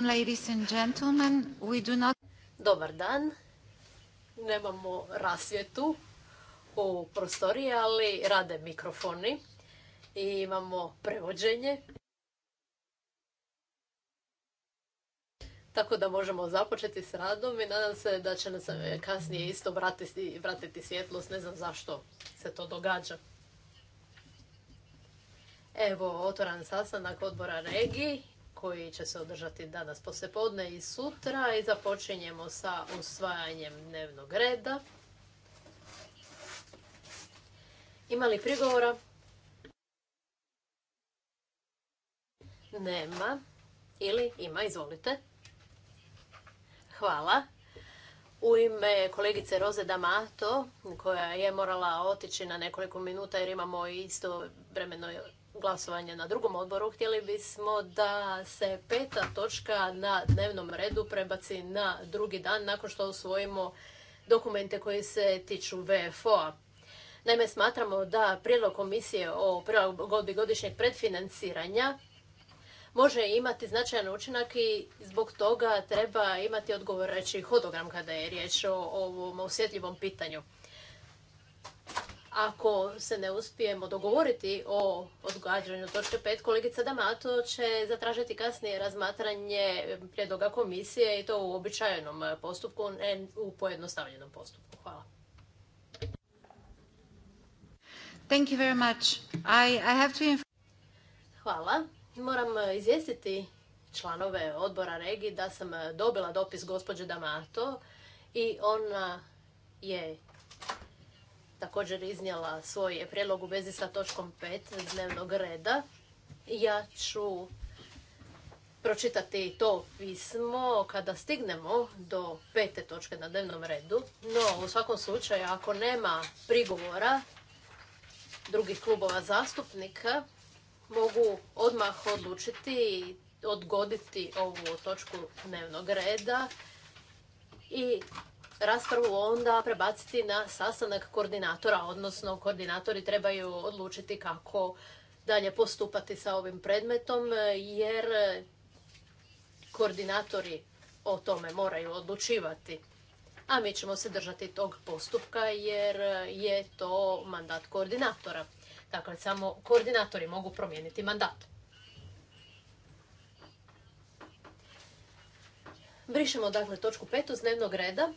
Ladies and gentlemen, we do not... Dobar dan. Nemamo rasvjetu u prostoriji, ali rade mikrofoni i imamo prevođenje. Tako da možemo započeti s radom i nadam se da će nas kasnije isto vratiti, vratiti svjetlost. Ne znam zašto se to događa. Evo, otvoran sastanak odbora regiji koji će se održati danas poslijepodne i sutra i započinjemo sa usvajanjem dnevnog reda. Ima li prigovora? Nema. Ili ima, izvolite. Hvala. U ime kolegice Roze D'Amato, koja je morala otići na nekoliko minuta jer imamo isto vremeno glasovanje na drugom odboru, htjeli bismo da se peta točka na dnevnom redu prebaci na drugi dan nakon što usvojimo dokumente koji se tiču VFO-a. Naime, smatramo da prijedlog komisije o prilagodbi godišnjeg predfinanciranja može imati značajan učinak i zbog toga treba imati reći hodogram kada je riječ o ovom osjetljivom pitanju. Ako se ne uspijemo dogovoriti o odgađanju točke pet kolegica Damato će zatražiti kasnije razmatranje prijedloga komisije i to u običajenom postupku, ne u pojednostavljenom postupku. Hvala. I, Hvala. Moram izvijestiti članove odbora Regi da sam dobila dopis gospođe Damato i ona je također iznijela svoj prijedlog u vezi sa točkom 5 dnevnog reda. Ja ću pročitati to pismo kada stignemo do pete točke na dnevnom redu. No, u svakom slučaju, ako nema prigovora drugih klubova zastupnika, mogu odmah odlučiti i odgoditi ovu točku dnevnog reda i raspravu onda prebaciti na sastanak koordinatora, odnosno koordinatori trebaju odlučiti kako dalje postupati sa ovim predmetom, jer koordinatori o tome moraju odlučivati. A mi ćemo se držati tog postupka jer je to mandat koordinatora. Dakle, samo koordinatori mogu promijeniti mandat. Brišemo dakle točku petu s dnevnog reda.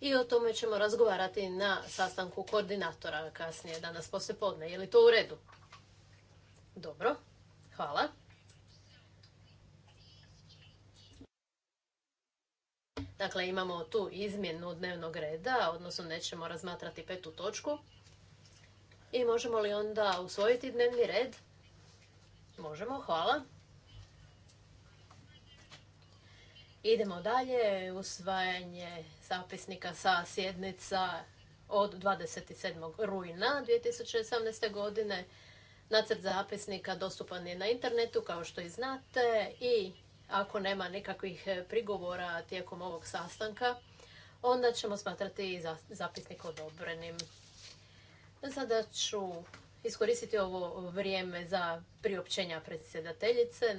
i o tome ćemo razgovarati na sastanku koordinatora kasnije danas poslije podne. Je li to u redu? Dobro, hvala. Dakle, imamo tu izmjenu dnevnog reda, odnosno nećemo razmatrati petu točku. I možemo li onda usvojiti dnevni red? Možemo, hvala. Idemo dalje, usvajanje zapisnika sa sjednica od 27. rujna 2018. godine. Nacrt zapisnika dostupan je na internetu, kao što i znate, i ako nema nekakvih prigovora tijekom ovog sastanka, onda ćemo smatrati zapisnik odobrenim. Sada ću iskoristiti ovo vrijeme za priopćenja predsjedateljice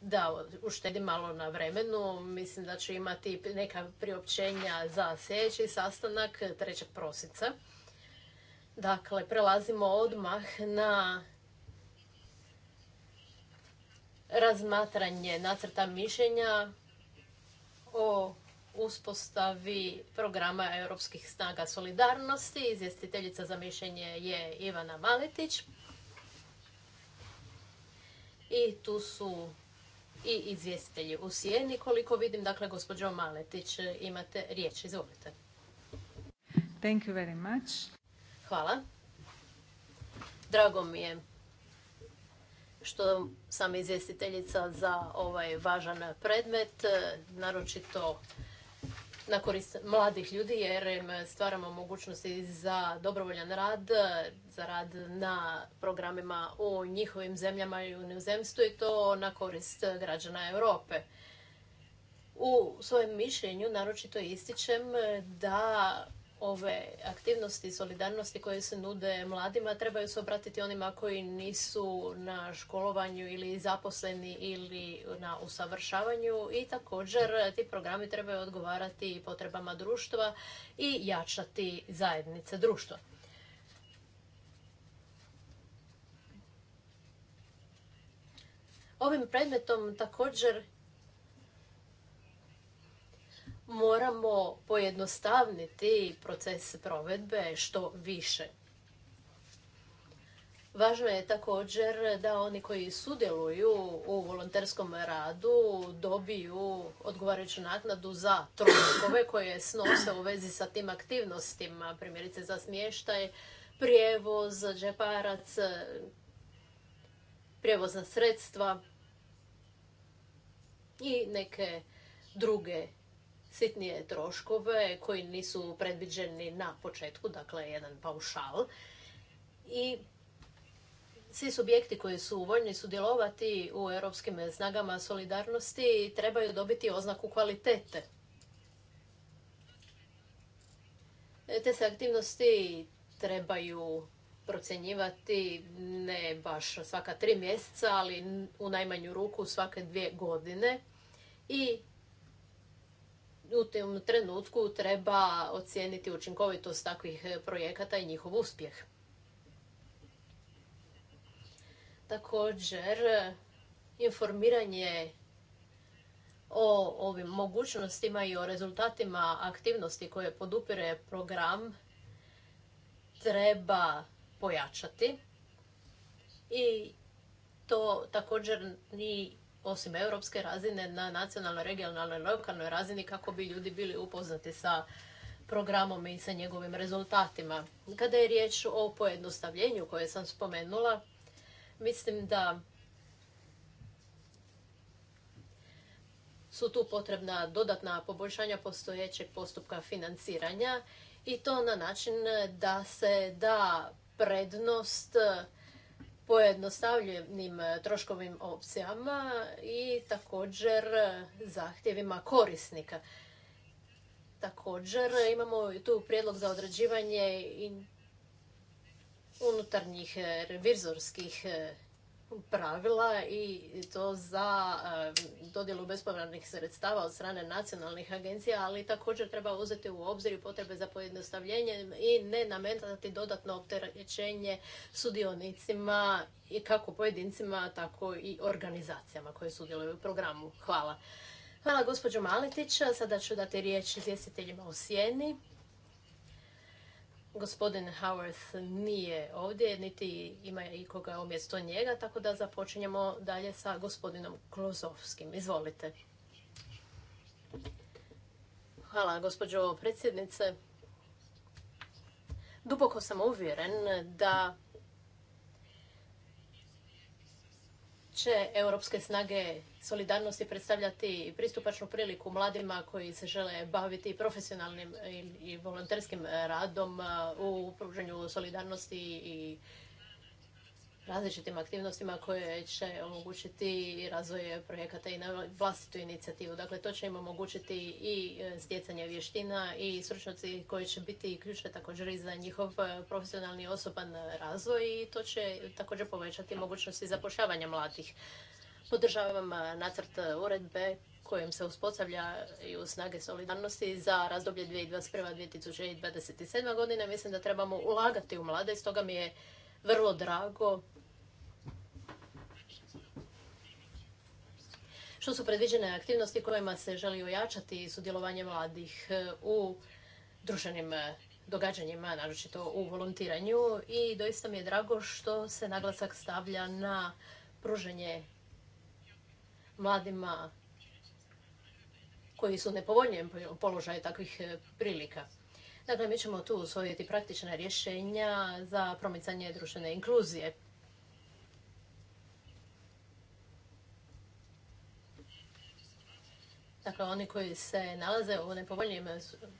da uštedi malo na vremenu. Mislim da će imati neka priopćenja za sljedeći sastanak 3. prosinca. Dakle, prelazimo odmah na razmatranje nacrta mišljenja o uspostavi programa Europskih snaga solidarnosti. Izvjestiteljica za mišljenje je Ivana Maletić. I tu su i izvjestitelji u Sijeni, Koliko vidim, dakle, gospođo Maletić, imate riječ. Izvolite. Thank you very much. Hvala. Drago mi je što sam izvjestiteljica za ovaj važan predmet, naročito na korist mladih ljudi jer im stvaramo mogućnosti za dobrovoljan rad, za rad na programima u njihovim zemljama i u inozemstvu i to na korist građana Europe. U svojem mišljenju naročito ističem da ove aktivnosti solidarnosti koje se nude mladima trebaju se obratiti onima koji nisu na školovanju ili zaposleni ili na usavršavanju i također ti programi trebaju odgovarati potrebama društva i jačati zajednice društva. Ovim predmetom također moramo pojednostavniti proces provedbe što više. Važno je također da oni koji sudjeluju u volonterskom radu dobiju odgovarajuću naknadu za troškove koje snose u vezi sa tim aktivnostima, primjerice za smještaj, prijevoz, džeparac, prijevozna sredstva i neke druge sitnije troškove koji nisu predviđeni na početku, dakle jedan paušal. I svi subjekti koji su voljni sudjelovati u europskim snagama solidarnosti trebaju dobiti oznaku kvalitete. Te se aktivnosti trebaju procjenjivati ne baš svaka tri mjeseca, ali u najmanju ruku svake dvije godine. I u tom trenutku treba ocijeniti učinkovitost takvih e, projekata i njihov uspjeh. Također, e, informiranje o ovim mogućnostima i o rezultatima aktivnosti koje podupire program treba pojačati i to također nije osim europske razine na nacionalnoj, regionalnoj, lokalnoj razini kako bi ljudi bili upoznati sa programom i sa njegovim rezultatima. Kada je riječ o pojednostavljenju koje sam spomenula, mislim da su tu potrebna dodatna poboljšanja postojećeg postupka financiranja i to na način da se da prednost pojednostavljenim e, troškovim opcijama i također e, zahtjevima korisnika. Također e, imamo tu prijedlog za određivanje unutarnjih revizorskih pravila i to za dodjelu bespovratnih sredstava od strane nacionalnih agencija, ali također treba uzeti u obzir potrebe za pojednostavljenjem i ne nametati dodatno opterećenje sudionicima i kako pojedincima, tako i organizacijama koje sudjeluju u programu. Hvala. Hvala gospođo Maletić. Sada ću dati riječ izvjestiteljima u sjeni. Gospodin Howarth nije ovdje, niti ima ikoga umjesto njega, tako da započinjemo dalje sa gospodinom Klozovskim. Izvolite. Hvala, gospođo predsjednice. Duboko sam uvjeren da će europske snage solidarnosti predstavljati pristupačnu priliku mladima koji se žele baviti profesionalnim i volonterskim radom u pružanju solidarnosti i različitim aktivnostima koje će omogućiti razvoj projekata i na vlastitu inicijativu. Dakle, to će im omogućiti i e, stjecanje vještina i stručnjaci koji će biti ključne također i za njihov e, profesionalni osoban razvoj i to će također povećati mogućnosti zapošljavanja mladih. Podržavam nacrt uredbe kojom se uspostavljaju snage solidarnosti za razdoblje 2021-2027 godine. Mislim da trebamo ulagati u mlade i stoga mi je vrlo drago što su predviđene aktivnosti kojima se želi ojačati sudjelovanje mladih e, u društvenim e, događanjima, naročito u volontiranju i doista mi je drago što se naglasak stavlja na pružanje mladima koji su u nepovoljnijem položaju takvih e, prilika. Dakle, mi ćemo tu usvojiti praktična rješenja za promicanje društvene inkluzije. Dakle, oni koji se nalaze u nepovoljnijem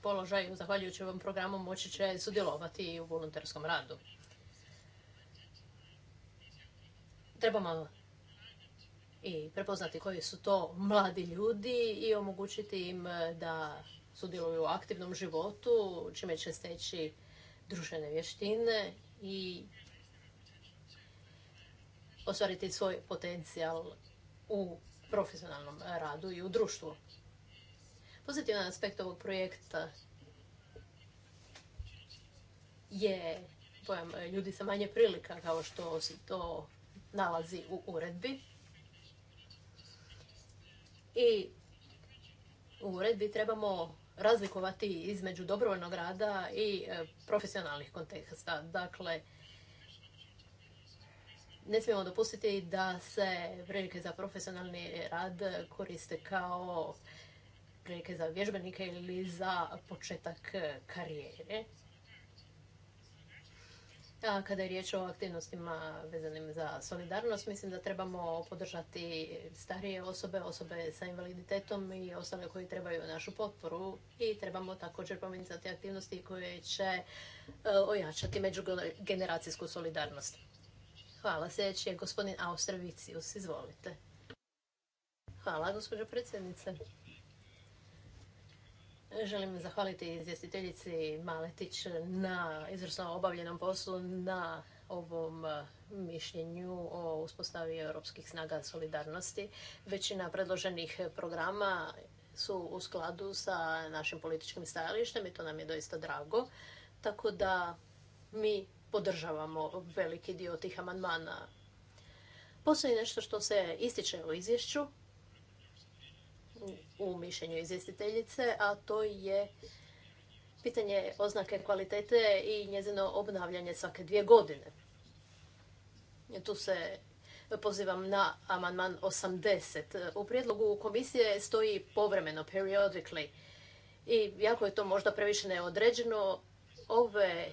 položaju zahvaljujući ovom programu moći će sudjelovati u volonterskom radu. Trebamo i prepoznati koji su to mladi ljudi i omogućiti im e, da sudjeluju u aktivnom životu, čime će steći društvene vještine i ostvariti svoj potencijal u profesionalnom radu i u društvu. Pozitivan aspekt ovog projekta je pojam e, ljudi sa manje prilika, kao što se to nalazi u uredbi. I u uredbi trebamo razlikovati između dobrovoljnog rada i e, profesionalnih konteksta. Dakle, ne smijemo dopustiti da se prilike za profesionalni rad koriste kao prilike za vježbenike ili za početak karijere. A kada je riječ o aktivnostima vezanim za solidarnost, mislim da trebamo podržati starije osobe, osobe sa invaliditetom i ostale koji trebaju našu potporu i trebamo također pomicati aktivnosti koje će e, ojačati međugeneracijsku solidarnost. Hvala. Sljedeći je gospodin Austrovicius. Izvolite. Hvala, gospođo predsjednice. Želim zahvaliti izvjestiteljici Maletić na izvrsno obavljenom poslu, na ovom e, mišljenju o uspostavi europskih snaga solidarnosti. Većina predloženih programa su u skladu sa našim političkim stajalištem i to nam je doista drago. Tako da mi podržavamo veliki dio tih amandmana. Postoji nešto što se ističe u izvješću, u mišljenju izvjestiteljice, a to je pitanje oznake kvalitete i njezino obnavljanje svake dvije godine. Tu se pozivam na amandman 80. U prijedlogu komisije stoji povremeno, periodically. I jako je to možda previše neodređeno, ove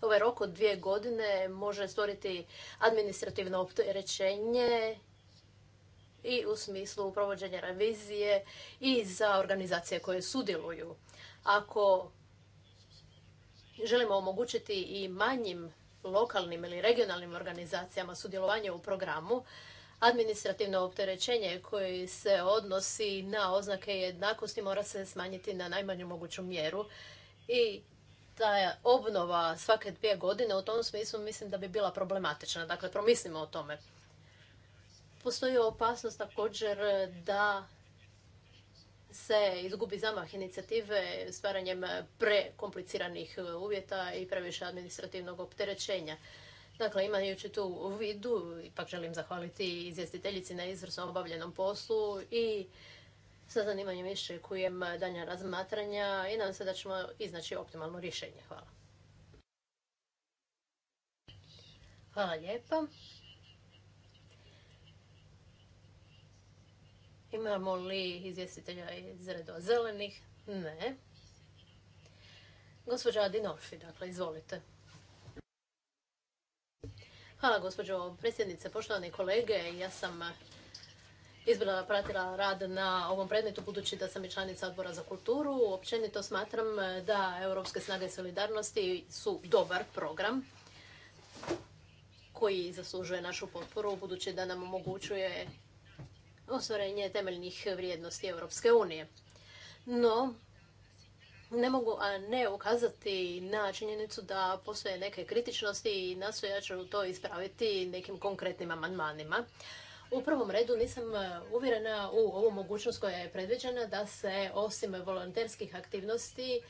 ovaj rok od dvije godine može stvoriti administrativno opterećenje i u smislu provođenja revizije i za organizacije koje sudjeluju. Ako želimo omogućiti i manjim lokalnim ili regionalnim organizacijama sudjelovanje u programu, administrativno opterećenje koje se odnosi na oznake jednakosti mora se smanjiti na najmanju moguću mjeru i ta obnova svake dvije godine u tom smislu mislim da bi bila problematična. Dakle, promislimo o tome. Postoji opasnost također e, da se izgubi zamah inicijative stvaranjem prekompliciranih e, uvjeta i previše administrativnog opterećenja. Dakle, imajući tu u vidu, ipak želim zahvaliti izvjestiteljici na izvrsno obavljenom poslu i sa zanimanjem iščekujem danja razmatranja i nadam se da ćemo iznaći optimalno rješenje. Hvala. Hvala lijepa. Imamo li izvjestitelja iz redova zelenih? Ne. Gospođa Adinolfi, dakle, izvolite. Hvala, gospođo predsjednice. Poštovani kolege, ja sam izbila pratila rad na ovom predmetu budući da sam i članica odbora za kulturu. Općenito smatram da Europske snage solidarnosti su dobar program koji zaslužuje našu potporu budući da nam omogućuje ostvarenje temeljnih vrijednosti Europske unije. No, ne mogu a ne ukazati na činjenicu da postoje neke kritičnosti i nastoja ću to ispraviti nekim konkretnim amandmanima. U prvom redu nisam e, uvjerena u ovu mogućnost koja je predviđena da se osim volonterskih aktivnosti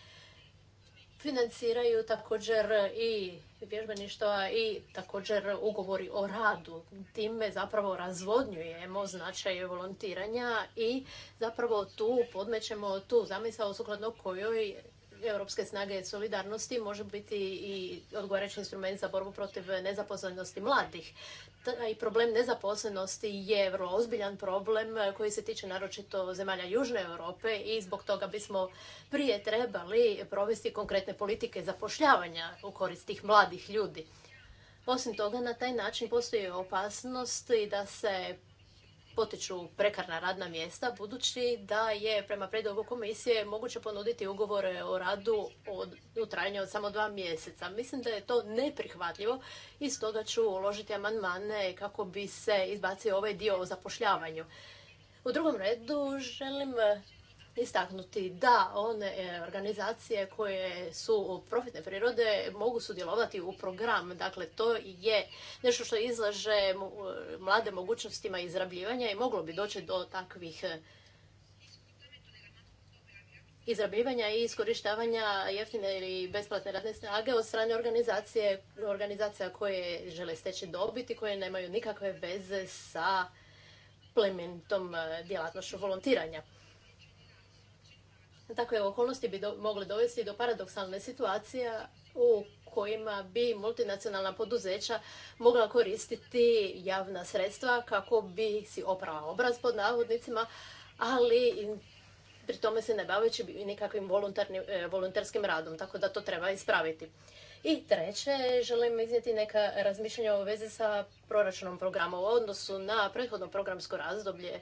financiraju također i vježbeništva i također ugovori o radu. Time zapravo razvodnjujemo značaj volontiranja i zapravo tu podmećemo tu zamisao sukladno kojoj Europske snage solidarnosti može biti i odgovarajući instrument za borbu protiv nezaposlenosti mladih taj problem nezaposlenosti je vrlo ozbiljan problem e, koji se tiče naročito zemalja Južne Europe i zbog toga bismo prije trebali provesti konkretne politike zapošljavanja u korist tih mladih ljudi. Osim toga, na taj način postoji opasnost i da se potiču prekarna radna mjesta, budući da je prema predlogu komisije moguće ponuditi ugovore o radu od, u trajanju od samo dva mjeseca. Mislim da je to neprihvatljivo i stoga ću uložiti amandmane kako bi se izbacio ovaj dio o zapošljavanju. U drugom redu želim istaknuti da one e, organizacije koje su profitne prirode mogu sudjelovati u program. Dakle, to je nešto što izlaže e, mlade mogućnostima izrabljivanja i moglo bi doći do takvih e, izrabljivanja i iskorištavanja jeftine ili besplatne radne snage od strane organizacije, organizacija koje žele steći dobiti, koje nemaju nikakve veze sa plemenitom djelatnošću volontiranja. Takve okolnosti bi mogle dovesti do paradoksalne situacije u kojima bi multinacionalna poduzeća mogla koristiti javna sredstva kako bi si oprala obraz pod navodnicima, ali pri tome se ne baveći nikakvim volunterskim radom, tako da to treba ispraviti. I treće, želim iznijeti neka razmišljanja o vezi sa proračunom programa u odnosu na prethodno programsko razdoblje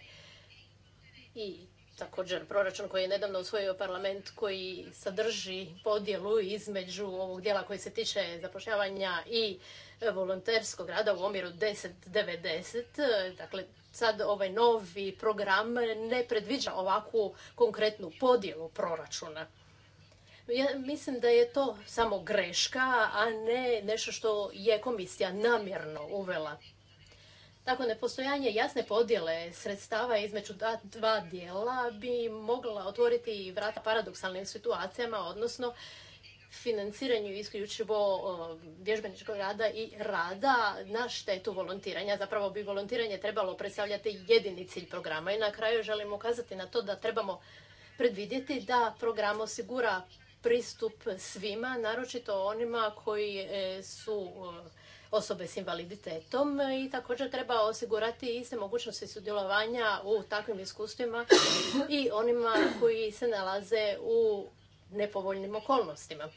i također proračun koji je nedavno usvojio parlament koji sadrži podjelu između ovog dijela koji se tiče zapošljavanja i e, volonterskog rada u omjeru 10-90. Dakle, sad ovaj novi program ne predviđa ovakvu konkretnu podjelu proračuna. Ja mislim da je to samo greška, a ne nešto što je komisija namjerno uvela. Tako nepostojanje jasne podjele sredstava između dva dijela bi mogla otvoriti vrata paradoksalnim situacijama, odnosno financiranju isključivo vježbeničkog rada i rada na štetu volontiranja. Zapravo bi volontiranje trebalo predstavljati jedini cilj programa i na kraju želim ukazati na to da trebamo predvidjeti da program osigura pristup svima, naročito onima koji e, su osobe s invaliditetom i također treba osigurati iste mogućnosti sudjelovanja u takvim iskustvima i onima koji se nalaze u nepovoljnim okolnostima.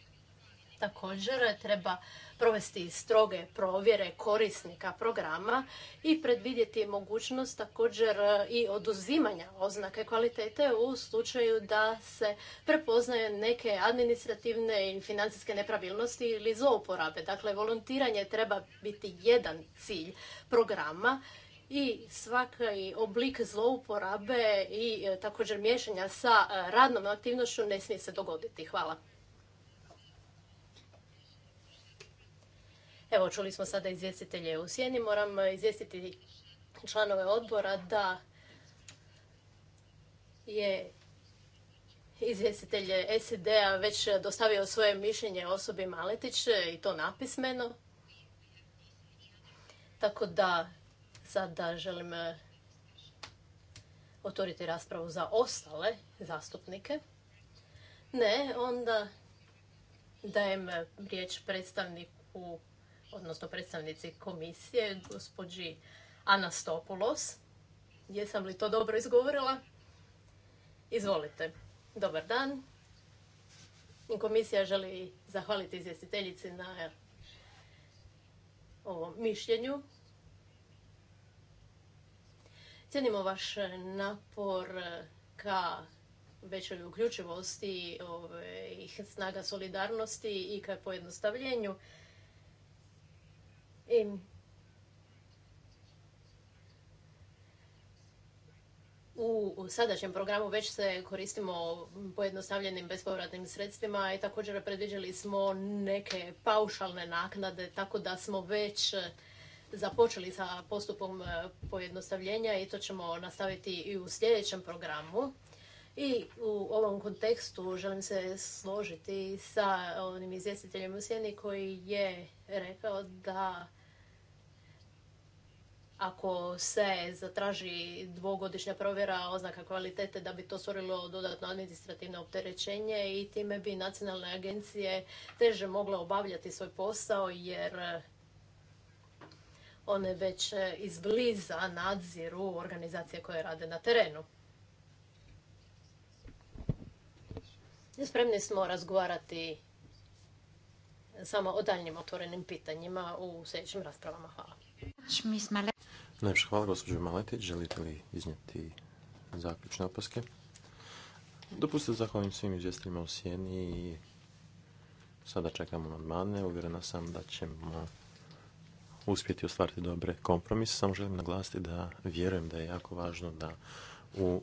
Također treba provesti stroge provjere korisnika programa i predvidjeti mogućnost također eh, i oduzimanja oznake kvalitete u slučaju da se prepoznaje neke administrativne i financijske nepravilnosti ili zlouporabe. Dakle, volontiranje treba biti jedan cilj programa i svaki oblik zlouporabe i eh, također miješanja sa eh, radnom aktivnošću ne smije se dogoditi. Hvala. Evo, čuli smo sada izvjestitelje u sjeni. Moram e, izvjestiti članove odbora da je izvjestitelj SED-a već dostavio svoje mišljenje osobi Maletić e, i to napismeno. Tako da sada želim e, otvoriti raspravu za ostale zastupnike. Ne, onda dajem riječ predstavniku odnosno predstavnici komisije, gospođi Anastopulos. Jesam li to dobro izgovorila? Izvolite. Dobar dan. Komisija želi zahvaliti izvjestiteljici na ovom mišljenju. Cijenimo vaš napor ka većoj uključivosti i snaga solidarnosti i ka pojednostavljenju i u sadašnjem programu već se koristimo pojednostavljenim bespovratnim sredstvima i također predviđali smo neke paušalne naknade, tako da smo već e, započeli sa postupom e, pojednostavljenja i to ćemo nastaviti i u sljedećem programu. I u ovom kontekstu želim se složiti sa onim izvjestiteljem u Sjeni koji je rekao da ako se zatraži dvogodišnja provjera oznaka kvalitete da bi to stvorilo dodatno administrativno opterećenje i time bi nacionalne agencije teže mogle obavljati svoj posao jer one već izbliza nadziru organizacije koje rade na terenu. Spremni smo razgovarati samo o daljnjim otvorenim pitanjima u sljedećim raspravama. Hvala. Najviše hvala, gospođo Maletić. Želite li iznijeti zaključne opaske? Dopustite zahvalim svim izvjestiteljima u Sjeni i sada čekamo amandmane. Uvjerena sam da ćemo uspjeti ostvariti dobre kompromise. Samo želim naglasiti da vjerujem da je jako važno da u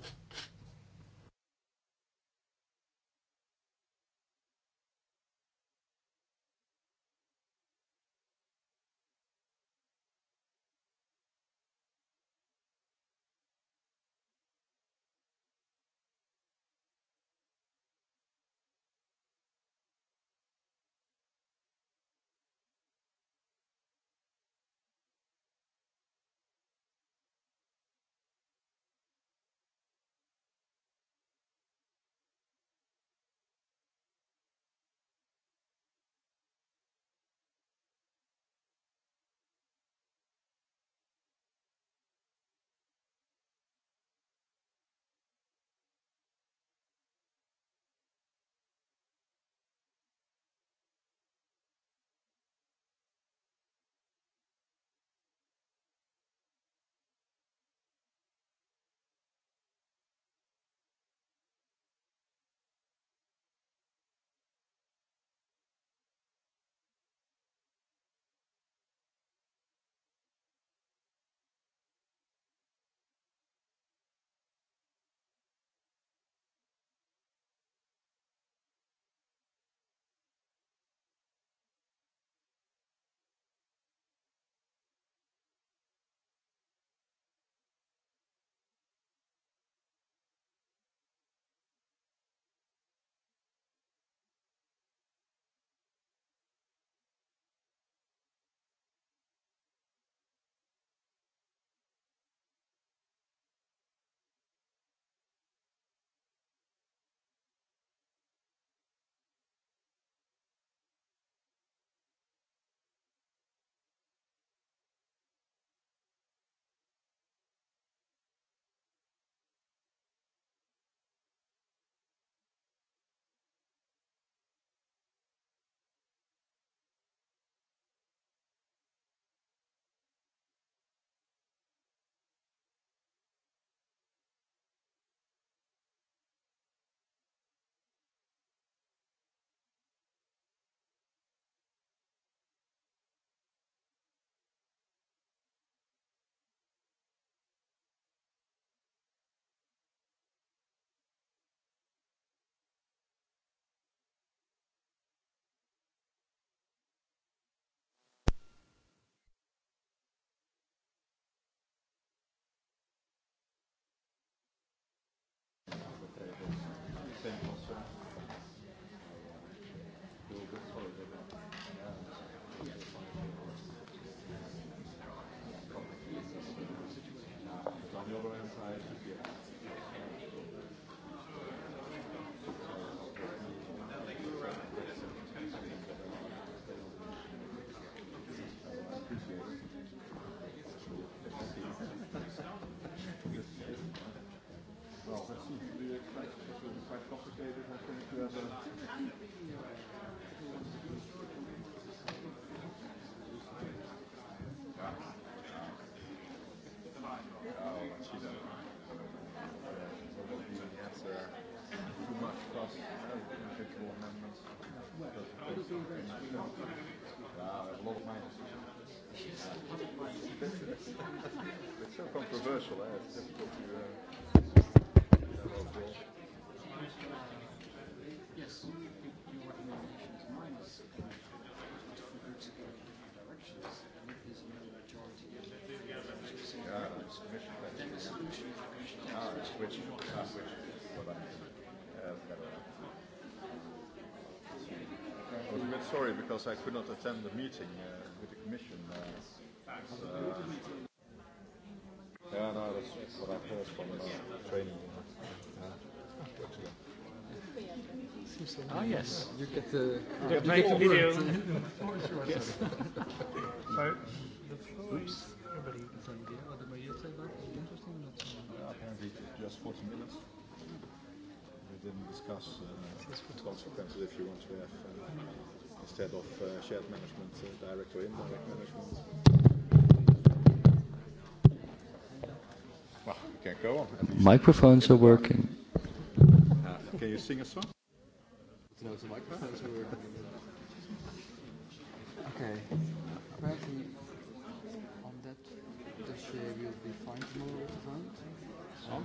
It's so controversial, eh? It's difficult to... Uh, yes. sorry because I could not attend the meeting uh, with the Commission. Uh, uh, yeah, no, that's what I heard from the uh, training. Uh, Ah, oh, yes. You get the, you get make the video. yes. so, the Oops. Everybody is on video. Are the videos interesting? Yeah, apparently, just 40 minutes We didn't discuss uh, consequences if you want to have uh, instead of uh, shared management, uh, direct or indirect management. Well, we can go on. Microphones are working. Uh, can you sing a song? No, the microphones are working. Okay. Apparently, on that dossier, we'll be fine tomorrow, right? Some?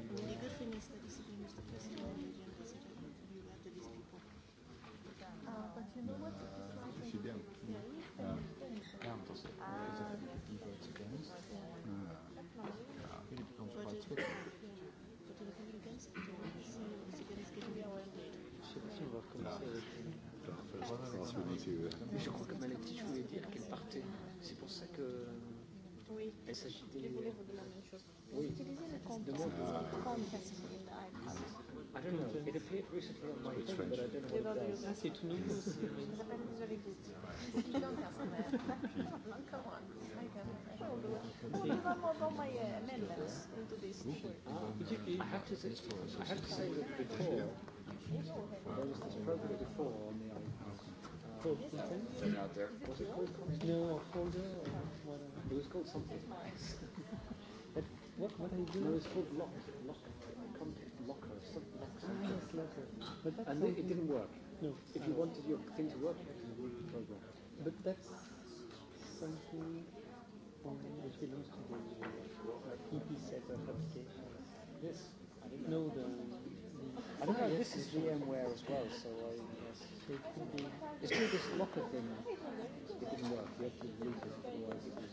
je crois que je voulais dire qu'elle partait. C'est pour ça que. Oui. Je voulais vous demander une chose. Vous utilisez le compte I don't know. It appeared recently on but I don't know Je que vous avez dit. have to say, before, on the called something? out there. Was it called No, folder or whatever. It was called something. but what, what are you doing? No, it's called lock. Lock. Contact locker. something. Ah, yes, locker. But that's and something... it didn't work. No. If you wanted your thing to work, you would program. But that's something which belongs to the uh, EP set of applications. Yes. I didn't know. No, the, the I don't know, this is VMware as well, so I guess it could be, it could be this locker thing. It didn't work. You have to use it, otherwise it was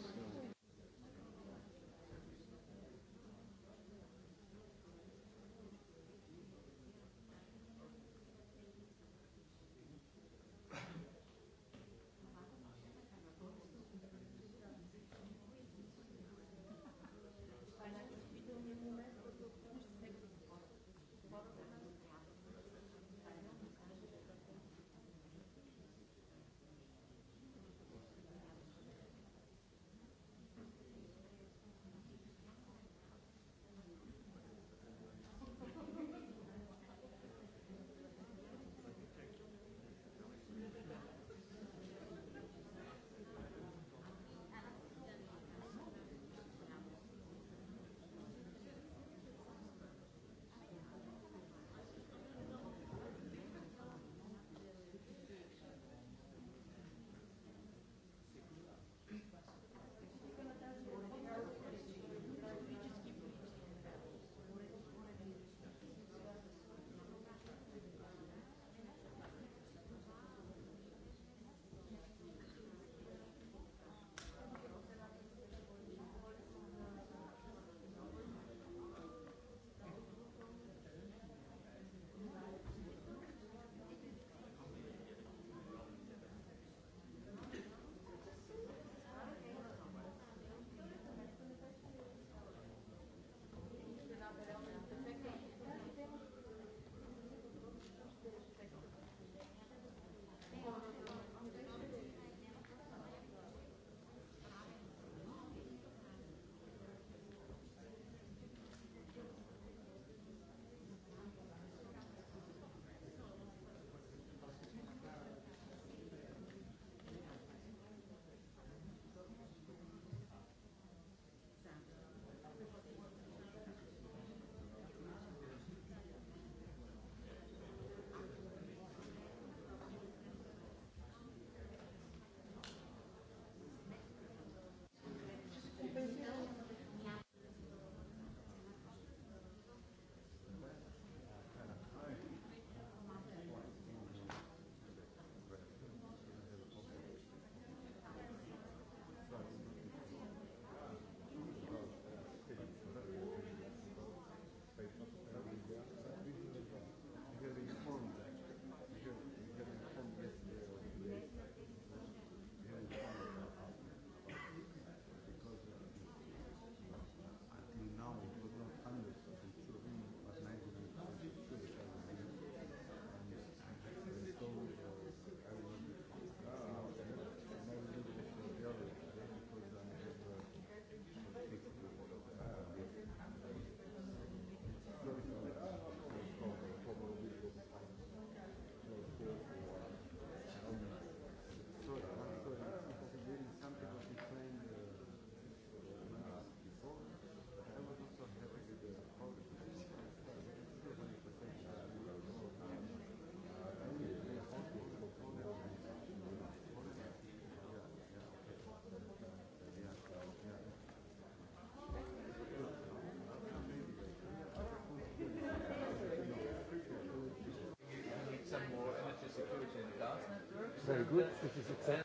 Very good. This is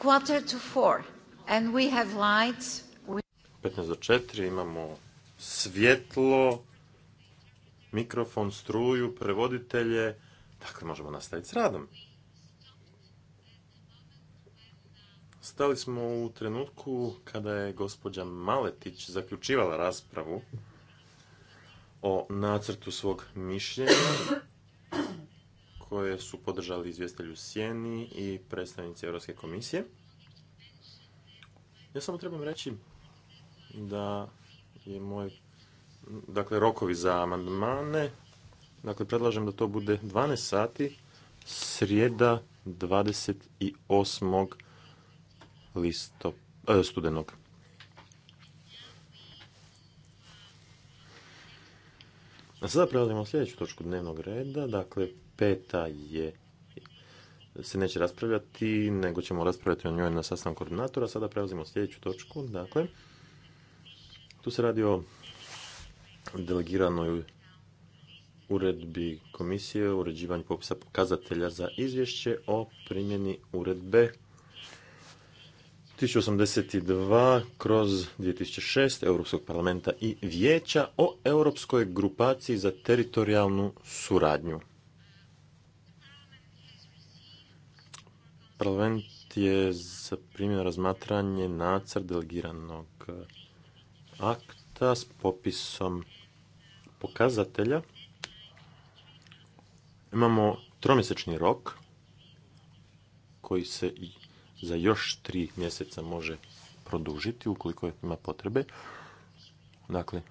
quarter do 4 imamo svjetlo, mikrofon, struju, prevoditelje. Dakle, možemo nastaviti s radom. Stali smo u trenutku kada je gospođa Maletić zaključivala raspravu o nacrtu svog mišljenja koje su podržali izvjestelju Sjeni i predstavnici Europske komisije. Ja samo trebam reći da je moj, dakle, rokovi za amandmane, dakle, predlažem da to bude 12 sati, srijeda 28. Listo, e, studenog. A sada prelazimo sljedeću točku dnevnog reda, dakle peta je se neće raspravljati, nego ćemo raspravljati o njoj na sastanku koordinatora. Sada prelazimo sljedeću točku. Dakle, tu se radi o delegiranoj uredbi komisije o uređivanju popisa pokazatelja za izvješće o primjeni uredbe 1082 kroz 2006 Europskog parlamenta i vijeća o Europskoj grupaciji za teritorijalnu suradnju. Parlament je zaprimio razmatranje nacrt delegiranog akta s popisom pokazatelja. Imamo tromjesečni rok koji se za još tri mjeseca može produžiti ukoliko ima potrebe. Dakle,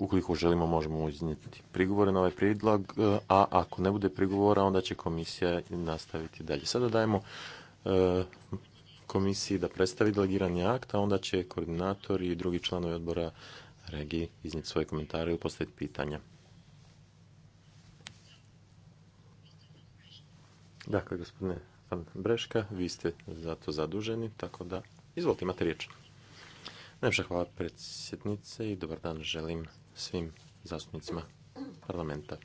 ukoliko želimo možemo iznijeti prigovore na ovaj prijedlog, e, a ako ne bude prigovora onda će komisija nastaviti dalje. Sada dajemo e, komisiji da predstavi delegiranje akta, a onda će koordinator i drugi članovi odbora regiji iznijeti svoje komentare i postaviti pitanja. Dakle, gospodine Breška, vi ste za to zaduženi, tako da izvolite, imate riječ. Najpša hvala predsjednice i dobar dan želim svim zastupnicima parlamenta.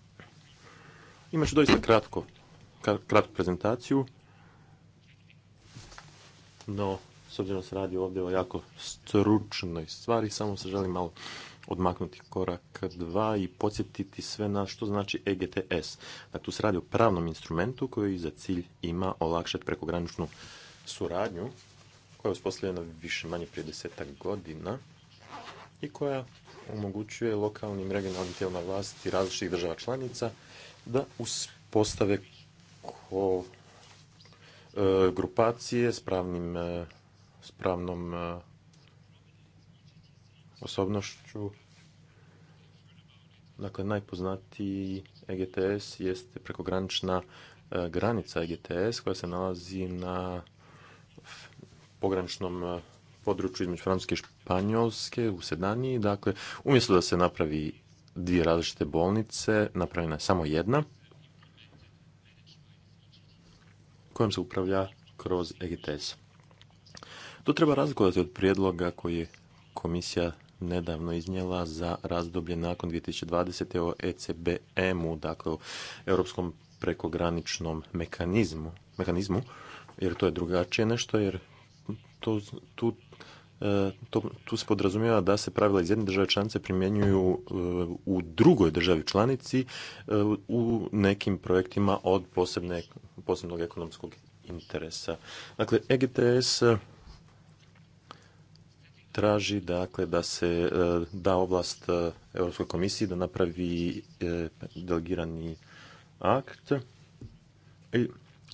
Imaću doista kratko, kratku prezentaciju, no s obzirom se radi ovdje o jako stručnoj stvari, samo se želim malo odmaknuti korak dva i podsjetiti sve na što znači EGTS. Dakle, tu se radi o pravnom instrumentu koji za cilj ima olakšati prekograničnu suradnju koja je uspostavljena više manje prije desetak godina i koja omogućuje lokalnim regionalnim tijelima vlasti različitih država članica da uspostave ko, e, grupacije s, pravnim, e, s pravnom e, osobnošću. Dakle, najpoznatiji EGTS jeste prekogranična granica EGTS koja se nalazi na pograničnom području između Francuske i Španjolske u Sedaniji. Dakle, umjesto da se napravi dvije različite bolnice, napravljena je samo jedna kojom se upravlja kroz EGTS. To treba razlikovati od prijedloga koji je komisija nedavno iznijela za razdoblje nakon 2020. o ECBM-u, dakle o europskom prekograničnom mehanizmu mekanizmu, jer to je drugačije nešto, jer tu, tu, e, to, tu se podrazumijeva da se pravila iz jedne države članice primjenjuju e, u drugoj državi članici e, u nekim projektima od posebne, posebnog ekonomskog interesa. Dakle, EGTS traži dakle da se da ovlast Europskoj komisiji da napravi delegirani akt i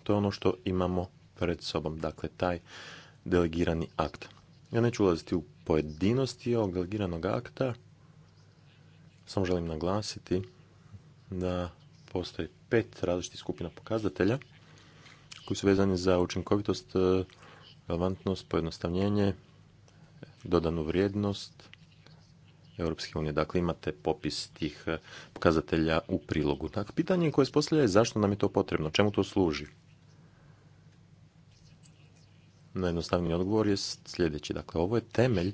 to je ono što imamo pred sobom. Dakle, taj delegirani akt. Ja neću ulaziti u pojedinosti ovog delegiranog akta, samo želim naglasiti da postoji pet različitih skupina pokazatelja koji su vezani za učinkovitost, e, relevantnost, pojednostavljenje, dodanu vrijednost Europske unije. Dakle, imate popis tih e, pokazatelja u prilogu. Dakle, pitanje koje se postavlja je zašto nam je to potrebno, čemu to služi najjednostavniji odgovor je sljedeći. Dakle, ovo je temelj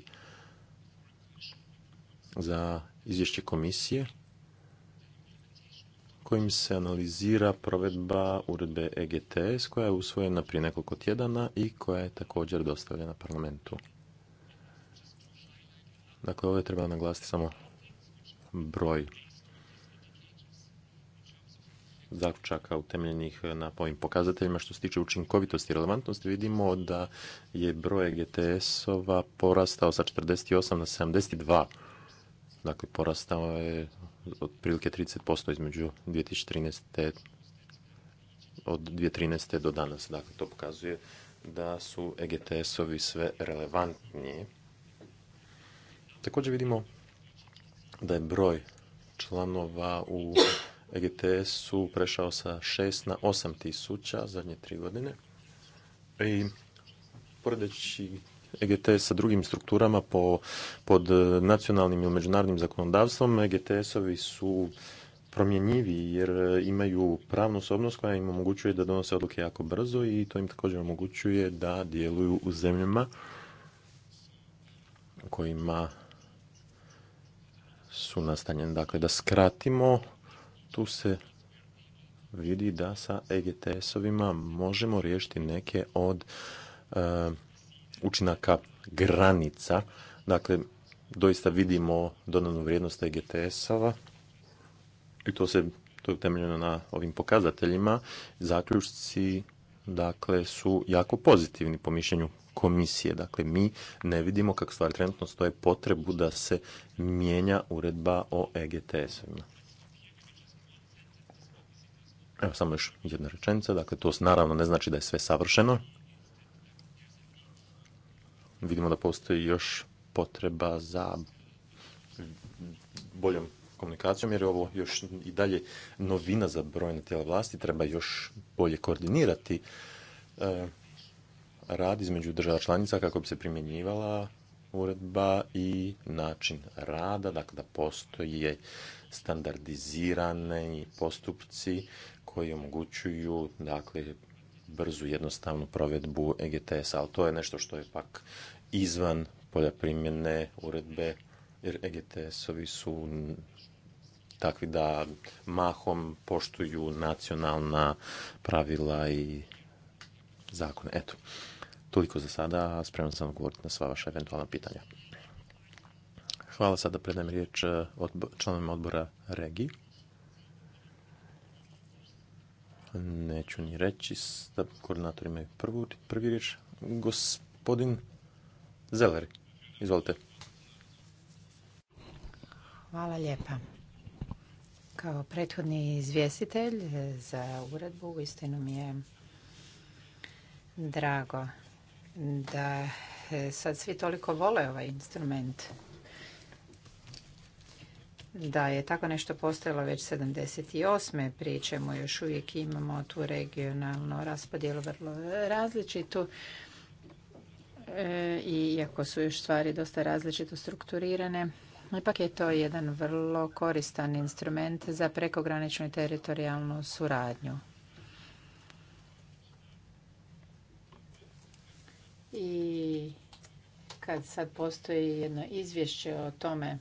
za izvješće komisije kojim se analizira provedba uredbe EGTS koja je usvojena prije nekoliko tjedana i koja je također dostavljena parlamentu. Dakle, ovdje treba naglasiti samo broj zaključaka utemeljenih na ovim pokazateljima što se tiče učinkovitosti i relevantnosti vidimo da je broj egts ova porastao sa 48 na 72. Dakle, porastao je otprilike 30% između 2013. od 2013. do danas. Dakle, to pokazuje da su EGTS-ovi sve relevantniji. Također vidimo da je broj članova u egts su prešao sa 6 na 8 tisuća zadnje tri godine. I poredeći EGTS sa drugim strukturama pod nacionalnim i međunarodnim zakonodavstvom, EGTS-ovi su promjenjivi jer imaju pravnu osobnost koja im omogućuje da donose odluke jako brzo i to im također omogućuje da djeluju u zemljama kojima su nastanjeni. Dakle, da skratimo tu se vidi da sa EGTS-ovima možemo riješiti neke od e, učinaka granica. Dakle, doista vidimo dodanu vrijednost EGTS-ova i to se to je temeljeno na ovim pokazateljima. Zaključci dakle su jako pozitivni po mišljenju komisije. Dakle, mi ne vidimo kako stvari trenutno stoje potrebu da se mijenja uredba o EGTS-ovima. Evo samo još jedna rečenica, dakle to naravno ne znači da je sve savršeno. Vidimo da postoji još potreba za boljom komunikacijom, jer je ovo još i dalje novina za brojne tijela vlasti, treba još bolje koordinirati e, rad između država članica kako bi se primjenjivala uredba i način rada, dakle da postoje standardizirani postupci koji omogućuju dakle brzu jednostavnu provedbu EGTS-a, ali to je nešto što je pak izvan polja primjene uredbe jer EGTS-ovi su takvi da mahom poštuju nacionalna pravila i zakone. Eto, toliko za sada, Spremno sam govoriti na sva vaša eventualna pitanja. Hvala sada predajem riječ eh, članovima odbora Regi neću ni reći da koordinator imaju prvu, prvi riječ. Gospodin Zeler, izvolite. Hvala lijepa. Kao prethodni izvjestitelj za uredbu uistinu mi je drago da e, sad svi toliko vole ovaj instrument da je tako nešto postojalo već 78. prije čemu još uvijek imamo tu regionalnu raspodjelu vrlo različitu. E, i iako su još stvari dosta različito strukturirane, ipak je to jedan vrlo koristan instrument za prekograničnu i teritorijalnu suradnju. I kad sad postoji jedno izvješće o tome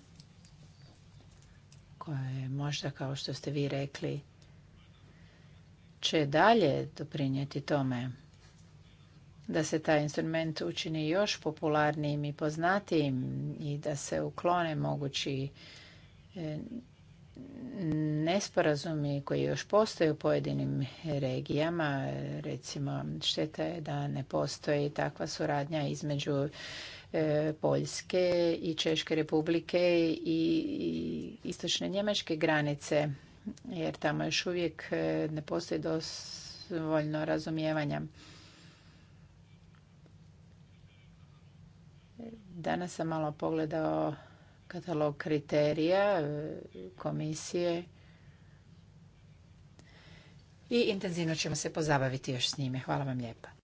koje možda kao što ste vi rekli će dalje doprinijeti tome da se taj instrument učini još popularnijim i poznatijim i da se uklone mogući e, nesporazumi koji još postoje u pojedinim regijama. Recimo, šteta je da ne postoji takva suradnja između E, Poljske i Češke republike i istočne njemačke granice, jer tamo još uvijek e, ne postoji dovoljno razumijevanja. Danas sam malo pogledao katalog kriterija e, komisije i intenzivno ćemo se pozabaviti još s njime. Hvala vam lijepa.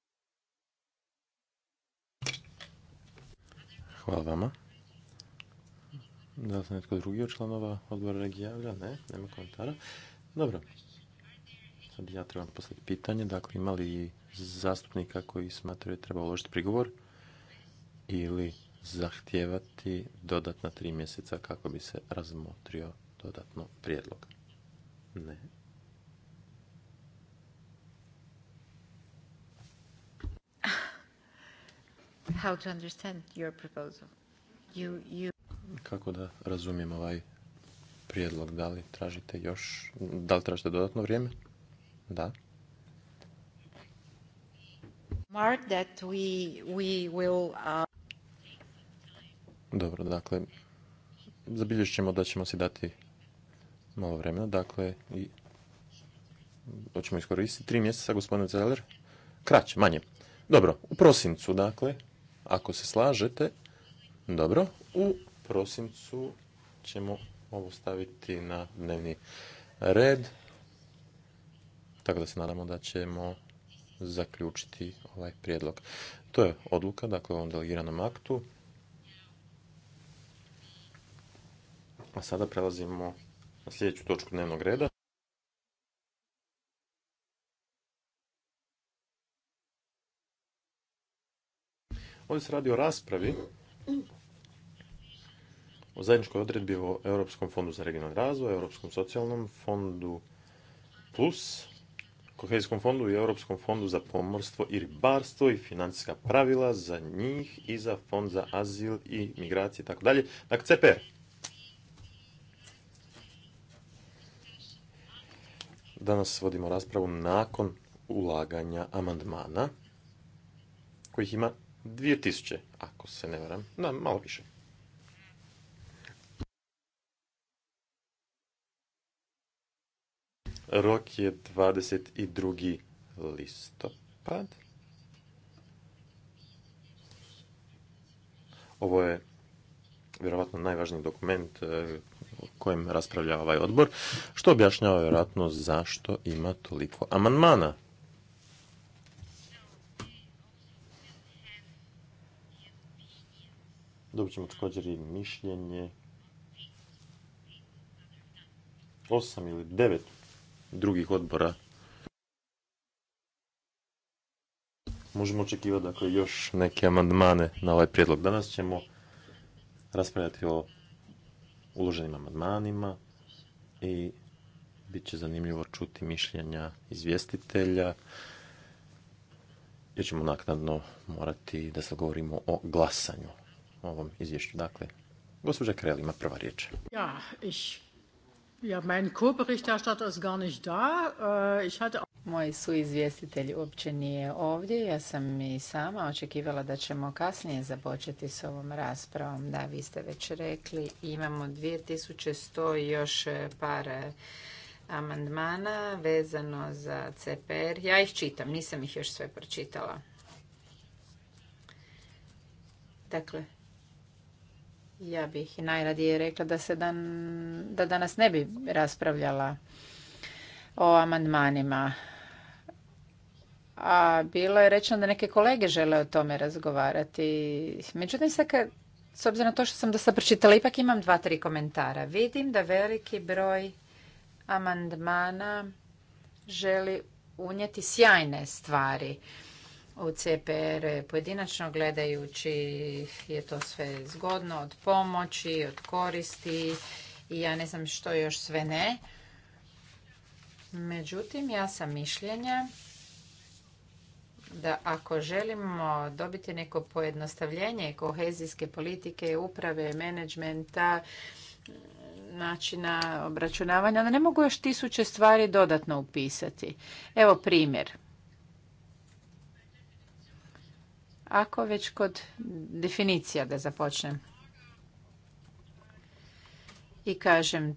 Hvala vama. Da li se netko drugi od članova odbora regija javlja? Ne, nema komentara. Dobro. Sad ja trebam postaviti pitanje. Dakle, ima li zastupnika koji smatraju treba uložiti prigovor ili zahtijevati dodatna tri mjeseca kako bi se razmotrio dodatno prijedlog? Ne. Kako da razumijem ovaj prijedlog? Da li tražite još, da li tražite dodatno vrijeme? Da. Uh, Dobro, dakle, zabilježit ćemo da ćemo si dati malo vremena, dakle, i hoćemo iskoristiti tri mjeseca, gospodine Zeller, kraće, manje. Dobro, u prosincu, dakle, ako se slažete, dobro, u prosincu ćemo ovo staviti na dnevni red. Tako da se nadamo da ćemo zaključiti ovaj prijedlog. To je odluka, dakle, u ovom delegiranom aktu. A sada prelazimo na sljedeću točku dnevnog reda. Ovdje se radi o raspravi o zajedničkoj odredbi o Europskom fondu za regionalni razvoj, Europskom socijalnom fondu plus, Kohezijskom fondu i Europskom fondu za pomorstvo i ribarstvo i financijska pravila za njih i za fond za azil i migracije i tako dalje. Dakle, CPR. Danas vodimo raspravu nakon ulaganja amandmana kojih ima 2000, ako se ne varam. Da, malo više. Rok je 22. listopad. Ovo je vjerojatno najvažniji dokument e, o kojem raspravlja ovaj odbor, što objašnjava vjerojatno zašto ima toliko amandmana. Dobit ćemo također i mišljenje osam ili devet drugih odbora. Možemo očekivati dakle, još neke amandmane na ovaj prijedlog. Danas ćemo raspravljati o uloženim amandmanima i bit će zanimljivo čuti mišljenja izvjestitelja jer ćemo naknadno morati da se govorimo o glasanju ovom izvješću. Dakle, gospođa Krel ima prva riječ. Ja, ich, ja, mein co ist gar nicht da. Äh, ich hatte moj suizvjestitelj uopće nije ovdje. Ja sam i sama očekivala da ćemo kasnije započeti s ovom raspravom. Da, vi ste već rekli, imamo 2100 i još e, par e, amandmana vezano za CPR. Ja ih čitam, nisam ih još sve pročitala. Dakle, ja bih najradije rekla da se dan, da danas ne bi raspravljala o amandmanima. A bilo je rečeno da neke kolege žele o tome razgovarati. Međutim, sad kad, s obzirom na to što sam dosta pročitala, ipak imam dva, tri komentara. Vidim da veliki broj amandmana želi unijeti sjajne stvari u CPR pojedinačno gledajući je to sve zgodno od pomoći, od koristi i ja ne znam što još sve ne. Međutim, ja sam mišljenja da ako želimo dobiti neko pojednostavljenje kohezijske politike, uprave, menadžmenta, načina obračunavanja, onda ne mogu još tisuće stvari dodatno upisati. Evo primjer. Ako već kod definicija da započnem i kažem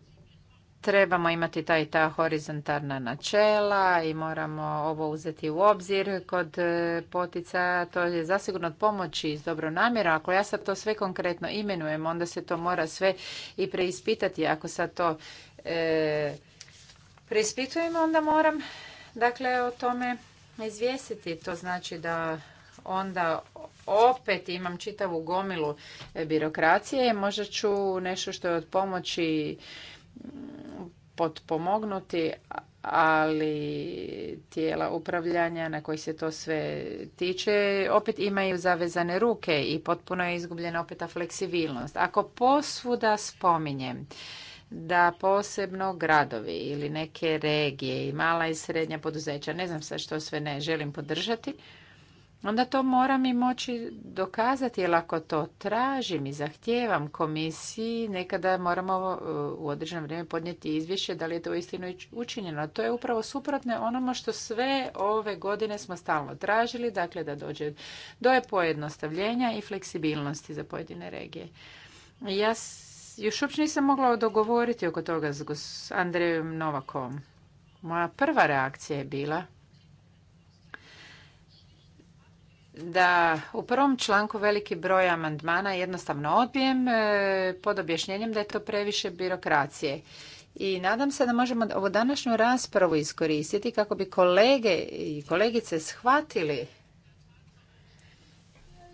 trebamo imati taj i ta horizontalna načela i moramo ovo uzeti u obzir kod e, potica, To je zasigurno od pomoći iz dobro namjera. Ako ja sad to sve konkretno imenujem, onda se to mora sve i preispitati. Ako sad to e, preispitujem, onda moram dakle o tome izvijestiti. To znači da onda opet imam čitavu gomilu e, birokracije. Možda ću nešto što je od pomoći mm, potpomognuti, ali tijela upravljanja na koji se to sve tiče opet imaju zavezane ruke i potpuno je izgubljena opet ta fleksibilnost. Ako posvuda spominjem da posebno gradovi ili neke regije i mala i srednja poduzeća, ne znam sve što sve ne želim podržati, onda to moram i moći dokazati, jer ako to tražim i zahtijevam komisiji, nekada moramo uh, u određeno vrijeme podnijeti izvješće da li je to istinu učinjeno. To je upravo suprotno onome što sve ove godine smo stalno tražili, dakle da dođe do pojednostavljenja i fleksibilnosti za pojedine regije. Ja još uopće nisam mogla dogovoriti oko toga s Andrejem Novakom. Moja prva reakcija je bila da u prvom članku veliki broj amandmana jednostavno odbijem e, pod objašnjenjem da je to previše birokracije. I nadam se da možemo ovu današnju raspravu iskoristiti kako bi kolege i kolegice shvatili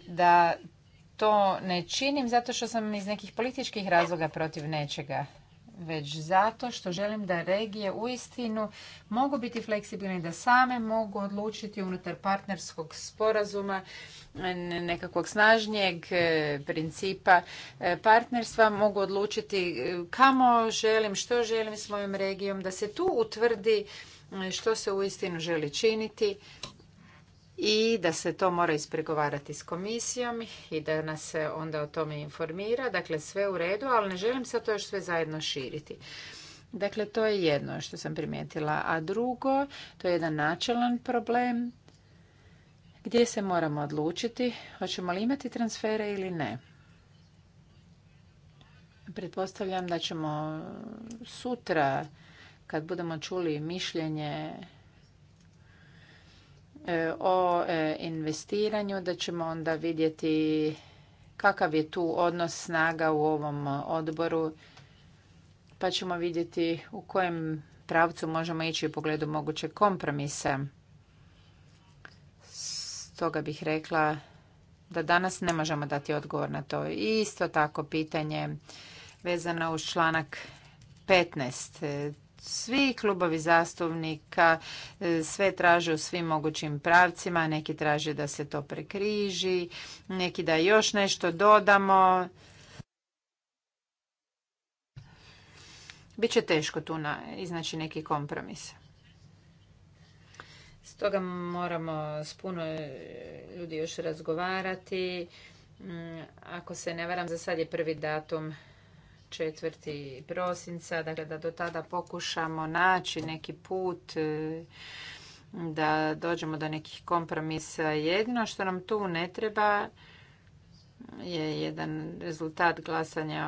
da to ne činim zato što sam iz nekih političkih razloga protiv nečega već zato što želim da regije uistinu mogu biti fleksibilne, da same mogu odlučiti unutar partnerskog sporazuma nekakvog snažnijeg e, principa e, partnerstva, mogu odlučiti e, kamo želim, što želim svojom regijom, da se tu utvrdi što se uistinu želi činiti i da se to mora ispregovarati s komisijom i da nas se onda o tome informira. Dakle, sve u redu, ali ne želim sad to još sve zajedno širiti. Dakle, to je jedno što sam primijetila. A drugo, to je jedan načelan problem gdje se moramo odlučiti hoćemo li imati transfere ili ne. Pretpostavljam da ćemo sutra kad budemo čuli mišljenje E, o e, investiranju, da ćemo onda vidjeti kakav je tu odnos snaga u ovom odboru, pa ćemo vidjeti u kojem pravcu možemo ići u pogledu moguće kompromisa. Stoga bih rekla da danas ne možemo dati odgovor na to. I isto tako pitanje vezano uz članak 15 svi klubovi zastupnika e, sve traže u svim mogućim pravcima, neki traže da se to prekriži, neki da još nešto dodamo. Biće teško tu na, iznaći neki kompromis. Stoga moramo s puno e, ljudi još razgovarati. Mm, ako se ne varam, za sad je prvi datum četvrti prosinca, dakle da do tada pokušamo naći neki put e, da dođemo do nekih kompromisa. Jedno što nam tu ne treba je jedan rezultat glasanja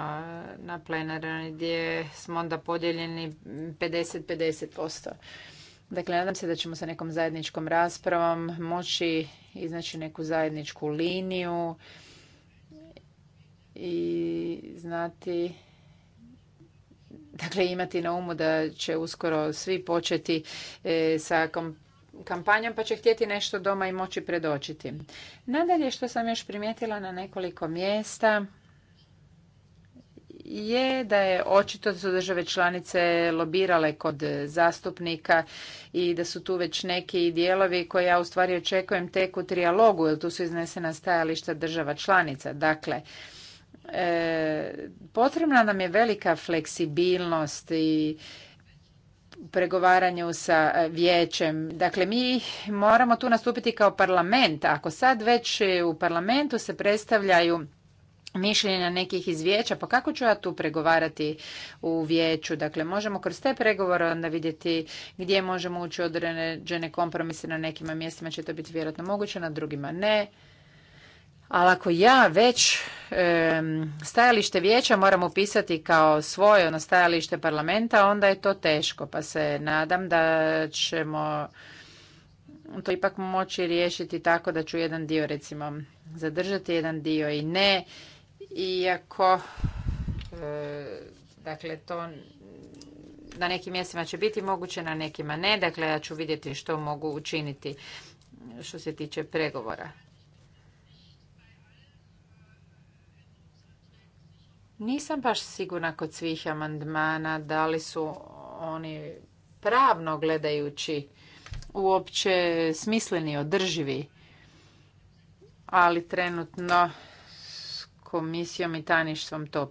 na plenarnoj gdje smo onda podijeljeni 50-50%. Dakle, nadam se da ćemo sa nekom zajedničkom raspravom moći iznaći neku zajedničku liniju i znati Dakle, imati na umu da će uskoro svi početi e, sa kampanjom pa će htjeti nešto doma i moći predočiti. Nadalje što sam još primijetila na nekoliko mjesta je da je očito da su države članice lobirale kod zastupnika i da su tu već neki dijelovi koje ja u stvari očekujem tek u trijalogu jer tu su iznesena stajališta država članica. Dakle, E, potrebna nam je velika fleksibilnost i pregovaranju sa e, vijećem. Dakle, mi moramo tu nastupiti kao parlament. Ako sad već u parlamentu se predstavljaju mišljenja nekih iz vijeća, pa kako ću ja tu pregovarati u vijeću? Dakle, možemo kroz te pregovore onda vidjeti gdje možemo ući određene kompromise. Na nekim mjestima će to biti vjerojatno moguće, na drugima ne. Ali ako ja već stajalište vijeća moram upisati kao svoje ono stajalište parlamenta, onda je to teško. Pa se nadam da ćemo to ipak moći riješiti tako da ću jedan dio recimo zadržati jedan dio i ne. Iako e, dakle to na nekim mjestima će biti moguće, na nekima ne. Dakle, ja ću vidjeti što mogu učiniti što se tiče pregovora. Nisam baš sigurna kod svih amandmana da li su oni pravno gledajući uopće smisleni, održivi. Ali trenutno s komisijom i taništvom to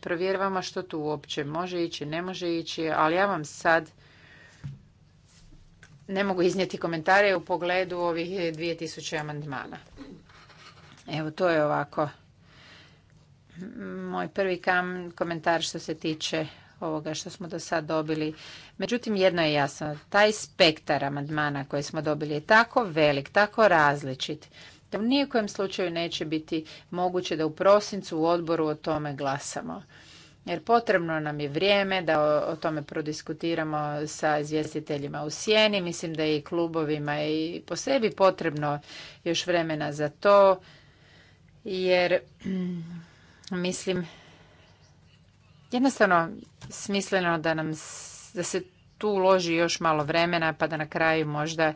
provjeravamo što tu uopće može ići, ne može ići, ali ja vam sad ne mogu iznijeti komentare u pogledu ovih 2000 amandmana. Evo to je ovako moj prvi komentar što se tiče ovoga što smo do sad dobili. Međutim, jedno je jasno, taj spektar amandmana koje smo dobili je tako velik, tako različit, da u nijekom slučaju neće biti moguće da u prosincu u odboru o tome glasamo. Jer potrebno nam je vrijeme da o, o tome prodiskutiramo sa izvjestiteljima u sjeni. Mislim da je i klubovima i po sebi potrebno još vremena za to, jer Mislim, jednostavno smisleno da nam da se tu uloži još malo vremena pa da na kraju možda e,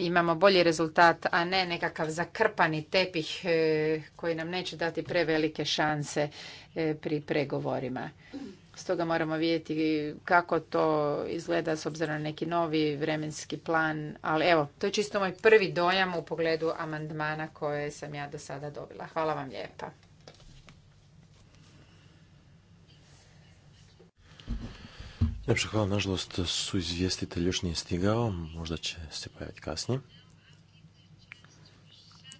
imamo bolji rezultat, a ne nekakav zakrpani tepih e, koji nam neće dati prevelike šanse e, pri pregovorima. Stoga moramo vidjeti kako to izgleda s obzirom na neki novi vremenski plan, ali evo, to je čisto moj prvi dojam u pogledu amandmana koje sam ja do sada dobila. Hvala vam lijepa. hvala, nažalost su izvjestitelj još nije stigao, možda će se pojaviti kasnije.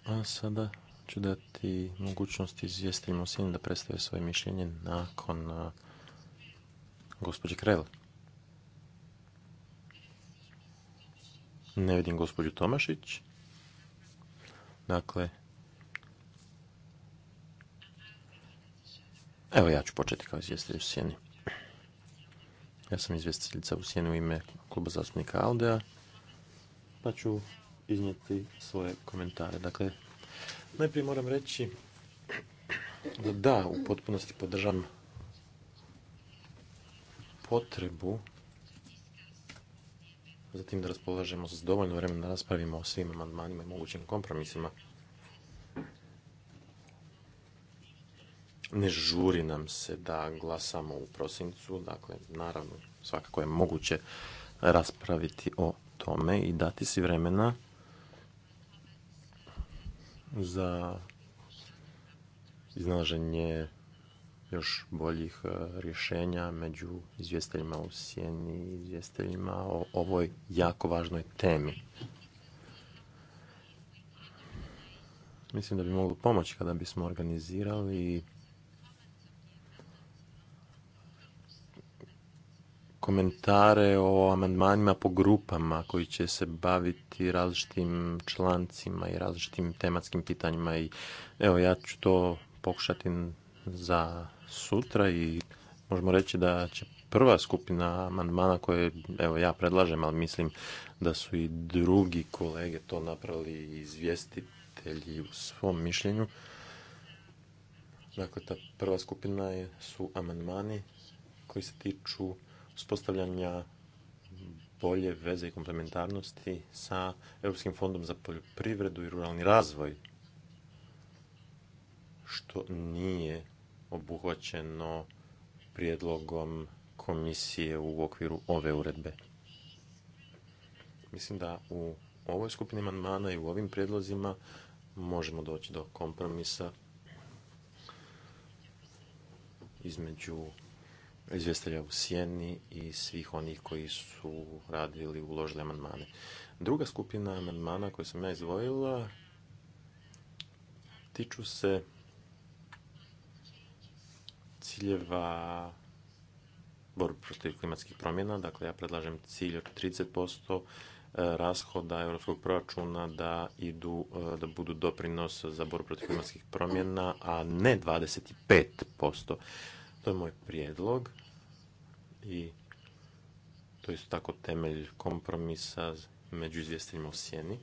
A sada ću dati mogućnost izvjestiteljima u da predstave svoje mišljenje nakon gospođe Krel. Ne vidim gospođu Tomašić. Dakle, evo ja ću početi kao izvjestitelj u sjeni. Ja sam izvjestiteljica u sjenu u ime kluba zastupnika Aldea, pa ću iznijeti svoje komentare. Dakle, najprije moram reći da da, u potpunosti podržam potrebu zatim da raspolažemo s dovoljno vremena da raspravimo o svim amandmanima i mogućim kompromisima. ne žuri nam se da glasamo u prosincu, dakle naravno svakako je moguće raspraviti o tome i dati si vremena za iznalaženje još boljih e, rješenja među izvjestiteljima u sjeni i izvjestiteljima o ovoj jako važnoj temi. Mislim da bi moglo pomoći kada bismo organizirali komentare o amandmanima po grupama koji će se baviti različitim člancima i različitim tematskim pitanjima i evo ja ću to pokušati za sutra i možemo reći da će prva skupina amandmana koje evo ja predlažem, ali mislim da su i drugi kolege to napravili i izvjestitelji u svom mišljenju. Dakle, ta prva skupina su amandmani koji se tiču postavljanja bolje veze i komplementarnosti sa Europskim fondom za poljoprivredu i ruralni razvoj, što nije obuhvaćeno prijedlogom komisije u okviru ove uredbe. Mislim da u ovoj skupini manmana i u ovim prijedlozima možemo doći do kompromisa između izvjestelja u sjeni i svih onih koji su radili, uložili amandmane. Druga skupina amandmana koju sam ja izvojila tiču se ciljeva borbe protiv klimatskih promjena. Dakle, ja predlažem cilj od 30% e, rashoda europskog proračuna da idu, e, da budu doprinos za borbu protiv klimatskih promjena, a ne 25%. To je moj prijedlog i to je isto tako temelj kompromisa među izvjestiljima u sjeni.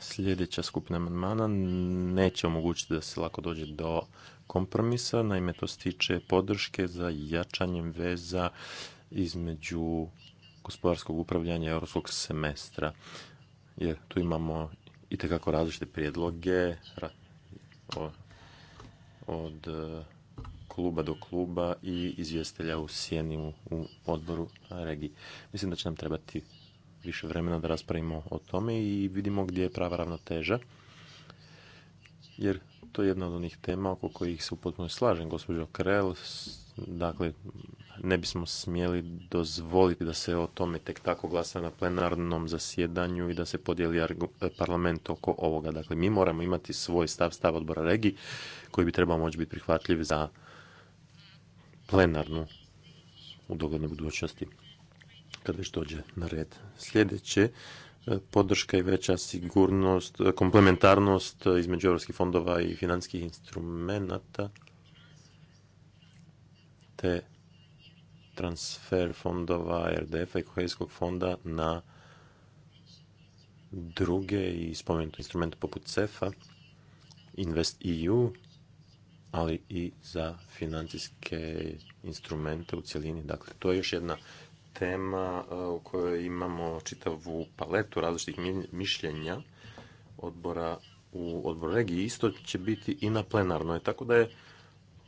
Sljedeća skupina amandmana neće omogućiti da se lako dođe do kompromisa, naime to se tiče podrške za jačanjem veza između gospodarskog upravljanja i europskog semestra. Jer tu imamo i različite prijedloge o od e, kluba do kluba i izvjestelja u sjeni u odboru regiji. Mislim da će nam trebati više vremena da raspravimo o tome i vidimo gdje je prava ravnoteža. Jer to je jedna od onih tema oko kojih se u potpunosti slažem, gospođo Krel, Dakle, ne bismo smjeli dozvoliti da se o tome tek tako glasa na plenarnom zasjedanju i da se podijeli parlament oko ovoga. Dakle, mi moramo imati svoj stav, stav odbora regi koji bi trebao moći biti prihvatljiv za plenarnu u dogodnoj budućnosti kad već dođe na red. Sljedeće, e, podrška i veća sigurnost, e, komplementarnost e, između europskih fondova i financijskih instrumenata te transfer fondova RDF-a i kohezijskog fonda na druge i spomenute instrumente poput CEF-a, Invest e ali i za financijske instrumente u cjelini. Dakle, to je još jedna tema e, u kojoj imamo čitavu paletu različitih mišljenja odbora u odboru regiji. Isto će biti i na plenarnoj, tako da je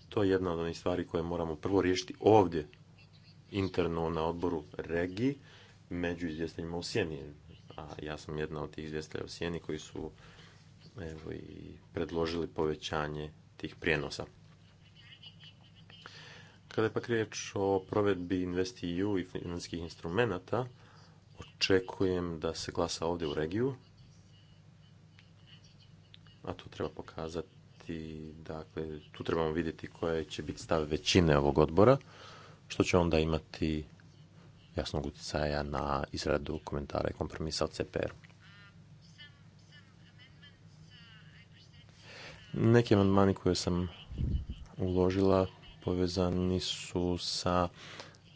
to jedna od onih stvari koje moramo prvo riješiti ovdje interno na odboru REGI među izvjestiteljima u Sjeni. A ja sam jedna od tih izvjestitelja u Sjeni koji su evo, i predložili povećanje tih prijenosa. Kada je pak riječ o provedbi InvestEU i financijskih instrumenata, očekujem da se glasa ovdje u regiju, a tu treba pokazati, dakle, tu trebamo vidjeti koje će biti stav većine ovog odbora što će onda imati jasnog utjecaja na izradu komentara i kompromisa u CPR-u. Neki amandmani koje sam uložila povezani su sa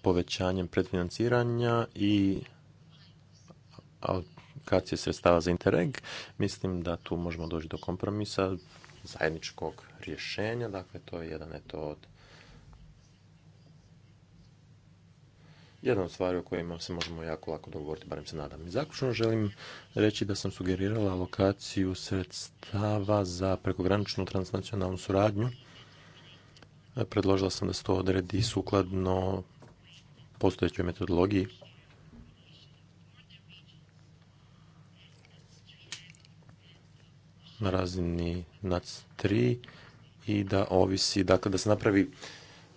povećanjem predfinanciranja i alokacije sredstava za Interreg. Mislim da tu možemo doći do kompromisa, zajedničkog rješenja, dakle to je jedan eto od jedna od stvari o kojima se možemo jako lako dogovoriti, barem se nadam. I zaključno želim reći da sam sugerirala alokaciju sredstava za prekograničnu transnacionalnu suradnju. Predložila sam da se to odredi sukladno postojećoj metodologiji. Na razini NAC3 i da ovisi, dakle da se napravi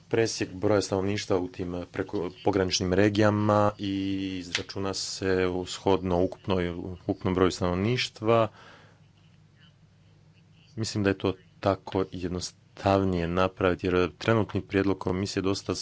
presjek broja stanovništva u tim eh, preko, pograničnim regijama i izračuna se ushodno ukupnoj, ukupnom broju stanovništva. Mislim da je to tako jednostavnije napraviti jer trenutni prijedlog komisije je dosta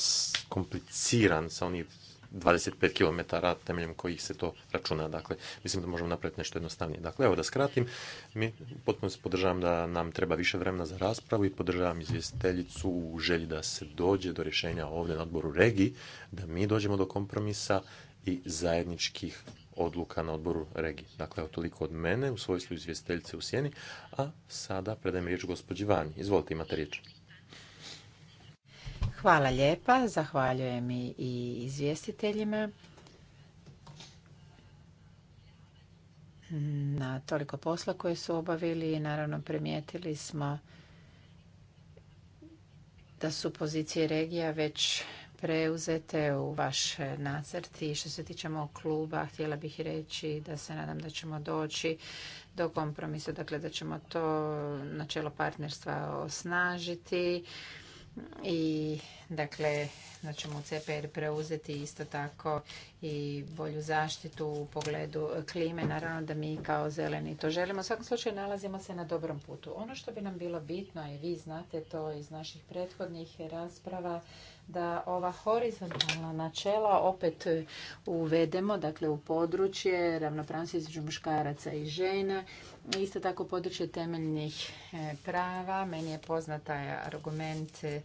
kompliciran sa onih 25 km temeljem kojih se to računa. Dakle, mislim da možemo napraviti nešto jednostavnije. Dakle, evo da skratim, mi potpuno se podržavam da nam treba više vremena za raspravu i podržavam izvjestiteljicu u želji da se dođe do rješenja ovdje na odboru regiji, da mi dođemo do kompromisa i zajedničkih odluka na odboru regiji. Dakle, evo toliko od mene u svojstvu izvjestiteljice u Sjeni, a sada predajem riječ gospođi Vani. Izvolite, imate riječ. Hvala lijepa, zahvaljujem i izvjestiteljima. Na toliko posla koje su obavili i naravno primijetili smo da su pozicije regija već preuzete u vaš nacrt i što se tiče mog kluba htjela bih reći da se nadam da ćemo doći do kompromisa, dakle da ćemo to načelo partnerstva osnažiti i dakle da ćemo u CPR preuzeti isto tako i bolju zaštitu u pogledu klime. Naravno da mi kao zeleni to želimo. U svakom slučaju nalazimo se na dobrom putu. Ono što bi nam bilo bitno i vi znate to iz naših prethodnih rasprava da ova horizontalna načela opet uvedemo dakle u područje ravnopravnosti između muškaraca i žena isto tako područje temeljnih e, prava meni je poznata argument e,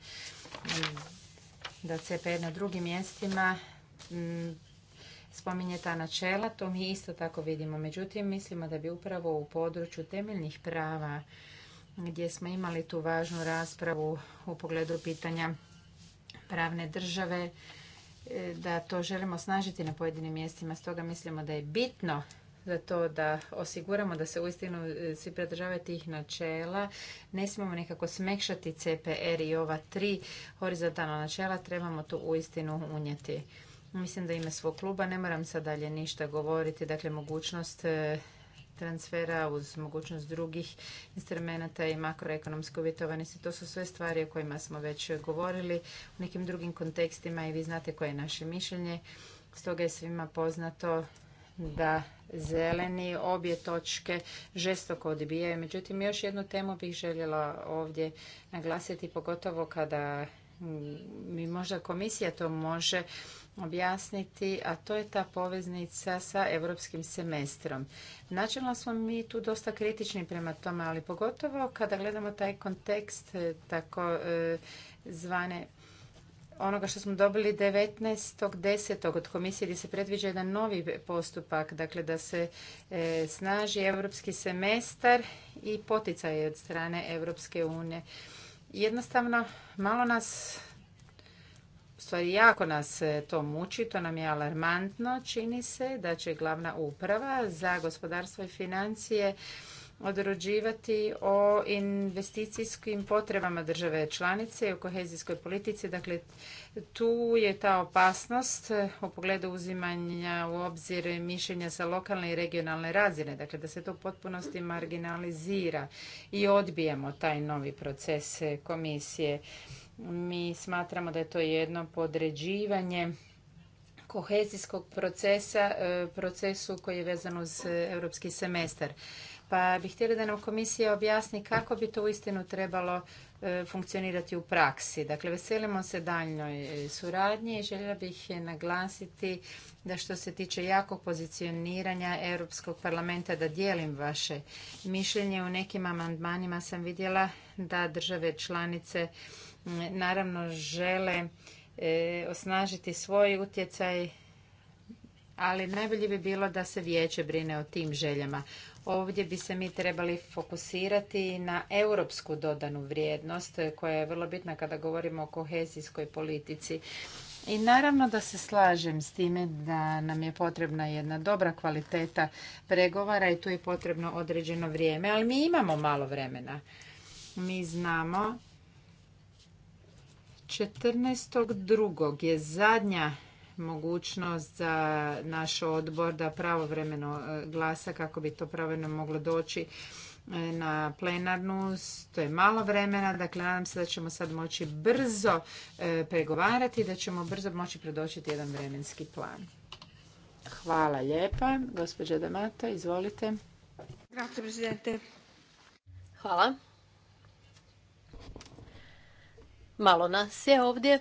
da CP na drugim mjestima spominje ta načela to mi isto tako vidimo međutim mislimo da bi upravo u području temeljnih prava gdje smo imali tu važnu raspravu u pogledu pitanja pravne države, e, da to želimo snažiti na pojedinim mjestima. Stoga mislimo da je bitno za to da osiguramo da se uistinu e, svi pridržavaju tih načela. Ne smijemo nekako smekšati CPR i ova tri horizontalna načela, trebamo tu uistinu unijeti. Mislim da ime svog kluba ne moram sad dalje ništa govoriti, dakle mogućnost e, transfera uz mogućnost drugih instrumenta i makroekonomske uvjetovanosti. To su sve stvari o kojima smo već govorili u nekim drugim kontekstima i vi znate koje je naše mišljenje. Stoga je svima poznato da zeleni obje točke žestoko odbijaju. Međutim, još jednu temu bih željela ovdje naglasiti, pogotovo kada mi možda komisija to može objasniti, a to je ta poveznica sa europskim semestrom. Načelno smo mi tu dosta kritični prema tome, ali pogotovo kada gledamo taj kontekst e, tako e, zvane onoga što smo dobili 19.10. od komisije gdje se predviđa jedan novi postupak, dakle da se e, snaži europski semestar i poticaje od strane Europske unije. Jednostavno, malo nas, stvari jako nas to muči, to nam je alarmantno. Čini se da će glavna uprava za gospodarstvo i financije određivati o investicijskim potrebama države članice i o kohezijskoj politici. Dakle, tu je ta opasnost u pogledu uzimanja u obzir mišljenja sa lokalne i regionalne razine. Dakle, da se to u potpunosti marginalizira i odbijamo taj novi proces komisije. Mi smatramo da je to jedno podređivanje kohezijskog procesa, e, procesu koji je vezan uz europski semestar pa bih htjela da nam komisija objasni kako bi to uistinu trebalo e, funkcionirati u praksi. Dakle, veselimo se daljnoj e, suradnji i željela bih naglasiti da što se tiče jakog pozicioniranja Europskog parlamenta da dijelim vaše mišljenje. U nekim amandmanima sam vidjela da države članice naravno žele e, osnažiti svoj utjecaj ali najbolje bi bilo da se vijeće brine o tim željama. Ovdje bi se mi trebali fokusirati na europsku dodanu vrijednost eh, koja je vrlo bitna kada govorimo o kohezijskoj politici. I naravno da se slažem s time da nam je potrebna jedna dobra kvaliteta pregovara i tu je potrebno određeno vrijeme, ali mi imamo malo vremena. Mi znamo 14.2. je zadnja mogućnost za naš odbor da pravovremeno e, glasa kako bi to pravovremeno moglo doći e, na plenarnu, to je malo vremena, dakle nadam se da ćemo sad moći brzo e, pregovarati i da ćemo brzo moći predočiti jedan vremenski plan. Hvala lijepa. Gospođa Damata, izvolite. Hvala. Malo nas je ovdje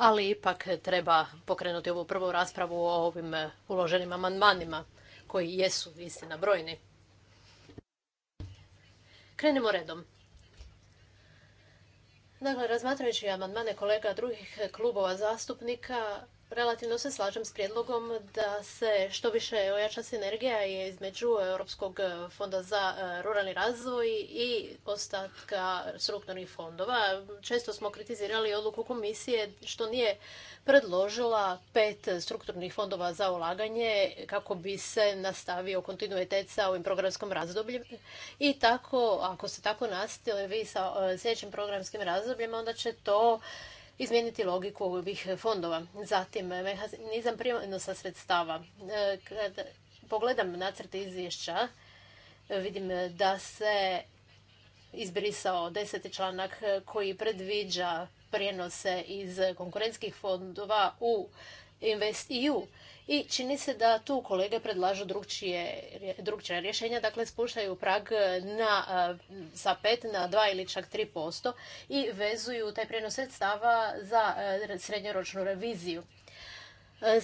ali ipak treba pokrenuti ovu prvu raspravu o ovim uloženim amandmanima koji jesu istina brojni. Krenimo redom. Dakle, razmatrajući amandmane kolega drugih klubova zastupnika, Relativno se slažem s prijedlogom da se što više ojača sinergija između Europskog e, fonda za e, ruralni razvoj i ostatka strukturnih fondova. Često smo kritizirali odluku komisije što nije predložila pet strukturnih fondova za ulaganje kako bi se nastavio kontinuitet sa ovim programskom razdobljem. I tako, ako se tako vi sa e, sljedećim programskim razdobljem, onda će to izmijeniti logiku ovih fondova. Zatim, mehanizam prijenosa sredstava. E, kad pogledam nacrte izvješća, vidim da se izbrisao deseti članak koji predviđa prijenose iz konkurentskih fondova u InvestEU i čini se da tu kolege predlažu drugčije, drugčije rješenja, dakle spuštaju prag na, sa 5 na 2 ili čak 3% i vezuju taj prijenos sredstava za srednjoročnu reviziju.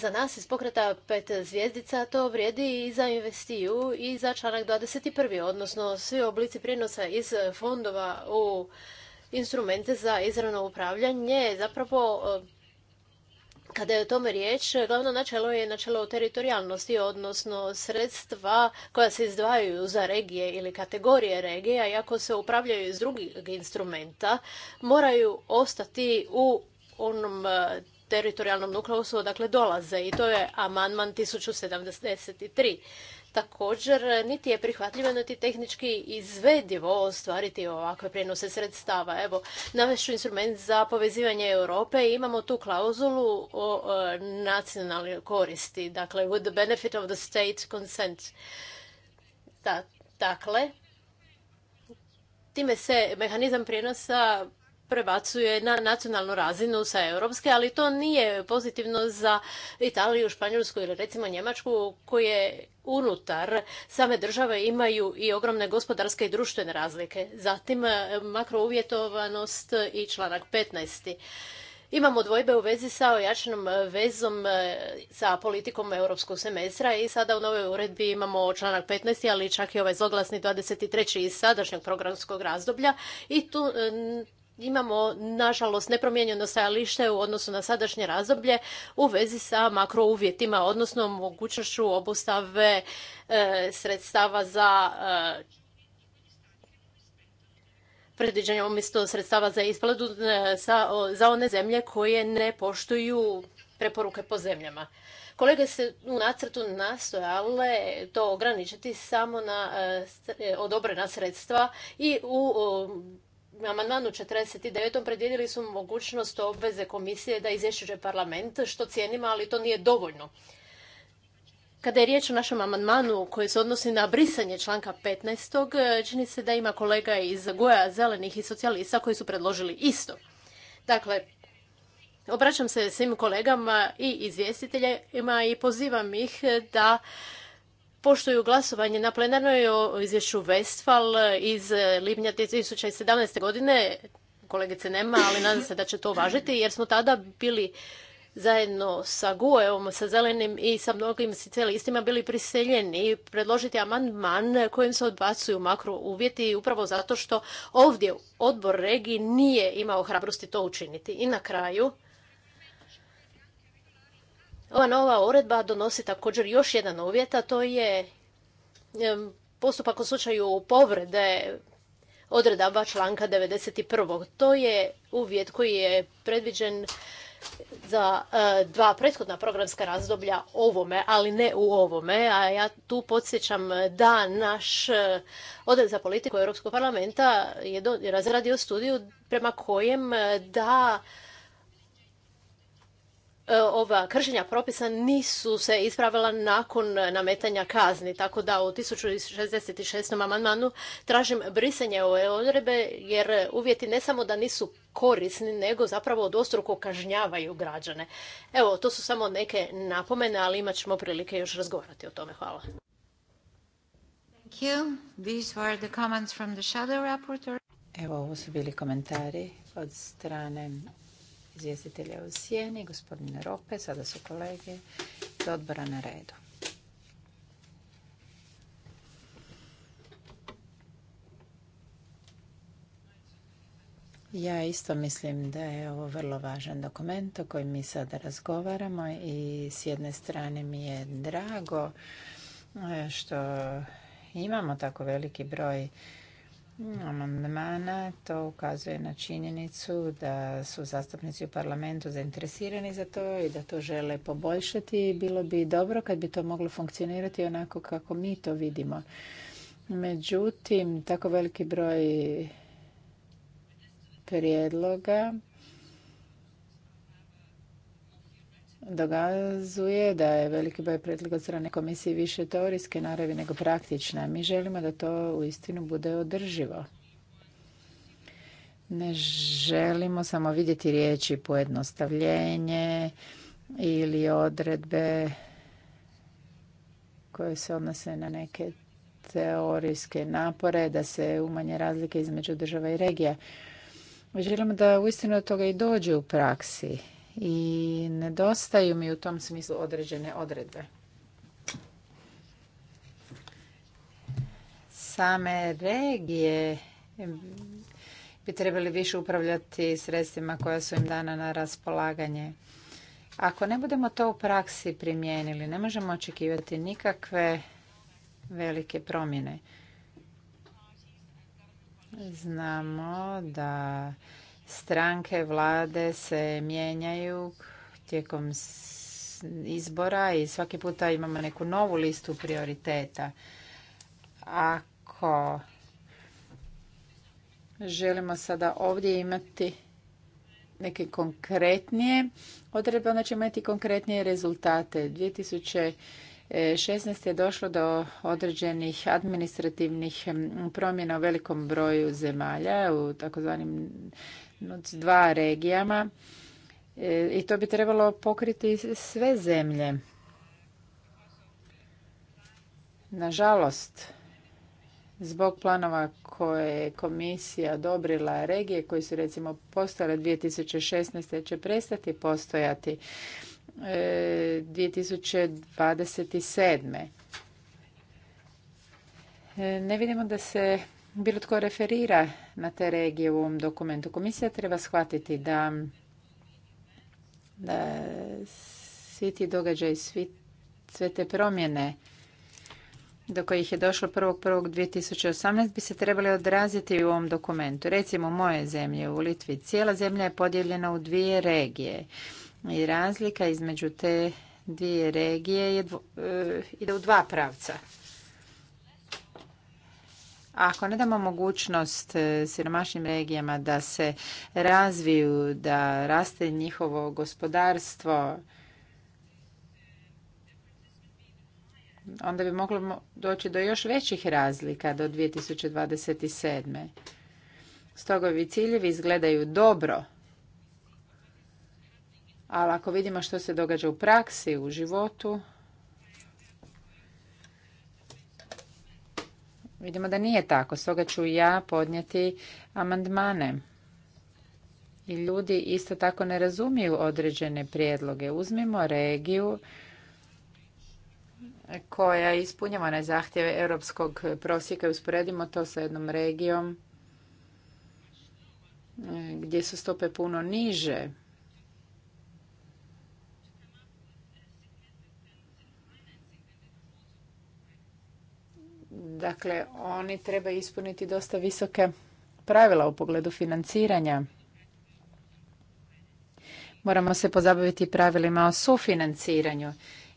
Za nas iz pokreta pet zvijezdica to vrijedi i za investiju i za članak 21. odnosno svi oblici prijenosa iz fondova u instrumente za izravno upravljanje zapravo kada je o tome riječ, glavno načelo je načelo teritorijalnosti, odnosno sredstva koja se izdvajaju za regije ili kategorije regija, iako se upravljaju iz drugih instrumenta, moraju ostati u onom e, teritorijalnom nukleusu odakle dolaze i to je amandman 1073. Također, niti je prihvatljivo, niti tehnički izvedivo ostvariti ovakve prijenose sredstava. Evo, ću instrument za povezivanje Europe i imamo tu klauzulu o e, nacionalnoj koristi, dakle, with the benefit of the state consent. dakle, time se mehanizam prijenosa prebacuje na nacionalnu razinu sa europske, ali to nije pozitivno za Italiju, Španjolsku ili recimo Njemačku koje unutar same države imaju i ogromne gospodarske i društvene razlike. Zatim e, makrouvjetovanost i članak 15. Imamo dvojbe u vezi sa ojačanom vezom e, sa politikom europskog semestra i sada u novoj uredbi imamo članak 15. ali čak i ovaj zloglasni 23. iz sadašnjeg programskog razdoblja i tu e, imamo nažalost nepromijenjeno stajalište u odnosu na sadašnje razdoblje u vezi sa makrouvjetima, odnosno mogućnošću obustave e, sredstava za e, predviđanje umjesto sredstava za isplatu e, za one zemlje koje ne poštuju preporuke po zemljama. Kolege se u nacrtu nastojale to ograničiti samo na e, odobrena sredstva i u amandmanu 49. predvidjeli su mogućnost obveze komisije da izvješće parlament, što cijenimo, ali to nije dovoljno. Kada je riječ o našem amandmanu koji se odnosi na brisanje članka 15. čini se da ima kolega iz Goja, Zelenih i Socijalista koji su predložili isto. Dakle, obraćam se svim kolegama i izvjestiteljima i pozivam ih da poštuju glasovanje na plenarnoj o izvješću iz lipnja 2017. godine. Kolegice nema, ali nadam se da će to važiti jer smo tada bili zajedno sa Gueom, sa Zelenim i sa mnogim socijalistima bili priseljeni predložiti amandman kojim se odbacuju makro uvjeti upravo zato što ovdje odbor regiji nije imao hrabrosti to učiniti. I na kraju, ova nova uredba donosi također još jedan uvjet, a to je postupak u slučaju povrede odredaba članka 91. To je uvjet koji je predviđen za e, dva prethodna programska razdoblja ovome, ali ne u ovome, a ja tu podsjećam da naš e, odred za politiku Europskog parlamenta je razradio studiju prema kojem e, da E, ova kršenja propisa nisu se ispravila nakon nametanja kazni, tako da u 1066. amandmanu tražim brisanje ove odrebe jer uvjeti ne samo da nisu korisni, nego zapravo dvostruko kažnjavaju građane. Evo, to su samo neke napomene, ali imat ćemo prilike još razgovarati o tome. Hvala. Evo, ovo su bili komentari od strane izvjestitelja u sjeni, gospodine Rope, sada su kolege iz odbora na redu. Ja isto mislim da je ovo vrlo važan dokument o kojem mi sada razgovaramo i s jedne strane mi je drago e, što imamo tako veliki broj amandmana, to ukazuje na činjenicu da su zastupnici u parlamentu zainteresirani za to i da to žele poboljšati. Bilo bi dobro kad bi to moglo funkcionirati onako kako mi to vidimo. Međutim, tako veliki broj prijedloga Dogazuje da je veliki broj prijedloga od strane komisije više teorijske naravi nego praktične. Mi želimo da to u istinu bude održivo. Ne želimo samo vidjeti riječi pojednostavljenje ili odredbe koje se odnose na neke teorijske napore da se umanje razlike između država i regija. Želimo da uistinu od toga i dođe u praksi i nedostaju mi u tom smislu određene odredbe. Same regije bi trebali više upravljati sredstvima koja su im dana na raspolaganje. Ako ne budemo to u praksi primijenili, ne možemo očekivati nikakve velike promjene. Znamo da stranke vlade se mijenjaju tijekom izbora i svaki puta imamo neku novu listu prioriteta. Ako želimo sada ovdje imati neke konkretnije odredbe, onda ćemo imati konkretnije rezultate. 2016. je došlo do određenih administrativnih mm, promjena u velikom broju zemalja, u takozvanim nuc dva regijama e, i to bi trebalo pokriti sve zemlje. Nažalost, zbog planova koje je komisija odobrila regije koje su recimo postale 2016. će prestati postojati 2027. E, e, ne vidimo da se bilo tko referira na te regije u ovom dokumentu. Komisija treba shvatiti da, da svi ti događaj, svi, sve te promjene do kojih je došlo 1.1.2018 bi se trebali odraziti u ovom dokumentu. Recimo moje zemlje, u Litvi, cijela zemlja je podijeljena u dvije regije i razlika između te dvije regije je, e, ide u dva pravca. Ako ne damo mogućnost e, siromašnim regijama da se razviju, da raste njihovo gospodarstvo, onda bi moglo doći do još većih razlika do 2027. Stoga ovi ciljevi izgledaju dobro, ali ako vidimo što se događa u praksi, u životu, Vidimo da nije tako, stoga ću ja podnijeti amandmane. I ljudi isto tako ne razumiju određene prijedloge. Uzmimo regiju koja ispunjava na zahtjeve europskog prosjeka i usporedimo to sa jednom regijom e, gdje su stope puno niže Dakle, oni treba ispuniti dosta visoke pravila u pogledu financiranja. Moramo se pozabaviti pravilima o sufinanciranju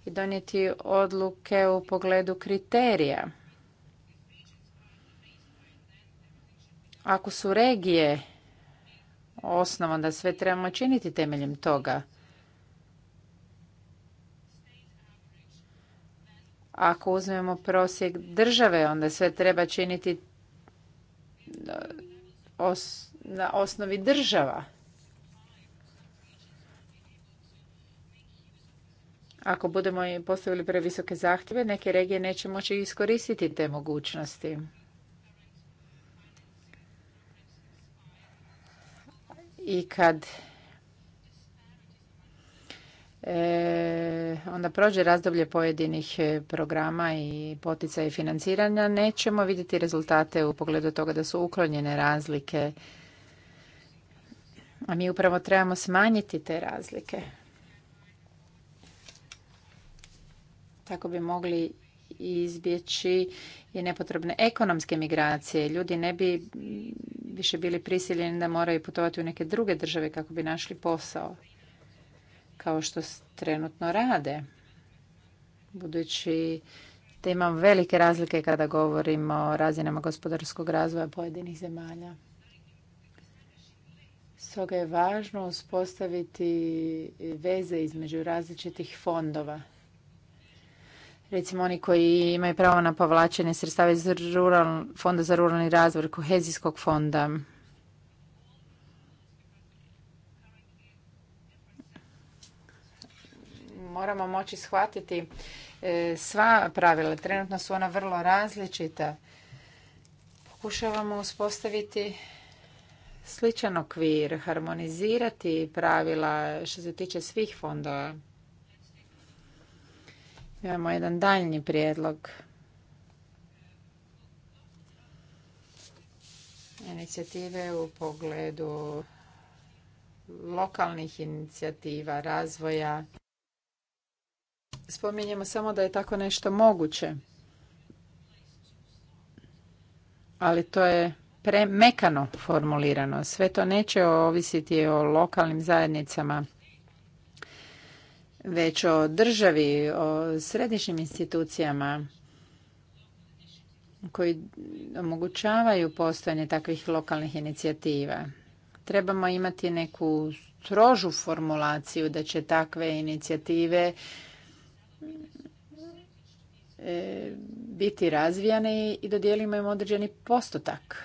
i donijeti odluke u pogledu kriterija. Ako su regije osnovom da sve trebamo činiti temeljem toga, Ako uzmemo prosjek države, onda sve treba činiti e, na osnovi država. Ako budemo postavili previsoke zahtjeve, neke regije neće moći iskoristiti te mogućnosti. I kad E, onda prođe razdoblje pojedinih e, programa i potica i financiranja, nećemo vidjeti rezultate u pogledu toga da su uklonjene razlike. A mi upravo trebamo smanjiti te razlike. Tako bi mogli izbjeći i nepotrebne ekonomske migracije. Ljudi ne bi više bili prisiljeni da moraju putovati u neke druge države kako bi našli posao kao što trenutno rade. Budući da imam velike razlike kada govorimo o razinama gospodarskog razvoja pojedinih zemalja. Stoga je važno uspostaviti veze između različitih fondova. Recimo oni koji imaju pravo na povlačenje sredstava iz Fonda za ruralni razvoj, kohezijskog fonda, moramo moći shvatiti e, sva pravila. Trenutno su ona vrlo različita. Pokušavamo uspostaviti sličan okvir, harmonizirati pravila što se tiče svih fondova. Imamo jedan daljnji prijedlog. Inicijative u pogledu lokalnih inicijativa, razvoja spominjemo samo da je tako nešto moguće. Ali to je premekano formulirano. Sve to neće ovisiti o lokalnim zajednicama, već o državi, o središnjim institucijama koji omogućavaju postojanje takvih lokalnih inicijativa. Trebamo imati neku strožu formulaciju da će takve inicijative E, biti razvijani i dodijelimo im određeni postotak.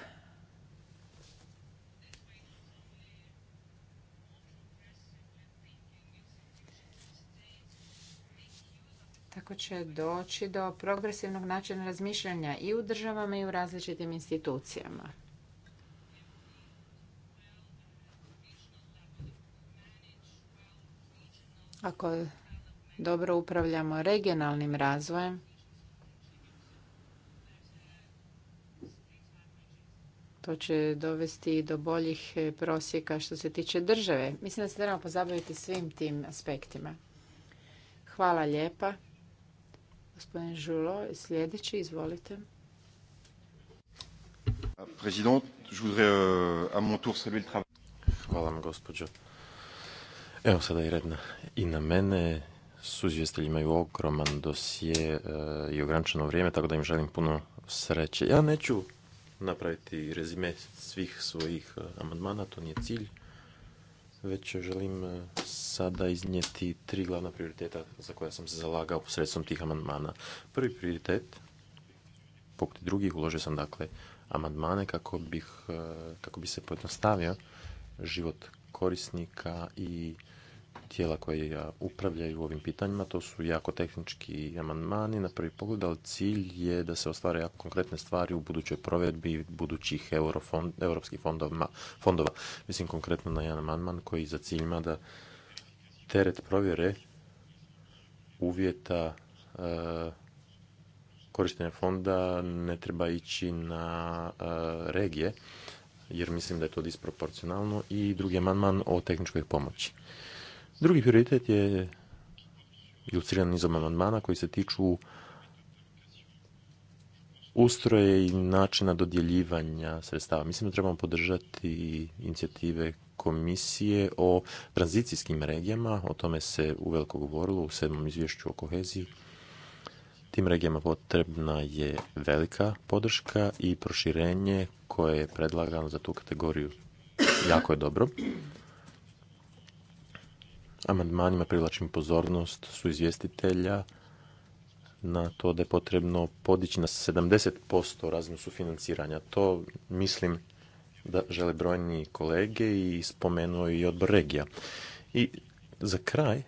Tako će doći do progresivnog načina razmišljanja i u državama i u različitim institucijama. Ako dobro upravljamo regionalnim razvojem, to će dovesti i do boljih e, prosjeka što se tiče države. Mislim da se trebamo pozabaviti svim tim aspektima. Hvala lijepa. Gospodin Žulo, sljedeći, izvolite. Euh, Hvala vam, gospođo. Evo sada je redna i na mene Suzvjestelji imaju ogroman dosije e, i ograničeno vrijeme, tako da im želim puno sreće. Ja neću napraviti rezime svih svojih e, amandmana, to nije cilj, već želim e, sada iznijeti tri glavna prioriteta za koja sam se zalagao posredstvom tih amandmana. Prvi prioritet, poput drugih, uložio sam dakle amandmane kako, bih, kako bi se pojednostavio život korisnika i tijela koja e, upravljaju ovim pitanjima. To su jako tehnički amandmani na prvi pogled, ali cilj je da se ostvare jako konkretne stvari u budućoj provedbi budućih eurofond, europskih fondova. Mislim konkretno na jedan amandman koji za cilj ima da teret provjere uvjeta e, korištenja fonda ne treba ići na e, regije jer mislim da je to disproporcionalno i drugi amandman o tehničkoj pomoći. Drugi prioritet je ilustriran nizom amandmana koji se tiču ustroje i načina dodjeljivanja sredstava. Mislim da trebamo podržati inicijative komisije o tranzicijskim regijama, o tome se uveliko govorilo u sedmom izvješću o koheziji. Tim regijama potrebna je velika podrška i proširenje koje je predlagano za tu kategoriju jako je dobro amandmanima privlačim pozornost su izvjestitelja na to da je potrebno podići na 70% razinu sufinanciranja. To mislim da žele brojni kolege i spomenuo i odbor regija. I za kraj,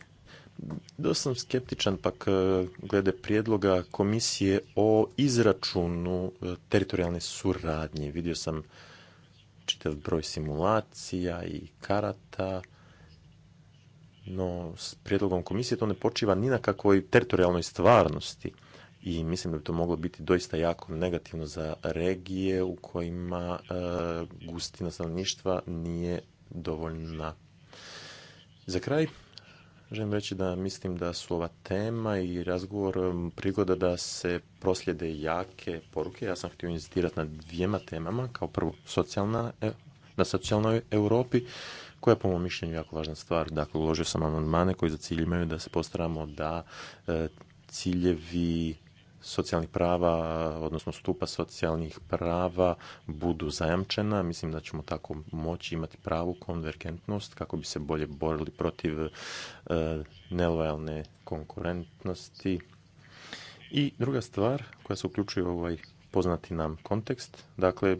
dosta sam skeptičan pak e, glede prijedloga komisije o izračunu e, teritorijalne suradnje. Vidio sam čitav broj simulacija i karata no s prijedlogom komisije to ne počiva ni na kakvoj teritorijalnoj stvarnosti i mislim da bi to moglo biti doista jako negativno za regije u kojima e, gustina stanovništva nije dovoljna. Za kraj, želim reći da mislim da su ova tema i razgovor prigoda da se proslijede jake poruke. Ja sam htio inzistirati na dvijema temama, kao prvo socijalna, e, na socijalnoj Europi, koja je po mom mišljenju jako važna stvar. Dakle, uložio sam amandmane koji za cilj imaju da se postaramo da e, ciljevi socijalnih prava, odnosno stupa socijalnih prava budu zajamčena. Mislim da ćemo tako moći imati pravu konvergentnost kako bi se bolje borili protiv e, nelojalne konkurentnosti. I druga stvar koja se uključuje u ovaj poznati nam kontekst, dakle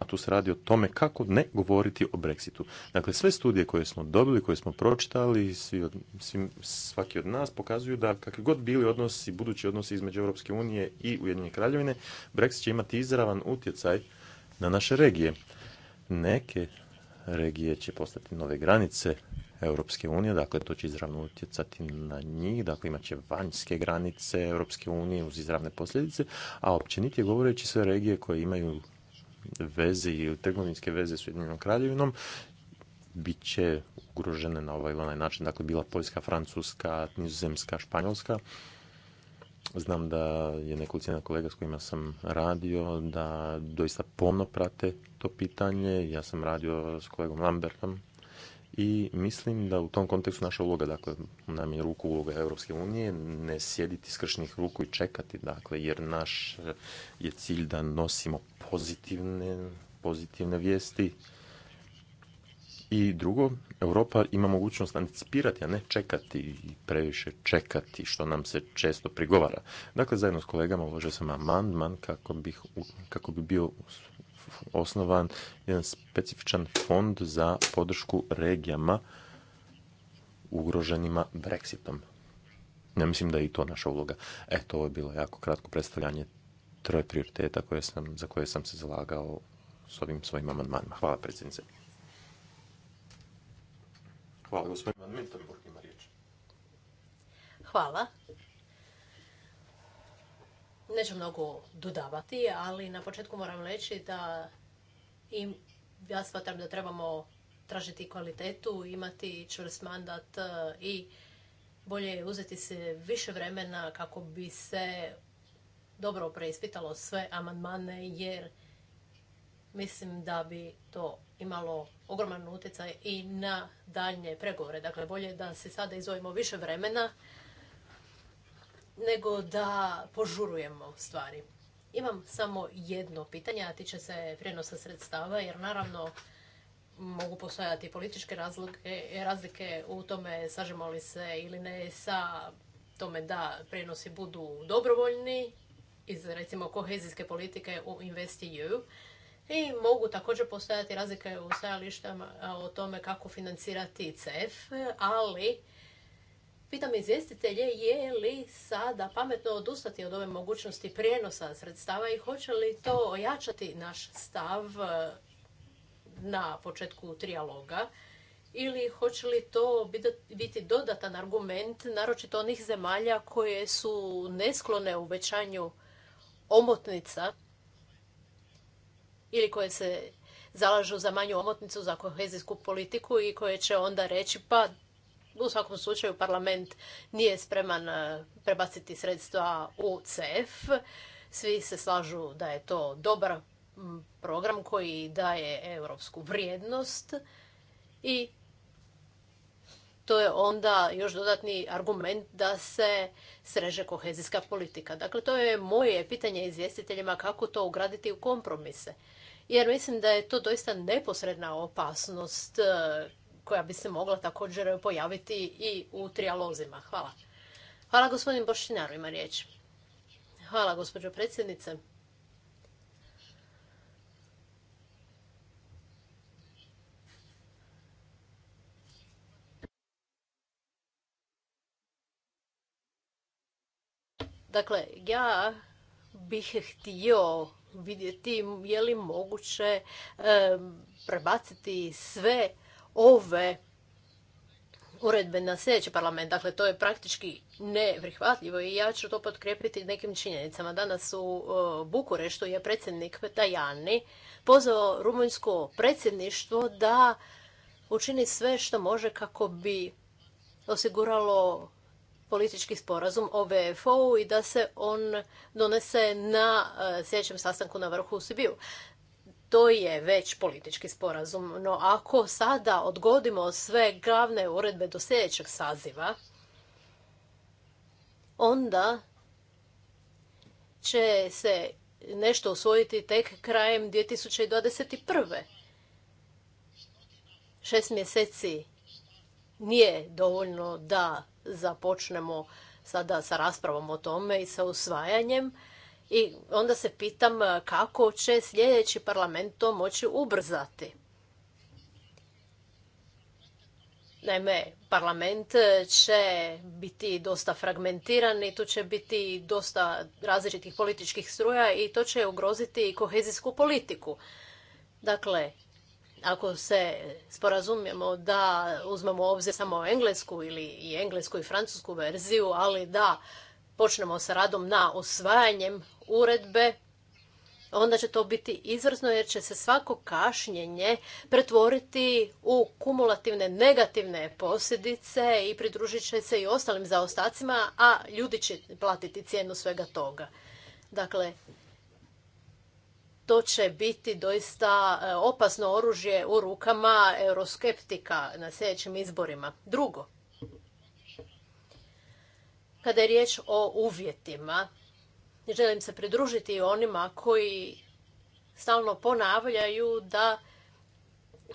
a tu se radi o tome kako ne govoriti o Brexitu. Dakle, sve studije koje smo dobili, koje smo pročitali, svi od, svi, svaki od nas, pokazuju da kakvi god bili odnosi, budući odnosi između Europske unije i Ujedinjene kraljevine, Brexit će imati izravan utjecaj na naše regije. Neke regije će postati nove granice Europske unije, dakle to će izravno utjecati na njih, dakle imat će vanjske granice Europske unije uz izravne posljedice, a općenitije govoreći sve regije koje imaju veze ili trgovinske veze s Ujedinjenom kraljevinom bit će ugrožene na ovaj ili onaj način. Dakle, bila Poljska, Francuska, Nizozemska, Španjolska. Znam da je nekolicina kolega s kojima sam radio da doista pomno prate to pitanje. Ja sam radio s kolegom Lambertom i mislim da u tom kontekstu naša uloga, dakle, nam je ruku uloga Europske unije, ne sjediti skršnih ruku i čekati, dakle, jer naš eh, je cilj da nosimo pozitivne, pozitivne vijesti. I drugo, Europa ima mogućnost anticipirati, a ne čekati i previše čekati, što nam se često prigovara. Dakle, zajedno s kolegama uložio sam amandman kako, kako bi bio osnovan jedan specifičan fond za podršku regijama ugroženima Brexitom. Ne mislim da je i to naša uloga. Eto, ovo je bilo jako kratko predstavljanje troje prioriteta koje za koje sam se zalagao s ovim svojim amandmanima. Hvala predsjednice. Hvala gospodin Hvala. Neću mnogo dodavati, ali na početku moram reći da im, ja smatram da trebamo tražiti kvalitetu, imati čvrst mandat e, i bolje je uzeti se više vremena kako bi se dobro preispitalo sve amandmane jer mislim da bi to imalo ogroman utjecaj i na daljnje pregovore. Dakle, bolje da se sada izvojimo više vremena nego da požurujemo stvari. Imam samo jedno pitanje, a tiče se prijenosa sredstava, jer naravno mogu postojati političke razlike, razlike u tome sažemo li se ili ne sa tome da prijenosi budu dobrovoljni iz recimo kohezijske politike u InvestEU i mogu također postojati razlike u stajalištama o tome kako financirati CEF, ali Pitam izvjestitelje je li sada pametno odustati od ove mogućnosti prijenosa sredstava i hoće li to ojačati naš stav e, na početku trijaloga ili hoće li to biti dodatan argument, naročito onih zemalja koje su nesklone većanju omotnica ili koje se zalažu za manju omotnicu za kohezijsku politiku i koje će onda reći pa u svakom slučaju parlament nije spreman e, prebaciti sredstva u CEF. Svi se slažu da je to dobar program koji daje europsku vrijednost i to je onda još dodatni argument da se sreže kohezijska politika. Dakle, to je moje pitanje izvjestiteljima kako to ugraditi u kompromise. Jer mislim da je to doista neposredna opasnost e, koja bi se mogla također e, pojaviti i u trijalozima. Hvala. Hvala gospodin Boštinaru, ima riječ. Hvala gospođo predsjednice. Dakle, ja bih htio vidjeti je li moguće e, prebaciti sve ove uredbe na sljedeći parlament. Dakle, to je praktički neprihvatljivo i ja ću to potkrijepiti nekim činjenicama. Danas u Bukureštu je predsjednik Tajani pozvao rumunjsko predsjedništvo da učini sve što može kako bi osiguralo politički sporazum o VFO-u i da se on donese na e, sljedećem sastanku na vrhu u Sibiju to je već politički sporazum. No ako sada odgodimo sve glavne uredbe do sljedećeg saziva, onda će se nešto usvojiti tek krajem 2021. Šest mjeseci nije dovoljno da započnemo sada sa raspravom o tome i sa usvajanjem. I onda se pitam e, kako će sljedeći parlament to moći ubrzati. Naime, parlament će biti dosta fragmentiran i tu će biti dosta različitih političkih struja i to će ugroziti kohezijsku politiku. Dakle, ako se sporazumijemo da uzmemo obzir samo englesku ili i englesku i francusku verziju, ali da počnemo sa radom na osvajanjem uredbe, onda će to biti izvrsno jer će se svako kašnjenje pretvoriti u kumulativne negativne posljedice i pridružit će se i ostalim zaostacima, a ljudi će platiti cijenu svega toga. Dakle, to će biti doista e, opasno oružje u rukama euroskeptika na sljedećim izborima. Drugo, kada je riječ o uvjetima, želim se pridružiti onima koji stalno ponavljaju da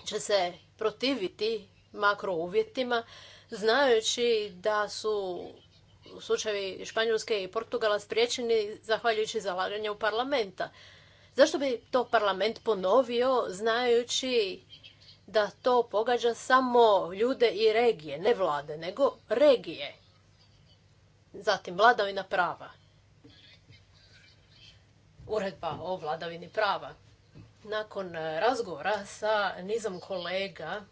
će se protiviti makro uvjetima, znajući da su slučaju Španjolske i Portugala spriječeni zahvaljujući u parlamenta. Zašto bi to parlament ponovio znajući da to pogađa samo ljude i regije, ne vlade, nego regije? Zatim vladavina prava. Uredba o vladavini prava. Nakon e, razgovora sa nizom kolega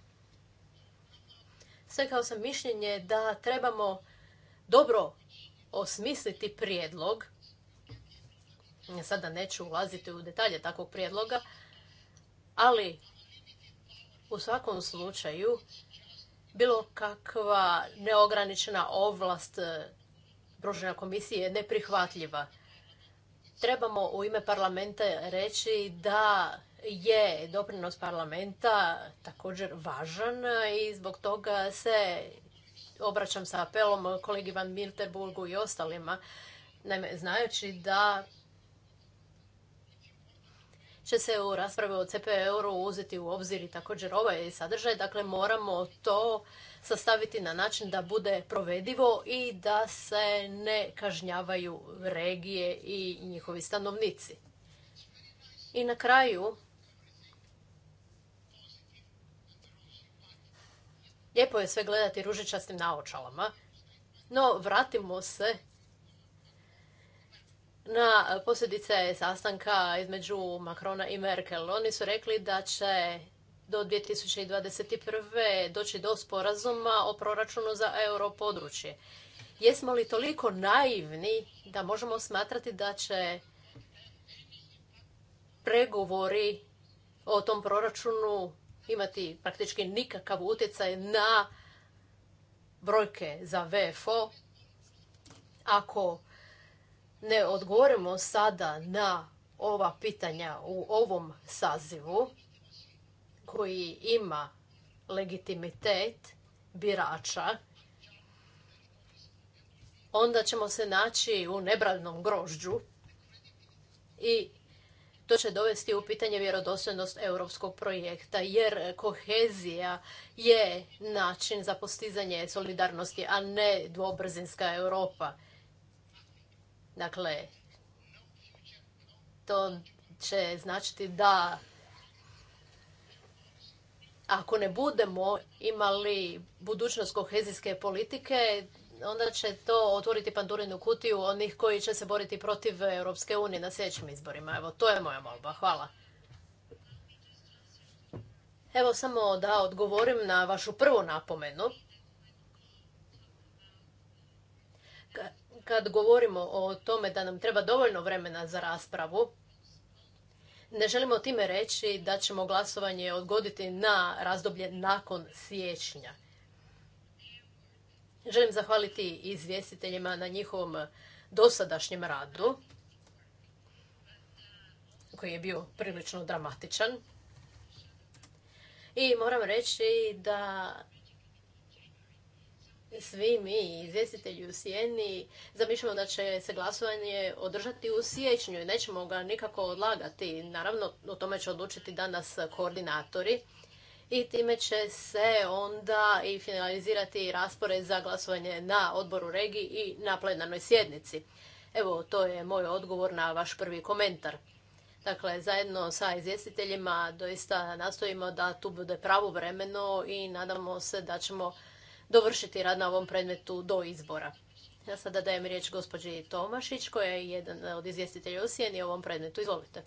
stekao sam mišljenje da trebamo dobro osmisliti prijedlog. Sada neću ulaziti u detalje takvog prijedloga, ali u svakom slučaju bilo kakva neograničena ovlast pružena komisije neprihvatljiva. Trebamo u ime parlamenta reći da je doprinos parlamenta također važan i zbog toga se obraćam sa apelom kolegi Van Milterburgu i ostalima, naime, znajući da će se u raspravi o CP Euro uzeti u obzir i također ovaj sadržaj, dakle moramo to sastaviti na način da bude provedivo i da se ne kažnjavaju regije i njihovi stanovnici. I na kraju, lijepo je sve gledati ružičastim naočalama, no vratimo se na posljedice sastanka između Makrona i Merkel. Oni su rekli da će do 2021. doći do sporazuma o proračunu za europodručje. Jesmo li toliko naivni da možemo smatrati da će pregovori o tom proračunu imati praktički nikakav utjecaj na brojke za VFO. Ako ne odgovorimo sada na ova pitanja u ovom sazivu, koji ima legitimitet birača, onda ćemo se naći u nebralnom grožđu i to će dovesti u pitanje vjerodostojnost europskog projekta, jer kohezija je način za postizanje solidarnosti, a ne dvobrzinska Europa. Dakle, to će značiti da ako ne budemo imali budućnost kohezijske politike, onda će to otvoriti pandurinu kutiju onih koji će se boriti protiv Europske unije na sljedećim izborima. Evo, to je moja molba. Hvala. Evo samo da odgovorim na vašu prvu napomenu. Kad govorimo o tome da nam treba dovoljno vremena za raspravu, ne želimo time reći da ćemo glasovanje odgoditi na razdoblje nakon siječnja. Želim zahvaliti izvjestiteljima na njihovom dosadašnjem radu, koji je bio prilično dramatičan. I moram reći da svi mi, izvjestitelji u Sijeni, zamišljamo da će se glasovanje održati u siječnju i nećemo ga nikako odlagati. Naravno, o tome će odlučiti danas koordinatori i time će se onda i finalizirati raspored za glasovanje na odboru regi i na plenarnoj sjednici. Evo, to je moj odgovor na vaš prvi komentar. Dakle, zajedno sa izvjestiteljima doista nastojimo da tu bude pravo vremeno i nadamo se da ćemo dovršiti rad na ovom predmetu do izbora. Ja sada dajem riječ gospođi Tomašić koja je jedan od izvjestitelja u Sijeni ovom predmetu. Izvolite.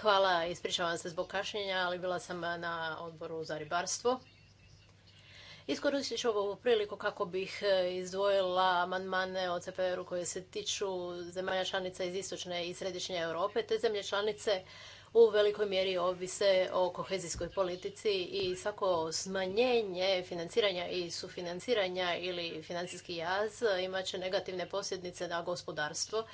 Hvala, ispričavam se zbog kašnjenja, ali bila sam na odboru za ribarstvo. Iskoristit ću ovu priliku kako bih e, izdvojila amandmane o CPR-u koje se tiču zemalja članica iz istočne i središnje Europe, te zemlje članice u velikoj mjeri ovise o kohezijskoj politici i svako smanjenje financiranja i sufinanciranja ili financijski jaz imat će negativne posljedice na gospodarstvo.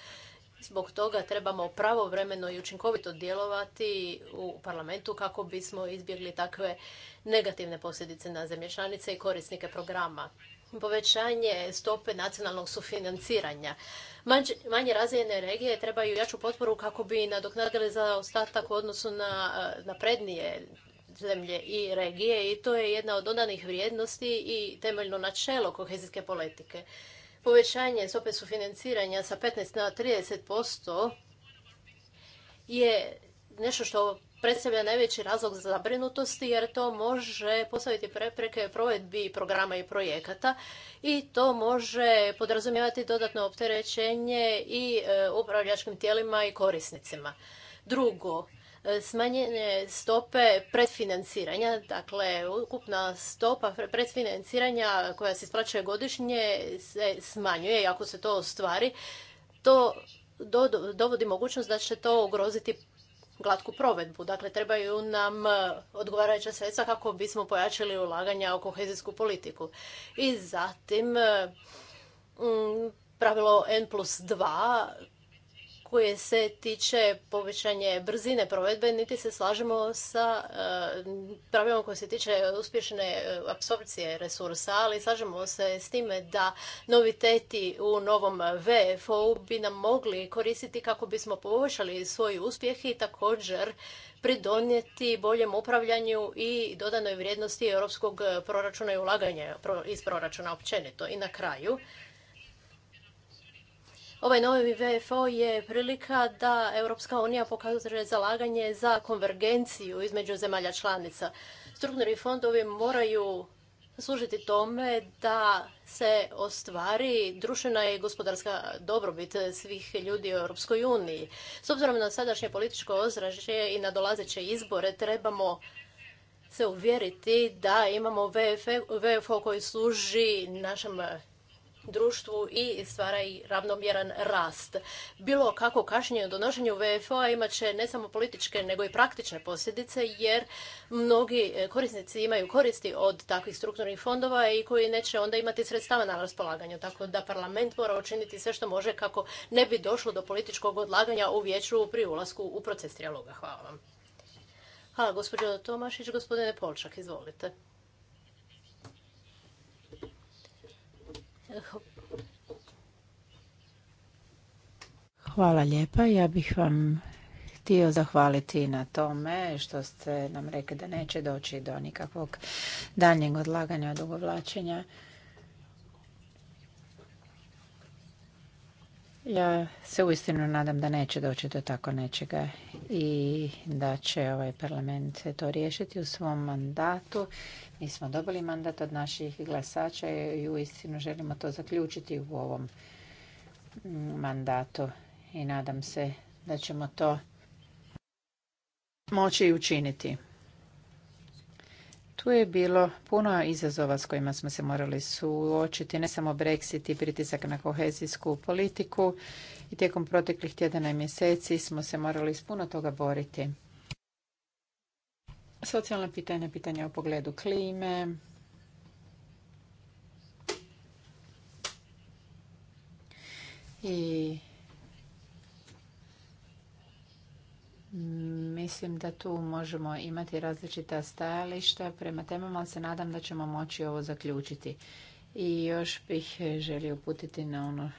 Zbog toga trebamo pravovremeno i učinkovito djelovati u parlamentu kako bismo izbjegli takve negativne posljedice na zemlje članice i korisnike programa povećanje stope nacionalnog sufinanciranja. Manje razvijene regije trebaju jaču potporu kako bi nadoknadili za ostatak u odnosu na eh, naprednije zemlje i regije i to je jedna od dodanih vrijednosti i temeljno načelo kohezijske politike. Povećanje stope sufinanciranja sa 15 na 30% je nešto što predstavlja najveći razlog za zabrinutosti jer to može postaviti prepreke provedbi programa i projekata i to može podrazumijevati dodatno opterećenje i e, upravljačkim tijelima i korisnicima. Drugo, e, smanjenje stope predfinanciranja, dakle ukupna stopa predfinanciranja koja se isplaćuje godišnje se smanjuje i ako se to ostvari, to dovodi mogućnost da će to ugroziti glatku provedbu. Dakle, trebaju nam e, odgovarajuća sredstva kako bismo pojačili ulaganja u kohezijsku politiku. I zatim, e, pravilo N plus koje se tiče povećanje brzine provedbe, niti se slažemo sa eh, pravilom koje se tiče uspješne eh, apsorpcije resursa, ali slažemo se s time da noviteti u novom VFO bi nam mogli koristiti kako bismo poboljšali svoj uspjeh i također pridonijeti boljem upravljanju i dodanoj vrijednosti europskog eh, proračuna i ulaganja iz proračuna općenito. I na kraju, Ovaj novi VFO je prilika da Europska unija pokazuje zalaganje za konvergenciju između zemalja članica. Strukturni fondovi moraju služiti tome da se ostvari društvena i gospodarska dobrobit svih ljudi u Europskoj uniji. S obzirom na sadašnje političko ozražje i na dolazeće izbore trebamo se uvjeriti da imamo VFO koji služi našem društvu i stvara i ravnomjeran rast. Bilo kako kašnjenje u donošenju VFO-a imat će ne samo političke nego i praktične posljedice jer mnogi e, korisnici imaju koristi od takvih strukturnih fondova i koji neće onda imati sredstava na raspolaganju. Tako da parlament mora učiniti sve što može kako ne bi došlo do političkog odlaganja u vijeću pri ulasku u proces trijaloga. Hvala vam. Hvala gospođo Tomašić, gospodine Polčak, izvolite. Hvala lijepa. Ja bih vam htio zahvaliti na tome što ste nam rekli da neće doći do nikakvog daljnjeg odlaganja, odugovlačenja. Ja se uistinu nadam da neće doći do tako nečega i da će ovaj parlament to riješiti u svom mandatu. Mi smo dobili mandat od naših glasača i uistinu želimo to zaključiti u ovom mm, mandatu i nadam se da ćemo to moći učiniti. Tu je bilo puno izazova s kojima smo se morali suočiti, ne samo Brexit i pritisak na kohezijsku politiku i tijekom proteklih tjedana i mjeseci smo se morali s puno toga boriti. Socijalna pitanja, pitanja o pogledu klime, i Mislim da tu možemo imati različita stajališta prema temama, ali se nadam da ćemo moći ovo zaključiti. I još bih želio uputiti na ono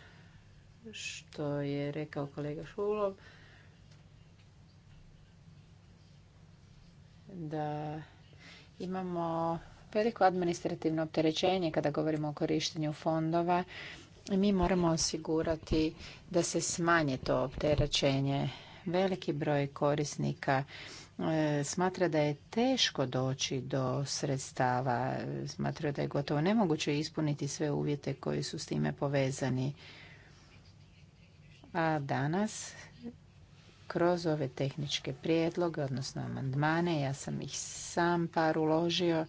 što je rekao kolega Šulov. Da imamo veliko administrativno opterećenje kada govorimo o korištenju fondova. Mi moramo osigurati da se smanje to opterećenje veliki broj korisnika e, smatra da je teško doći do sredstava, smatra da je gotovo nemoguće ispuniti sve uvjete koji su s time povezani. A danas kroz ove tehničke prijedloge, odnosno amandmane, ja sam ih sam par uložio,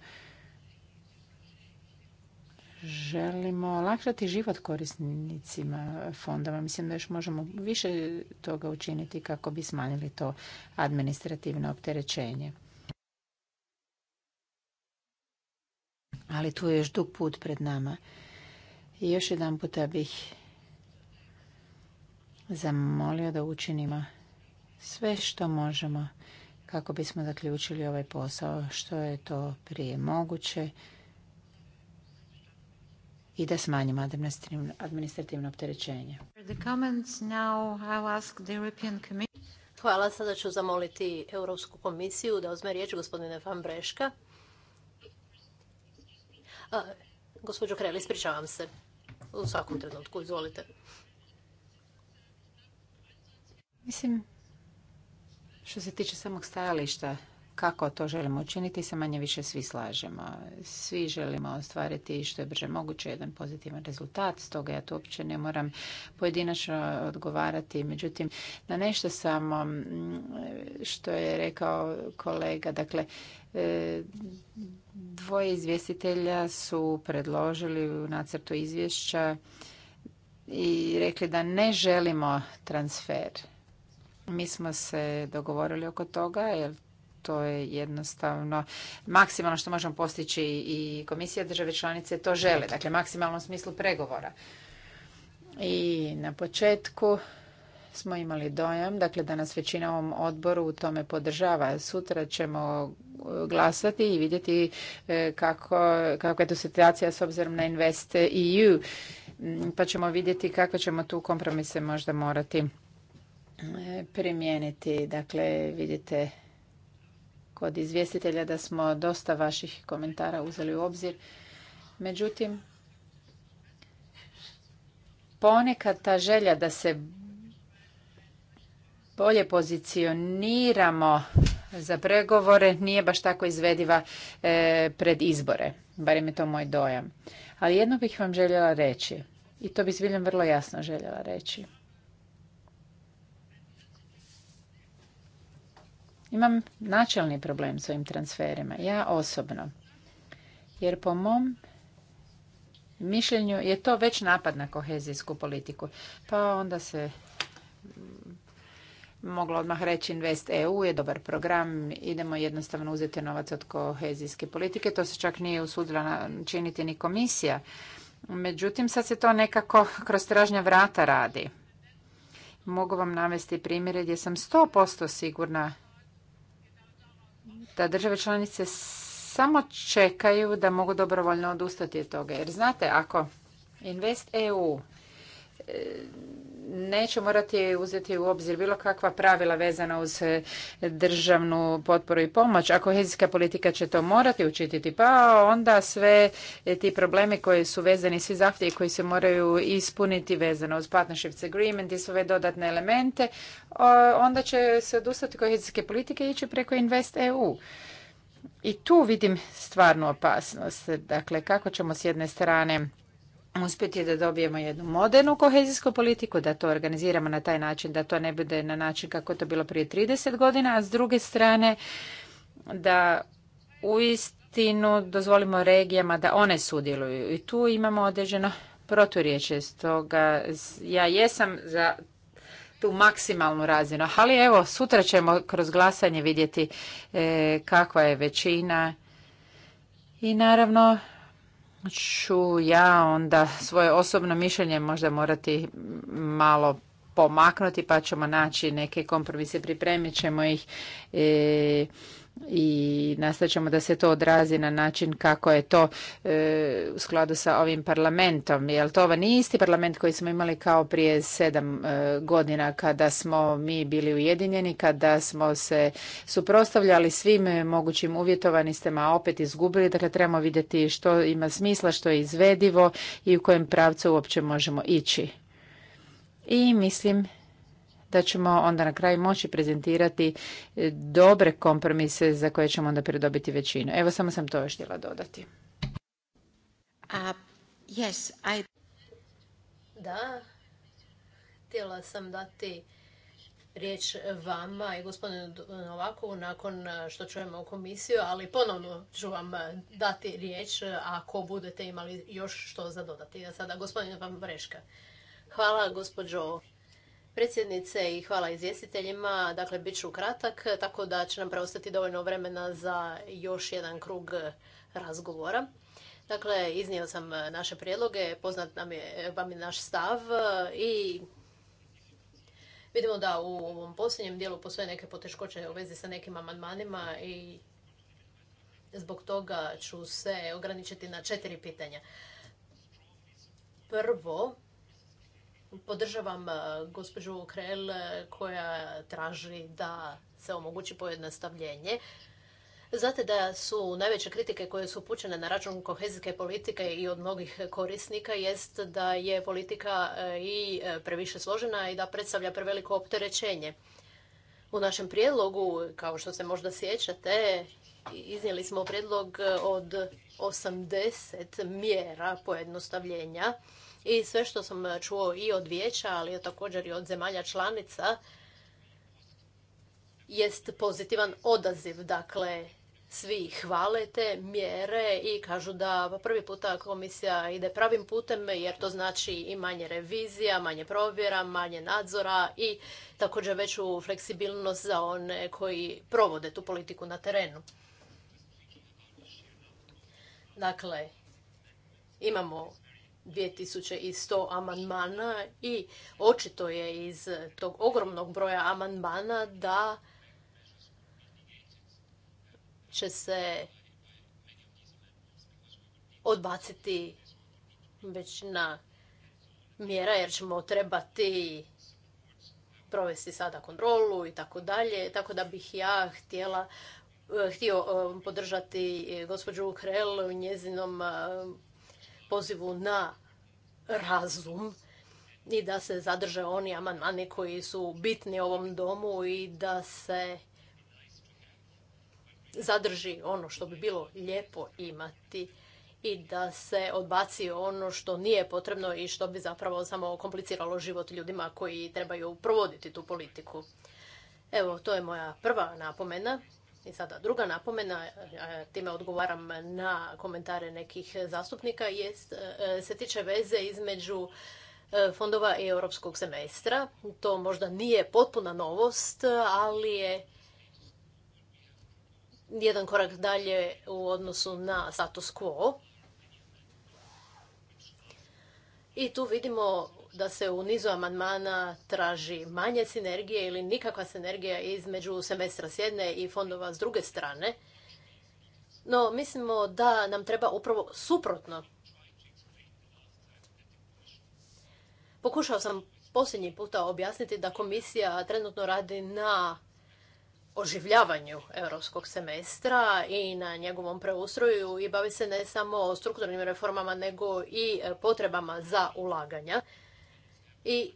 želimo olakšati život korisnicima fondova. Mislim da još možemo više toga učiniti kako bi smanjili to administrativno opterećenje. Ali tu je još dug put pred nama. I još jedan puta bih zamolio da učinimo sve što možemo kako bismo zaključili ovaj posao što je to prije moguće i da smanjimo administrativno opterećenje. Hvala. Sada ću zamoliti Europsku komisiju da uzme riječ gospodine Van Breška. A, gospođo Kreli, ispričavam se. U svakom trenutku, izvolite. Mislim, što se tiče samog stajališta kako to želimo učiniti se manje više svi slažemo. Svi želimo ostvariti što je brže moguće jedan pozitivan rezultat, stoga ja to uopće ne moram pojedinačno odgovarati. Međutim, na nešto samo mm, što je rekao kolega, dakle, e, dvoje izvjestitelja su predložili u nacrtu izvješća i rekli da ne želimo transfer. Mi smo se dogovorili oko toga, jer to je jednostavno maksimalno što možemo postići i komisija države članice to žele, dakle maksimalno u smislu pregovora. I na početku smo imali dojam, dakle da nas većina ovom odboru u tome podržava. Sutra ćemo e, glasati i vidjeti e, kako, kako je tu situacija s obzirom na Invest EU. Mm, pa ćemo vidjeti kako ćemo tu kompromise možda morati e, primijeniti. Dakle, vidite od izvjestitelja da smo dosta vaših komentara uzeli u obzir. Međutim, ponekad ta želja da se bolje pozicioniramo za pregovore nije baš tako izvediva e, pred izbore. Barem je to moj dojam. Ali jedno bih vam željela reći i to bi zbiljno vrlo jasno željela reći. Imam načelni problem s ovim transferima, ja osobno. Jer po mom mišljenju je to već napad na kohezijsku politiku. Pa onda se moglo odmah reći Invest EU je dobar program, idemo jednostavno uzeti novac od kohezijske politike. To se čak nije usudila činiti ni komisija. Međutim, sad se to nekako kroz stražnja vrata radi. Mogu vam navesti primjere gdje sam 100% sigurna da države članice samo čekaju da mogu dobrovoljno odustati od toga. Jer znate, ako Invest EU e, neće morati uzeti u obzir bilo kakva pravila vezana uz eh, državnu potporu i pomoć, a kohezijska politika će to morati učititi, pa onda sve eh, ti problemi koji su vezani, svi zahtjevi koji se moraju ispuniti vezano uz partnerships agreement i sve dodatne elemente, onda će se odustati kohezijske politike i ići preko Invest EU. I tu vidim stvarnu opasnost. Dakle, kako ćemo s jedne strane uspjeti da dobijemo jednu modernu kohezijsku politiku, da to organiziramo na taj način, da to ne bude na način kako je to bilo prije 30 godina, a s druge strane da uistinu dozvolimo regijama da one sudjeluju. I tu imamo određeno proturječje, stoga ja jesam za tu maksimalnu razinu, ali evo sutra ćemo kroz glasanje vidjeti e, kakva je većina i naravno ću ja onda svoje osobno mišljenje možda morati malo pomaknuti pa ćemo naći neke kompromise, pripremit ćemo ih i ćemo da se to odrazi na način kako je to e, u skladu sa ovim parlamentom. jel to ovo ovaj nije isti parlament koji smo imali kao prije sedam e, godina kada smo mi bili ujedinjeni, kada smo se suprostavljali svim mogućim uvjetovanistima, a opet izgubili. Dakle, trebamo vidjeti što ima smisla, što je izvedivo i u kojem pravcu uopće možemo ići. I mislim da ćemo onda na kraju moći prezentirati e, dobre kompromise za koje ćemo onda pridobiti većinu. Evo samo sam to još htjela dodati. Da, htjela sam dati riječ vama i gospodinu Novakovu nakon e, što čujemo komisiju, ali ponovno ću vam e, dati riječ ako budete imali još što za dodati. A sada gospodin Vam Breška. Hvala gospođo predsjednice i hvala izvjestiteljima. Dakle, bit ću kratak, tako da će nam preostati dovoljno vremena za još jedan krug razgovora. Dakle, iznio sam naše prijedloge, poznat nam je, vam je naš stav i vidimo da u ovom posljednjem dijelu postoje neke poteškoće u vezi sa nekim amandmanima i zbog toga ću se ograničiti na četiri pitanja. Prvo, podržavam e, gospođu Krel e, koja traži da se omogući pojednostavljenje. Znate da su najveće kritike koje su upućene na račun kohezijske politike i od mnogih korisnika jest da je politika e, i previše složena i da predstavlja preveliko opterećenje. U našem prijedlogu, kao što se možda sjećate, iznijeli smo prijedlog od 80 mjera pojednostavljenja i sve što sam e, čuo i od vijeća, ali također i od zemalja članica, jest pozitivan odaziv. Dakle, svi hvale te mjere i kažu da prvi puta komisija ide pravim putem jer to znači i manje revizija, manje provjera, manje nadzora i također veću fleksibilnost za one koji provode tu politiku na terenu. Dakle, imamo 2100 amandmana i očito je iz tog ogromnog broja amandmana da će se odbaciti većina mjera jer ćemo trebati provesti sada kontrolu i tako dalje. Tako da bih ja htjela eh, htio eh, podržati gospođu Krell u njezinom eh, pozivu na razum i da se zadrže oni amandmani koji su bitni ovom domu i da se zadrži ono što bi bilo lijepo imati i da se odbaci ono što nije potrebno i što bi zapravo samo kompliciralo život ljudima koji trebaju provoditi tu politiku. Evo, to je moja prva napomena. I sada druga napomena, time odgovaram na komentare nekih zastupnika, jest, e, se tiče veze između e, fondova i europskog semestra. To možda nije potpuna novost, ali je jedan korak dalje u odnosu na status quo. I tu vidimo da se u nizu amandmana traži manje sinergije ili nikakva sinergija između semestra s jedne i fondova s druge strane. No, mislimo da nam treba upravo suprotno. Pokušao sam posljednji puta objasniti da komisija trenutno radi na oživljavanju europskog semestra i na njegovom preustroju i bavi se ne samo strukturnim reformama nego i potrebama za ulaganja. I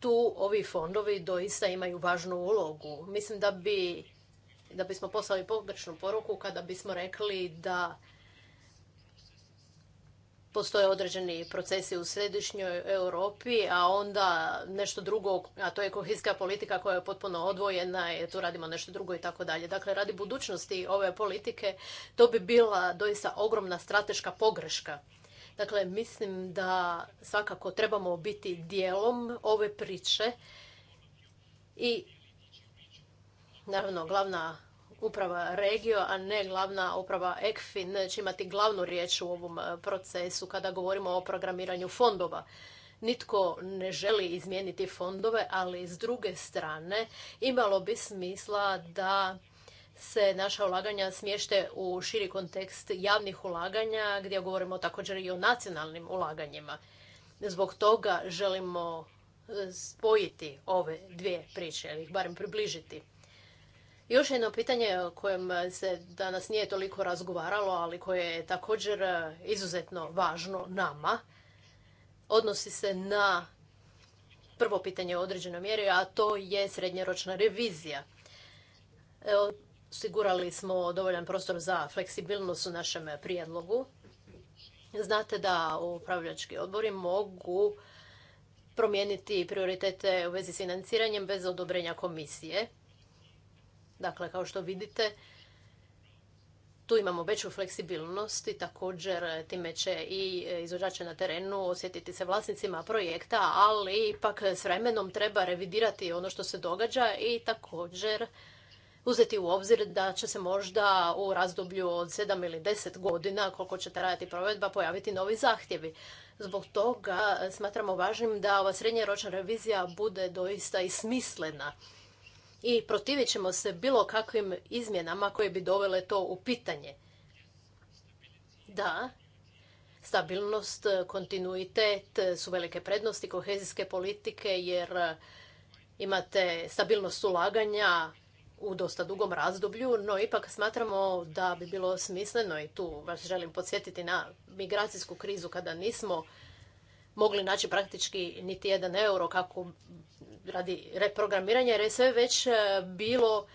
tu ovi fondovi doista imaju važnu ulogu. Mislim da bi da bismo poslali pogrešnu poruku kada bismo rekli da postoje određeni procesi u središnjoj Europi, a onda nešto drugo, a to je kohezijska politika koja je potpuno odvojena, i tu radimo nešto drugo i tako dalje. Dakle, radi budućnosti ove politike to bi bila doista ogromna strateška pogreška. Dakle, mislim da svakako trebamo biti dijelom ove priče i naravno glavna uprava regio, a ne glavna uprava ECFIN će imati glavnu riječ u ovom e, procesu kada govorimo o programiranju fondova. Nitko ne želi izmijeniti fondove, ali s druge strane imalo bi smisla da se naša ulaganja smješte u širi kontekst javnih ulaganja, gdje govorimo također i o nacionalnim ulaganjima. Zbog toga želimo e, spojiti ove dvije priče, ili ih barem približiti. Još jedno pitanje o kojem se danas nije toliko razgovaralo, ali koje je također e, izuzetno važno nama, odnosi se na prvo pitanje u određenoj mjeri, a to je srednjeročna revizija osigurali smo dovoljan prostor za fleksibilnost u našem prijedlogu. Znate da upravljački odbori mogu promijeniti prioritete u vezi s financiranjem bez odobrenja komisije. Dakle, kao što vidite, tu imamo veću fleksibilnost i također time će i izvođače na terenu osjetiti se vlasnicima projekta, ali ipak s vremenom treba revidirati ono što se događa i također uzeti u obzir da će se možda u razdoblju od 7 ili 10 godina, koliko će trajati provedba, pojaviti novi zahtjevi. Zbog toga e, smatramo važnim da ova ročna revizija bude doista i smislena i protivit ćemo se bilo kakvim izmjenama koje bi dovele to u pitanje. Da, stabilnost, kontinuitet su velike prednosti kohezijske politike jer e, imate stabilnost ulaganja, u dosta dugom razdoblju, no ipak smatramo da bi bilo smisleno i tu vas želim podsjetiti na migracijsku krizu kada nismo mogli naći praktički niti jedan euro kako radi reprogramiranja jer je sve već e, bilo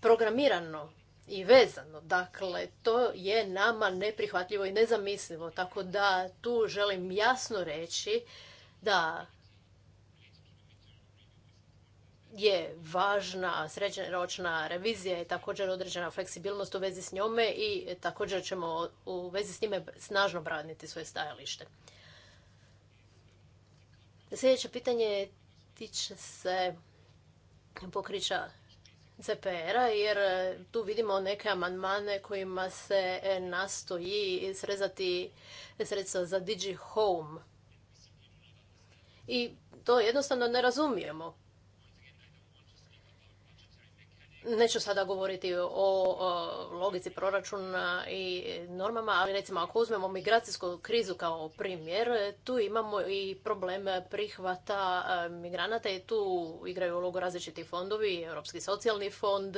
programirano i vezano. Dakle, to je nama neprihvatljivo i nezamislivo. Tako da tu želim jasno reći da je važna srednjoročna revizija i također određena fleksibilnost u vezi s njome i također ćemo u vezi s njime snažno braniti svoje stajalište. Sljedeće pitanje tiče se pokrića CPR-a jer tu vidimo neke amandmane kojima se nastoji srezati sredstva za Digi Home. I to jednostavno ne razumijemo. Neću sada govoriti o, logici proračuna i normama, ali recimo ako uzmemo migracijsku krizu kao primjer, tu imamo i problem prihvata e, migranata i tu igraju ulogu različiti fondovi, Europski socijalni fond,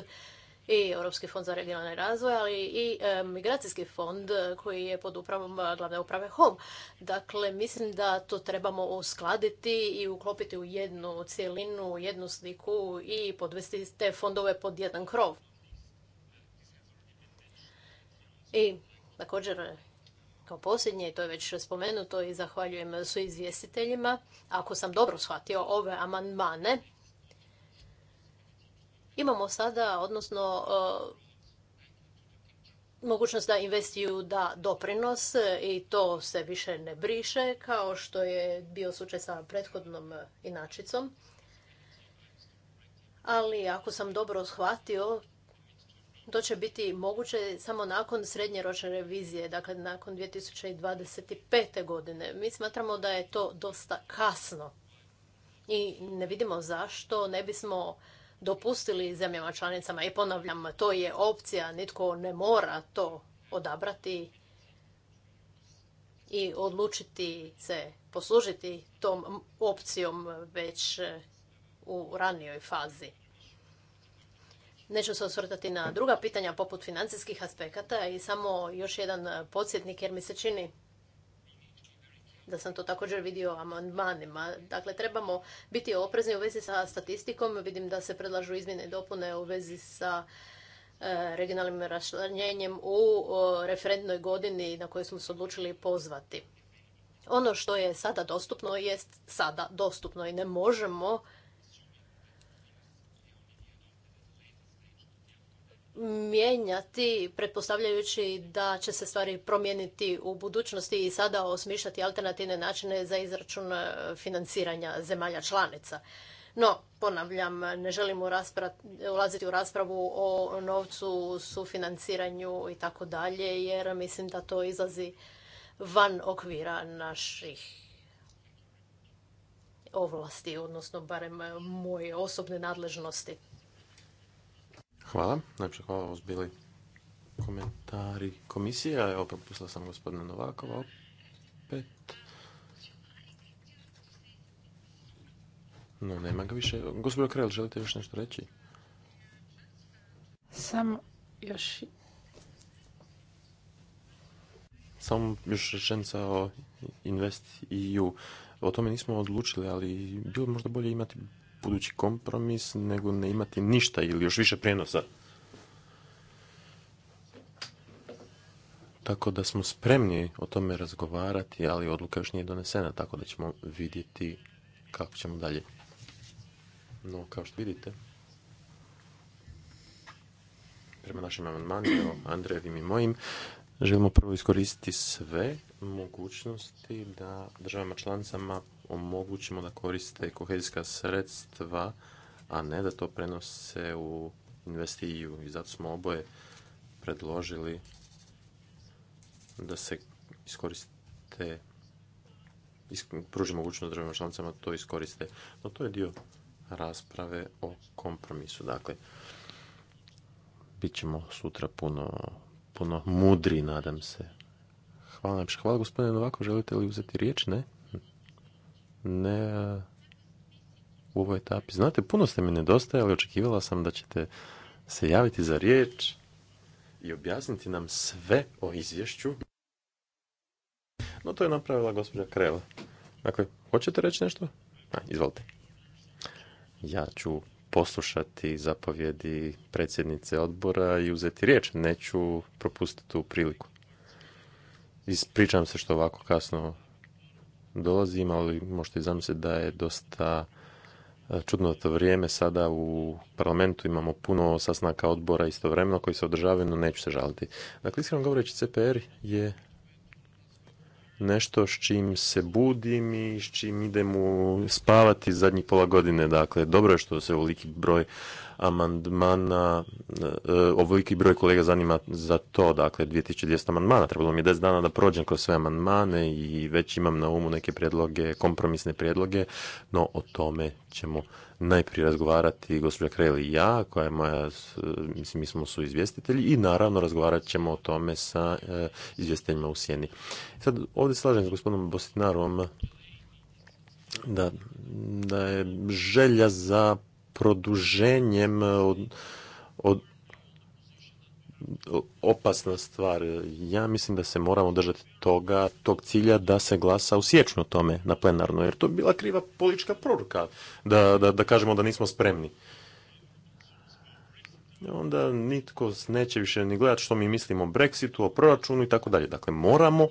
i Europski fond za regionalni razvoj, ali i e, Migracijski fond e, koji je pod upravom e, glavne uprave HOM. Dakle, mislim da to trebamo uskladiti i uklopiti u jednu cijelinu, jednu sliku i podvesti te fondove pod jedan krov. I također kao posljednje, to je već spomenuto i zahvaljujem su izvjestiteljima. Ako sam dobro shvatio ove amandmane, imamo sada, odnosno e, mogućnost da investiju da doprinos i to se više ne briše kao što je bio slučaj sa prethodnom e, inačicom. Ali ako sam dobro shvatio, to će biti moguće samo nakon ročne revizije, dakle nakon 2025. godine. Mi smatramo da je to dosta kasno i ne vidimo zašto ne bismo dopustili zemljama članicama i ponavljam, to je opcija, nitko ne mora to odabrati i odlučiti se poslužiti tom opcijom već e, u ranijoj fazi. Neću se osvrtati na druga pitanja poput financijskih aspekata i samo još jedan podsjetnik jer mi se čini da sam to također vidio amandmanima. Dakle, trebamo biti oprezni u vezi sa statistikom. Vidim da se predlažu izmjene i dopune u vezi sa e, regionalnim rašlanjenjem u referentnoj godini na koju smo se odlučili pozvati. Ono što je sada dostupno jest sada dostupno i ne možemo mijenjati, pretpostavljajući da će se stvari promijeniti u budućnosti i sada osmišljati alternativne načine za izračun e, financiranja zemalja članica. No, ponavljam, ne želim ulaziti u raspravu o novcu, sufinanciranju i tako dalje, jer mislim da to izlazi van okvira naših ovlasti, odnosno barem moje osobne nadležnosti. Hvala. Najprije hvala vas bili komentari komisija. Evo, propustila sam gospodina Novakova opet. No, nema ga više. Gospodin Krel, želite još nešto reći? Samo još... Samo još rečenica o Invest EU. O tome nismo odlučili, ali bilo možda bolje imati budući kompromis, nego ne imati ništa ili još više prijenosa. Tako da smo spremni o tome razgovarati, ali odluka još nije donesena, tako da ćemo vidjeti kako ćemo dalje. No, kao što vidite, prema našim amandmanima, Andrejevim i mojim, želimo prvo iskoristiti sve mogućnosti da državama članicama omogućimo da koriste kohezijska sredstva, a ne da to prenose u investiju. I zato smo oboje predložili da se iskoriste pružimo mogućnost državima članicama da to iskoriste. No to je dio rasprave o kompromisu. Dakle, bit ćemo sutra puno, puno mudri, nadam se. Hvala vam. Hvala gospodine Novako, želite li uzeti riječ? Ne? ne u ovoj etapi. Znate, puno ste mi nedostajali, očekivala sam da ćete se javiti za riječ i objasniti nam sve o izvješću. No to je napravila gospođa Krela. Dakle, hoćete reći nešto? A, izvolite. Ja ću poslušati zapovjedi predsjednice odbora i uzeti riječ. Neću propustiti tu priliku. Ispričavam se što ovako kasno dolazim, ali možete i zamisliti da je dosta e, čudno to vrijeme. Sada u parlamentu imamo puno sastanaka odbora istovremeno koji se održavaju, no neću se žaliti. Dakle, iskreno govoreći, CPR je nešto s čim se budim i s čim idem spavati zadnjih pola godine. Dakle, dobro je što se ovoliki broj amandmana, e, ovoliki broj kolega zanima za to, dakle 2200 amandmana, trebalo mi je 10 dana da prođem kroz sve amandmane i već imam na umu neke prijedloge, kompromisne prijedloge, no o tome ćemo najprije razgovarati gospođa Kreli i ja, koja je moja, e, mislim, mi smo su izvjestitelji i naravno razgovarat ćemo o tome sa e, izvjestiteljima u Sjeni. Sad ovdje slažem s gospodinom Bostinarom da, da je želja za produženjem e, od, od, opasna stvar. Ja mislim da se moramo držati toga, tog cilja da se glasa u siječnju tome na plenarno, jer to bi bila kriva politička proruka da, da, da kažemo da nismo spremni onda nitko neće više ni gledati što mi mislimo o Brexitu, o proračunu i tako dalje. Dakle, moramo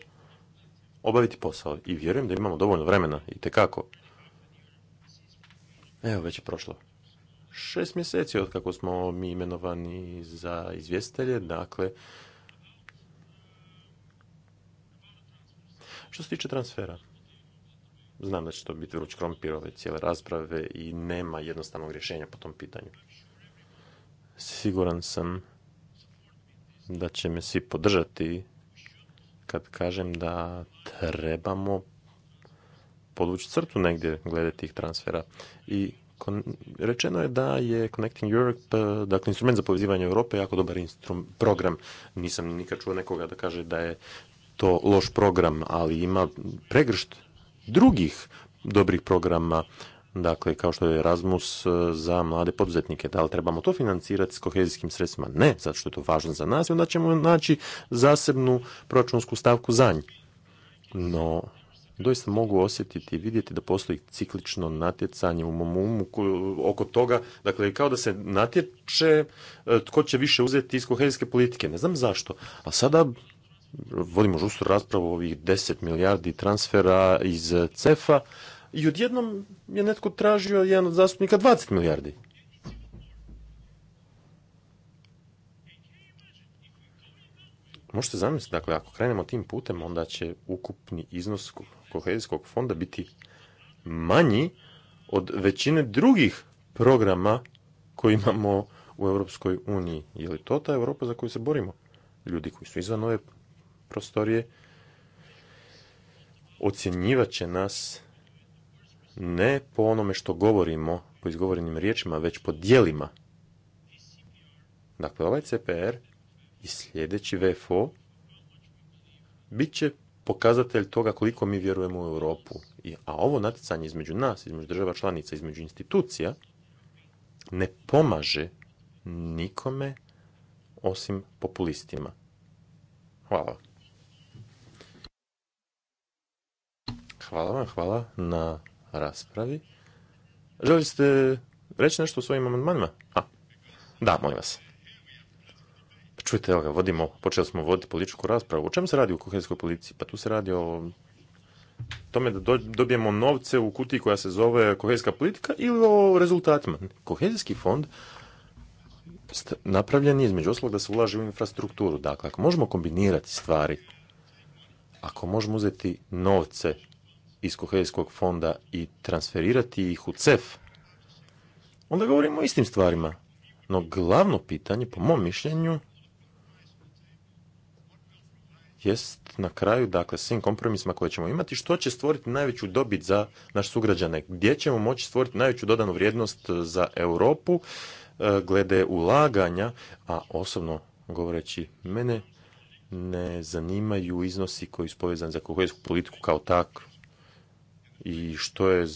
obaviti posao i vjerujem da imamo dovoljno vremena i tekako. Evo, već je prošlo šest mjeseci od kako smo mi imenovani za izvjestitelje, dakle, što se tiče transfera, znam da će to biti vruć krompir ove cijele rasprave i nema jednostavnog rješenja po tom pitanju. Siguran sam da će me svi podržati kad kažem da trebamo podvući crtu negdje glede tih transfera. I Rečeno je da je Connecting Europe, e, dakle instrument za povezivanje Europe, jako dobar instrument program. Nisam nikad čuo nekoga da kaže da je to loš program, ali ima pregršt drugih dobrih programa, dakle kao što je Erasmus e, za mlade poduzetnike. Da li trebamo to financirati s kohezijskim sredstvima? Ne, zato što je to važno za nas i onda ćemo naći zasebnu proračunsku stavku za nj. No, doista mogu osjetiti i vidjeti da postoji ciklično natjecanje u mom umu oko toga, dakle kao da se natječe e, tko će više uzeti iz kohezijske politike, ne znam zašto. A sada vodimo žustru raspravu ovih 10 milijardi transfera iz CEFA i odjednom je netko tražio jedan od zastupnika 20 milijardi. Možete zamisliti, dakle, ako krenemo tim putem, onda će ukupni iznos kohezijskog fonda biti manji od većine drugih programa koji imamo u Europskoj uniji. Je li to ta Europa za koju se borimo? Ljudi koji su izvan ove prostorije ocjenjivat će nas ne po onome što govorimo, po izgovorenim riječima, već po dijelima. Dakle, ovaj CPR i sljedeći VFO bit će pokazatelj toga koliko mi vjerujemo u Europu. A ovo natjecanje između nas, između država članica, između institucija ne pomaže nikome osim populistima. Hvala. Hvala vam, hvala na raspravi. Želite reći nešto o svojim amandmanima? Da, molim vas. Čujte, evo vodimo, počeli smo voditi političku raspravu. O čemu se radi u kohezijskoj politici? Pa tu se radi o tome da dobijemo novce u kutiji koja se zove kohezijska politika ili o rezultatima. Kohezijski fond napravljen je između ostalog da se ulaže u infrastrukturu. Dakle, ako možemo kombinirati stvari, ako možemo uzeti novce iz kohezijskog fonda i transferirati ih u CEF, onda govorimo o istim stvarima. No glavno pitanje, po mom mišljenju, jest na kraju, dakle, svim kompromisima koje ćemo imati, što će stvoriti najveću dobit za naše sugrađane, gdje ćemo moći stvoriti najveću dodanu vrijednost za Europu e, glede ulaganja, a osobno govoreći mene ne zanimaju iznosi koji su povezani za kohezijsku politiku kao takvu i što je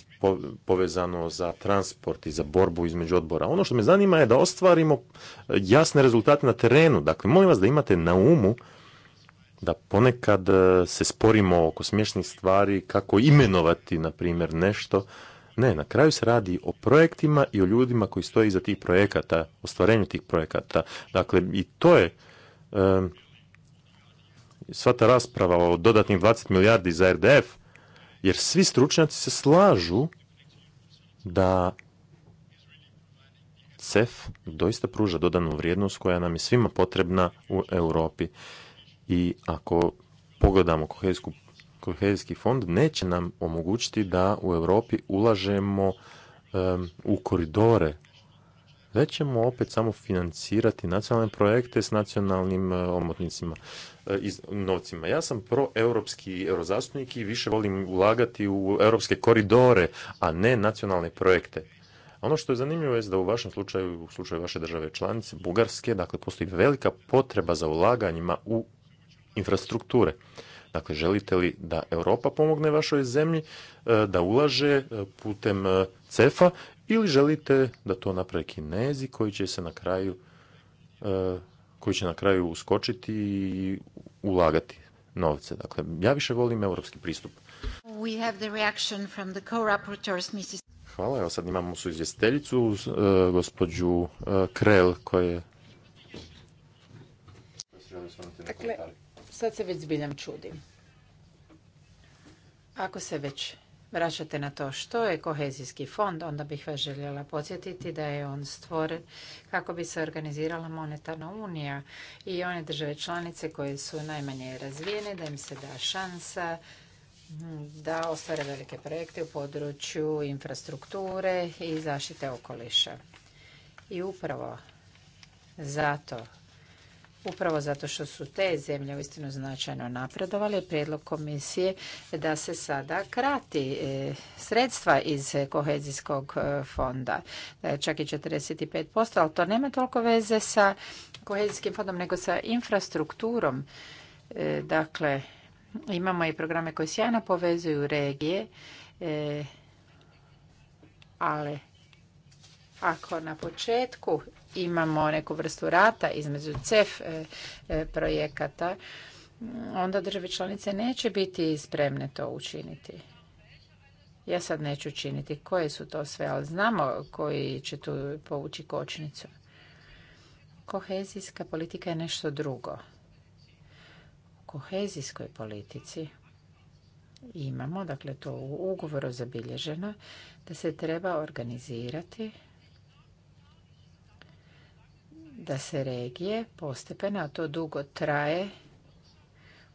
povezano za transport i za borbu između odbora. Ono što me zanima je da ostvarimo jasne rezultate na terenu. Dakle, molim vas da imate na umu da ponekad e, se sporimo oko smiješnih stvari, kako imenovati, na primjer, nešto. Ne, na kraju se radi o projektima i o ljudima koji stoje iza tih projekata, ostvarenju tih projekata. Dakle, i to je um, sva ta rasprava o dodatnih 20 milijardi za RDF, jer svi stručnjaci se slažu da CEF doista pruža dodanu vrijednost koja nam je svima potrebna u Europi i ako pogledamo kohezijsku kohezijski fond neće nam omogućiti da u Europi ulažemo u koridore već ćemo opet samo financirati nacionalne projekte s nacionalnim e, omotnicima e, iz novcima. Ja sam proeuropski eurozastupnik i više volim ulagati u europske koridore, a ne nacionalne projekte. Ono što je zanimljivo je da u vašem slučaju, u slučaju vaše države članice, Bugarske, dakle, postoji velika potreba za ulaganjima u infrastrukture. Dakle, želite li da Europa pomogne vašoj zemlji, e, da ulaže e, putem e, CEFA ili želite da to naprave Kinezi koji će se na kraju koji će na kraju uskočiti i ulagati novce. Dakle, ja više volim europski pristup. Hvala, evo sad imamo su izvjestiteljicu, gospođu Krell koja je... Dakle, sad se već zbiljam čudim. Ako se već vraćate na to što je kohezijski fond, onda bih vas željela podsjetiti da je on stvoren kako bi se organizirala monetarna unija i one države članice koje su najmanje razvijene, da im se da šansa hm, da ostvare velike projekte u području infrastrukture i zaštite okoliša. I upravo zato Upravo zato što su te zemlje uistinu značajno napredovali, prijedlog komisije da se sada krati e, sredstva iz e, kohezijskog e, fonda, čak i 45%, ali to nema toliko veze sa kohezijskim fondom nego sa infrastrukturom. Dakle, imamo i programe koji sjajno povezuju regije, ali ako na početku imamo neku vrstu rata između CEF e, e, projekata, onda države članice neće biti spremne to učiniti. Ja sad neću učiniti koje su to sve, ali znamo koji će tu povući kočnicu. Kohezijska politika je nešto drugo. U kohezijskoj politici imamo, dakle to u ugovoru zabilježeno, da se treba organizirati da se regije postepeno, a to dugo traje,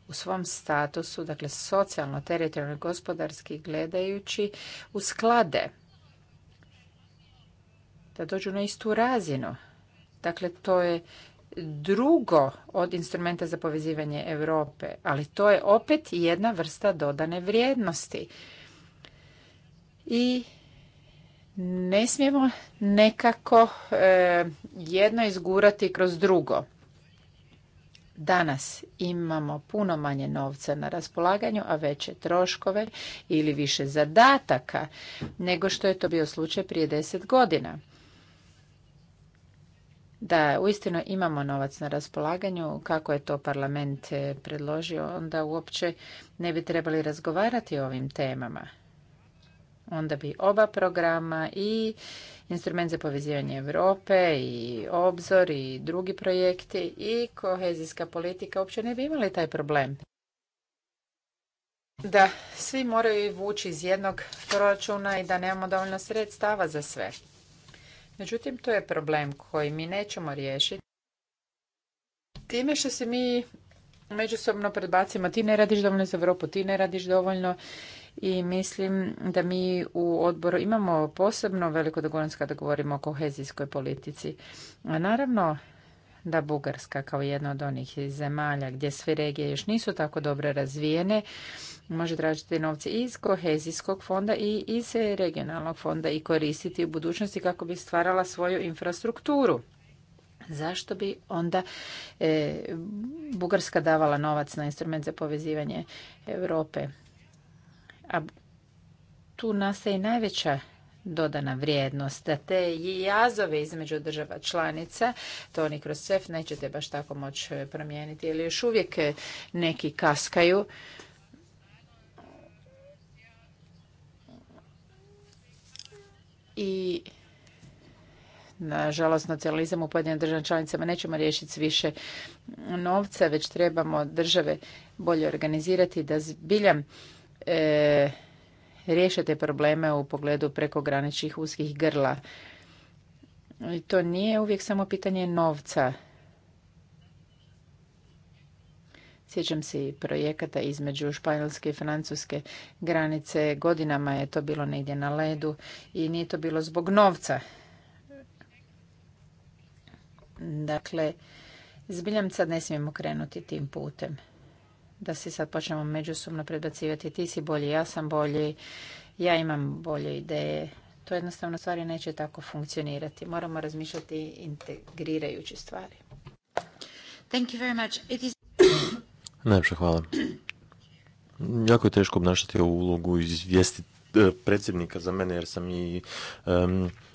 u svom statusu, dakle socijalno, teritorijalno, gospodarski gledajući, usklade. Da dođu na istu razinu. Dakle, to je drugo od instrumenta za povezivanje Europe, ali to je opet jedna vrsta dodane vrijednosti. I ne smijemo nekako e, jedno izgurati kroz drugo. Danas imamo puno manje novca na raspolaganju, a veće troškove ili više zadataka nego što je to bio slučaj prije deset godina. Da, uistinu imamo novac na raspolaganju, kako je to parlament e, predložio, onda uopće ne bi trebali razgovarati o ovim temama onda bi oba programa i instrument za povezivanje Europe i obzor i drugi projekti i kohezijska politika uopće ne bi imali taj problem. Da, svi moraju vući iz jednog proračuna i da nemamo dovoljno sredstava za sve. Međutim, to je problem koji mi nećemo riješiti. Time što se mi međusobno predbacimo ti ne radiš dovoljno za Europu, ti ne radiš dovoljno i mislim da mi u odboru imamo posebno veliku dogovornost kada govorimo o kohezijskoj politici. A naravno da Bugarska kao jedna od onih zemalja gdje sve regije još nisu tako dobro razvijene, može tražiti novce iz kohezijskog fonda i iz regionalnog fonda i koristiti u budućnosti kako bi stvarala svoju infrastrukturu. Zašto bi onda e, Bugarska davala novac na instrument za povezivanje Europe? a tu nastaje i najveća dodana vrijednost. Da te jazove između država članica, to oni kroz CEF nećete baš tako moći promijeniti, jer još uvijek neki kaskaju. I nažalost nacionalizam u pojedinim državnim članicama nećemo riješiti s više novca, već trebamo države bolje organizirati da zbiljam e, riješe probleme u pogledu prekograničnih uskih grla. I to nije uvijek samo pitanje novca. Sjećam se i projekata između španjolske i francuske granice. Godinama je to bilo negdje na ledu i nije to bilo zbog novca. Dakle, zbiljam sad ne smijemo krenuti tim putem da si sad počnemo međusobno predbacivati ti si bolji, ja sam bolji, ja imam bolje ideje. To jednostavno stvari neće tako funkcionirati. Moramo razmišljati integrirajući stvari. Thank you very much. hvala. Jako je teško obnašati ovu ulogu izvijesti eh, predsjednika za mene jer sam i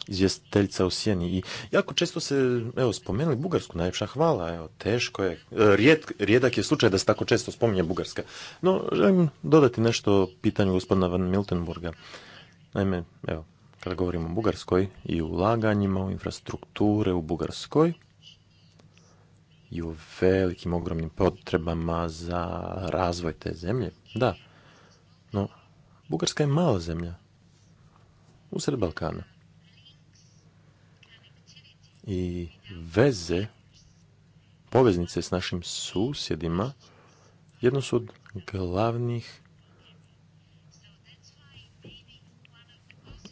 izvjestiteljica u Sjeni. I jako često se, evo, spomenuli Bugarsku, najljepša hvala, evo, teško je. E, Rijed, rijedak je slučaj da se tako često spominje Bugarska. No, želim dodati nešto o pitanju gospodina Van Miltenburga. Naime, evo, kada govorimo o Bugarskoj i ulaganjima u infrastrukture u Bugarskoj i u velikim ogromnim potrebama za razvoj te zemlje, da, no, Bugarska je mala zemlja, usred Balkana i veze, poveznice s našim susjedima, jedno su od glavnih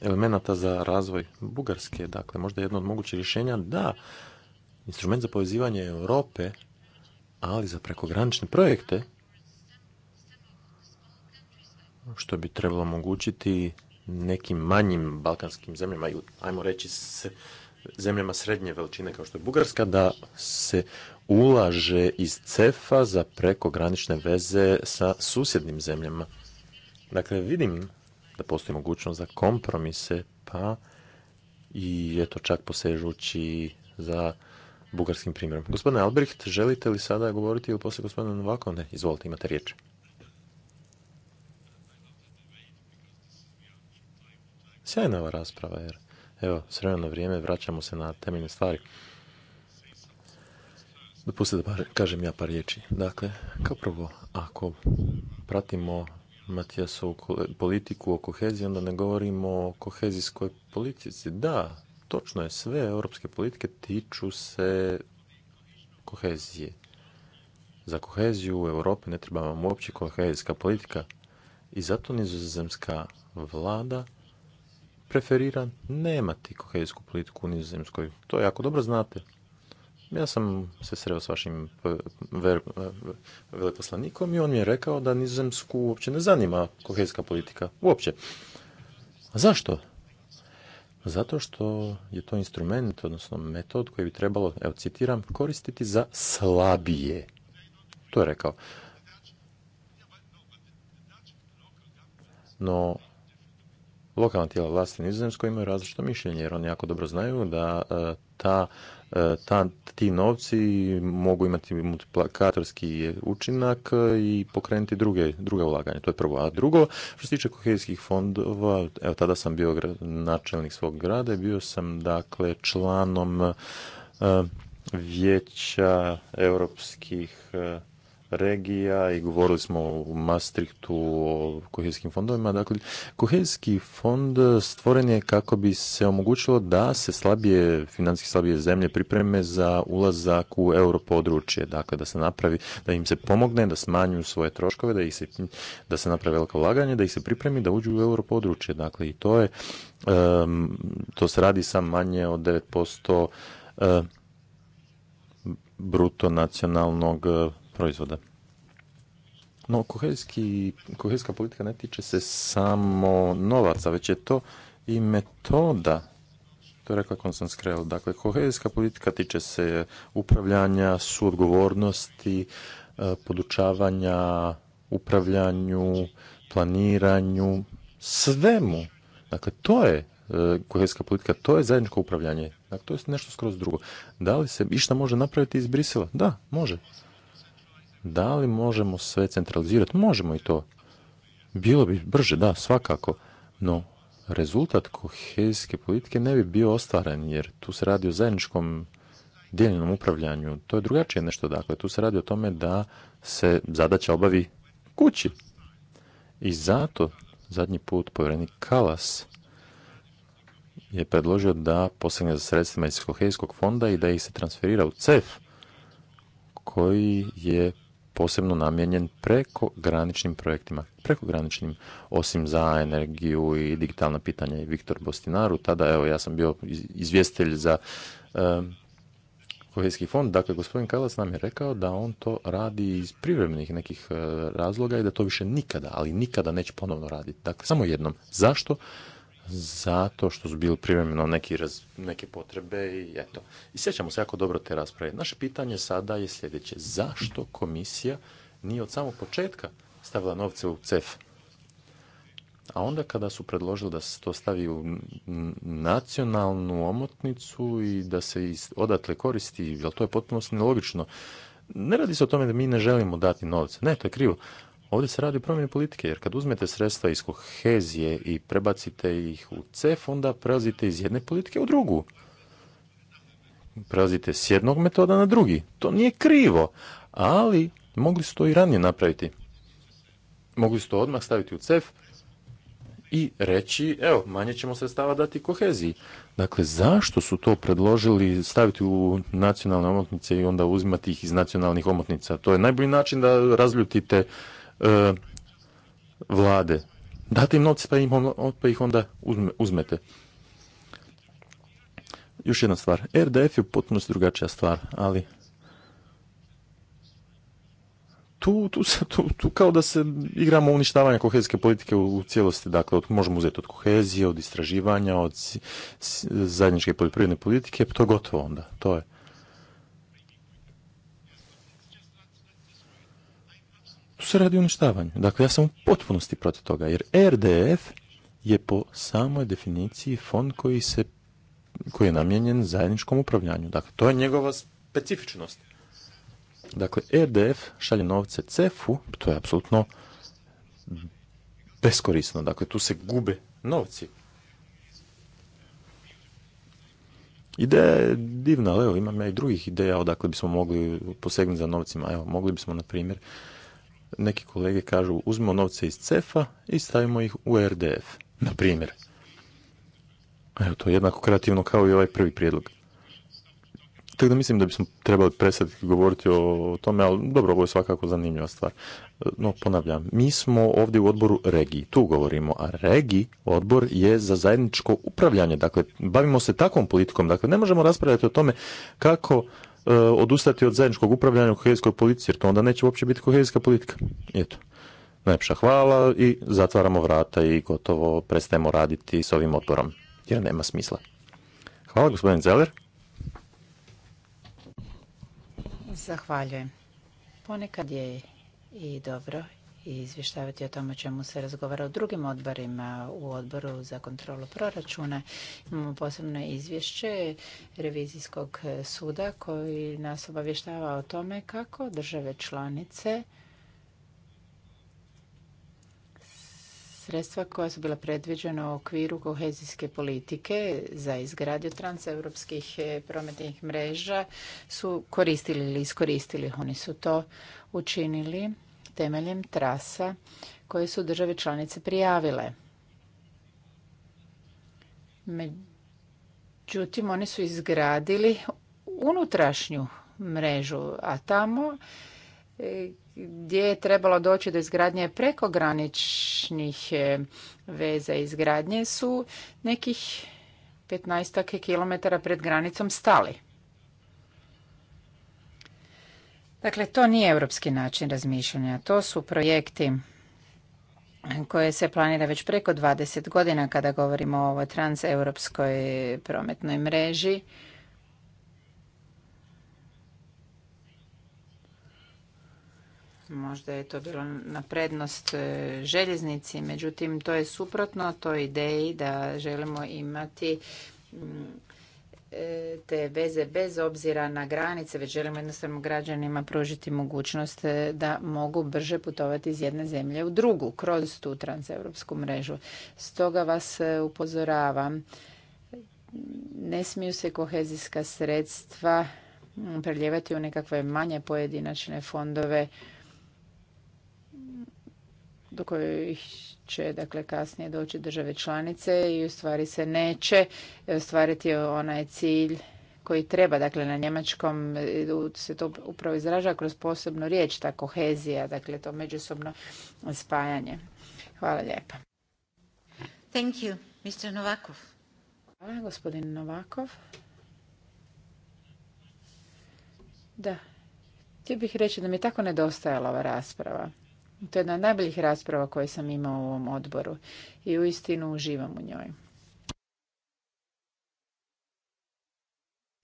elemenata za razvoj Bugarske. Dakle, možda jedno od mogućih rješenja da instrument za povezivanje Europe, ali za prekogranične projekte, što bi trebalo omogućiti nekim manjim balkanskim zemljama, ajmo reći se zemljama srednje veličine kao što je Bugarska da se ulaže iz cefa za prekogranične veze sa susjednim zemljama. Dakle, vidim da postoji mogućnost za kompromise, pa i eto čak posežući za bugarskim primjerom. Gospodine Albrecht, želite li sada govoriti ili poslije gospodine, Novako? Ne, izvolite, imate riječ. Sjajna ova rasprava, jer Evo, s vrijeme vraćamo se na temeljne stvari. Dopustite da kažem ja par riječi. Dakle, kao prvo, ako pratimo Matijasovu politiku o koheziji, onda ne govorimo o kohezijskoj politici. Da, točno je, sve europske politike tiču se kohezije. Za koheziju u Europi ne trebamo uopće kohezijska politika i zato nizozemska vlada preferira nemati kohezijsku politiku u Nizozemskoj. To jako dobro znate. Ja sam se sreo s vašim eh, eh, veleposlanikom i on mi je rekao da Nizozemsku uopće ne zanima kohezijska politika. Uopće. A zašto? Zato što je to instrument, odnosno metod koji bi trebalo, evo citiram, koristiti za slabije. To je rekao. No, lokalna tijela vlasti u Nizozemskoj imaju različito mišljenje jer oni jako dobro znaju da e, e, ta, ti novci mogu imati multiplikatorski učinak e, i pokrenuti druge, druge ulaganje. To je prvo. A drugo, što se tiče kohezijskih fondova, evo tada sam bio načelnik svog grada i bio sam dakle članom vijeća europskih regija i govorili smo u Maastrichtu o kohezijskim fondovima. Dakle, kohezijski fond stvoren je kako bi se omogućilo da se slabije, financijski slabije zemlje pripreme za ulazak u europodručje. Dakle, da se napravi, da im se pomogne, da smanju svoje troškove, da, ih se, da se napravi veliko ulaganje, da ih se pripremi da uđu u europodručje. Dakle, i to je, to se radi sa manje od 9% bruto nacionalnog proizvoda. No, kohezijska politika ne tiče se samo novaca, već je to i metoda. To je rekla Konstans Dakle, kohezijska politika tiče se upravljanja, suodgovornosti, e, podučavanja, upravljanju, planiranju, svemu. Dakle, to je e, kohezijska politika, to je zajedničko upravljanje. Dakle, to je nešto skroz drugo. Da li se išta može napraviti iz Brisela? Da, može. Da li možemo sve centralizirati? Možemo i to. Bilo bi brže, da, svakako. No, rezultat kohezijske politike ne bi bio ostvaren, jer tu se radi o zajedničkom dijeljenom upravljanju. To je drugačije nešto, dakle. Tu se radi o tome da se zadaća obavi kući. I zato zadnji put povjerenik Kalas je predložio da posegne za sredstvima iz kohezijskog fonda i da ih se transferira u CEF koji je posebno namijenjen preko graničnim projektima, preko graničnim, osim za energiju i digitalna pitanja i Viktor Bostinaru. Tada, evo, ja sam bio izvjestitelj za um, kohezijski fond. Dakle, gospodin Kalas nam je rekao da on to radi iz privremenih nekih eh, razloga i da to više nikada, ali nikada neće ponovno raditi. Dakle, samo jednom. Zašto? zato što su bili privremeno neki raz, neke potrebe i eto. I sjećamo se jako dobro te rasprave. Naše pitanje sada je sljedeće. Zašto komisija nije od samog početka stavila novce u CEF? A onda kada su predložili da se to stavi u nacionalnu omotnicu i da se odatle koristi, jer to je potpuno nelogično. Ne radi se o tome da mi ne želimo dati novce. Ne, to je krivo. Ovdje se radi o promjeni politike, jer kad uzmete sredstva iz kohezije i prebacite ih u CEF, onda prelazite iz jedne politike u drugu. Prelazite s jednog metoda na drugi. To nije krivo, ali mogli su to i ranije napraviti. Mogli su to odmah staviti u CEF i reći, evo, manje ćemo sredstava dati koheziji. Dakle, zašto su to predložili staviti u nacionalne omotnice i onda uzimati ih iz nacionalnih omotnica? To je najbolji način da razljutite E, vlade. Date im novce pa, im, pa ih onda uzmete. Još jedna stvar. RDF je potpuno drugačija stvar, ali tu, tu, tu, kao da se igramo uništavanje kohezijske politike u, u cijelosti. Dakle, od, možemo uzeti od kohezije, od istraživanja, od zajedničke poljoprivredne politike, to je gotovo onda. To je. Tu se radi o uništavanju. Dakle, ja sam u potpunosti protiv toga, jer RDF je po samoj definiciji fond koji, se, koji je namijenjen zajedničkom upravljanju. Dakle, to je njegova specifičnost. Dakle, RDF šalje novce cefu, to je apsolutno beskorisno. Dakle, tu se gube novci. Ideja je divna, ali evo, imam ja i drugih ideja odakle bismo mogli posegnuti za novcima. Evo, mogli bismo, na primjer, neki kolege kažu uzmimo novce iz CEFA i stavimo ih u RDF, na primjer. Evo, to je jednako kreativno kao i ovaj prvi prijedlog. Tako da mislim da bismo trebali prestati govoriti o tome, ali dobro, ovo je svakako zanimljiva stvar. No, ponavljam, mi smo ovdje u odboru regiji, tu govorimo, a regiji, odbor je za zajedničko upravljanje, dakle, bavimo se takvom politikom, dakle, ne možemo raspravljati o tome kako E, odustati od zajedničkog upravljanja u kohezijskoj politici, jer to onda neće uopće biti kohezijska politika. Eto. Najpša hvala i zatvaramo vrata i gotovo prestajemo raditi s ovim otporom. jer nema smisla. Hvala gospodin Zeller. Zahvaljujem. Ponekad je i dobro i izvještavati o tome čemu se razgovara u drugim odborima, u odboru za kontrolu proračuna. Imamo posebno izvješće revizijskog suda koji nas obavještava o tome kako države članice sredstva koja su bila predviđena u okviru kohezijske politike za izgradnju transeuropskih eh, prometnih mreža su koristili ili iskoristili. Oni su to učinili temeljem trasa koje su države članice prijavile. Međutim, oni su izgradili unutrašnju mrežu, a tamo e, gdje je trebalo doći do izgradnje prekograničnih e, veza izgradnje su nekih 15 km pred granicom stali. Dakle, to nije europski način razmišljanja, to su projekti koje se planira već preko 20 godina kada govorimo o ovoj transeuropskoj prometnoj mreži. Možda je to bilo na prednost e, željeznici, međutim to je suprotno toj ideji da želimo imati te veze bez obzira na granice, već želimo jednostavno građanima pružiti mogućnost e, da mogu brže putovati iz jedne zemlje u drugu kroz tu transeuropsku mrežu. Stoga vas e, upozoravam, ne smiju se kohezijska sredstva preljevati u nekakve manje pojedinačne fondove do kojih će dakle kasnije doći države članice i u stvari se neće ostvariti onaj cilj koji treba, dakle na njemačkom e, se to upravo izražava kroz posebnu riječ, ta kohezija, dakle to međusobno spajanje. Hvala lijepa. Thank you, Mr. Novakov. Hvala, gospodin Novakov. Da, htio bih reći da mi je tako nedostajala ova rasprava. To je jedna od najboljih rasprava koje sam imao u ovom odboru i uistinu uživam u njoj.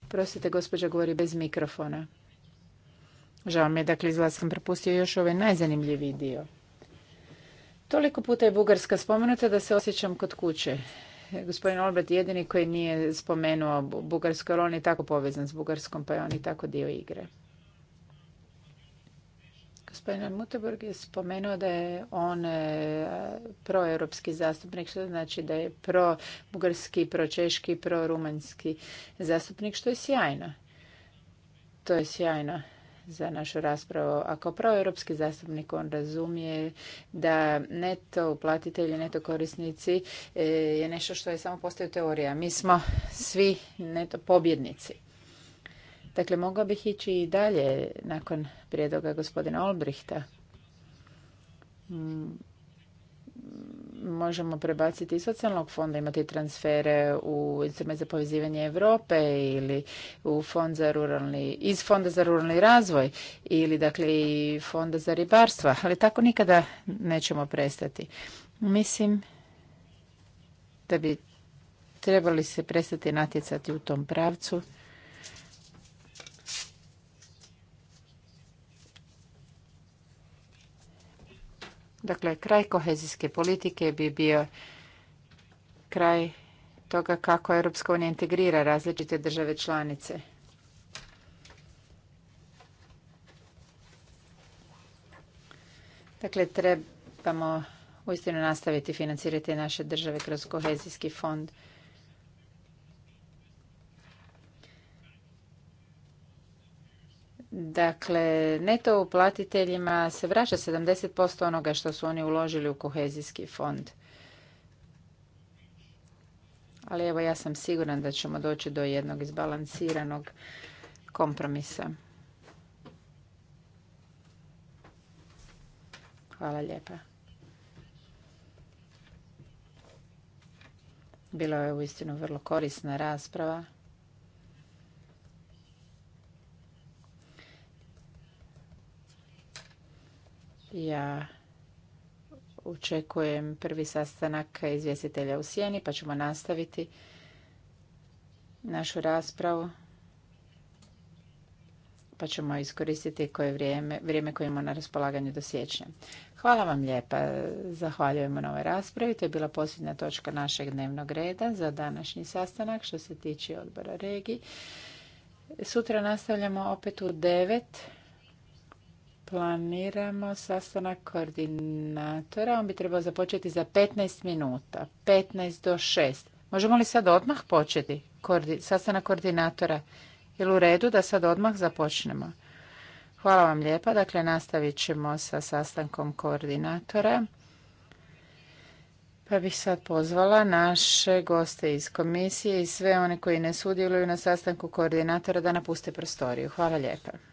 Prostite, gospođa govori bez mikrofona. Žao mi je, dakle, izgleda sam propustio još ovaj najzanimljiviji dio. Toliko puta je Bugarska spomenuta da se osjećam kod kuće. Gospodin Olbert je jedini koji nije spomenuo Bugarsku, jer on je tako povezan s Bugarskom, pa je on i tako dio igre. Gospodin Muteborg je spomenuo da je on e, proeuropski zastupnik, što znači da je pro-bugarski, pro-češki, pro-rumanski zastupnik, što je sjajno. To je sjajno za našu raspravu. Ako proeuropski zastupnik on razumije da neto uplatitelji, neto korisnici e, je nešto što je samo postoje teorija. Mi smo svi neto pobjednici. Dakle, mogao bih ići i dalje nakon prijedloga gospodina Olbrihta. Mm, možemo prebaciti iz socijalnog fonda, imati transfere u instrument za povezivanje Europe ili u fond za ruralni, iz fonda za ruralni razvoj ili dakle i fonda za ribarstva, ali tako nikada nećemo prestati. Mislim da bi trebali se prestati natjecati u tom pravcu Dakle, kraj kohezijske politike bi bio kraj toga kako Europska unija integrira različite države članice. Dakle, trebamo uistinu nastaviti financirati naše države kroz kohezijski fond. Dakle, neto uplatiteljima se vraća 70% onoga što su oni uložili u kohezijski fond. Ali evo ja sam siguran da ćemo doći do jednog izbalansiranog kompromisa. Hvala lijepa. Bilo je uistinu vrlo korisna rasprava. Ja očekujem prvi sastanak izvjestitelja u Sjeni, pa ćemo nastaviti našu raspravu. Pa ćemo iskoristiti koje vrijeme, vrijeme koje imamo na raspolaganju do siječnja. Hvala vam lijepa. Zahvaljujemo na ovoj raspravi. To je bila posljednja točka našeg dnevnog reda za današnji sastanak što se tiče odbora regiji. Sutra nastavljamo opet u devet planiramo sastanak koordinatora. On bi trebao započeti za 15 minuta. 15 do 6. Možemo li sad odmah početi sastanak koordinatora? li u redu da sad odmah započnemo? Hvala vam lijepa. Dakle, nastavit ćemo sa sastankom koordinatora. Pa bih sad pozvala naše goste iz komisije i sve one koji ne sudjeluju na sastanku koordinatora da napuste prostoriju. Hvala lijepa.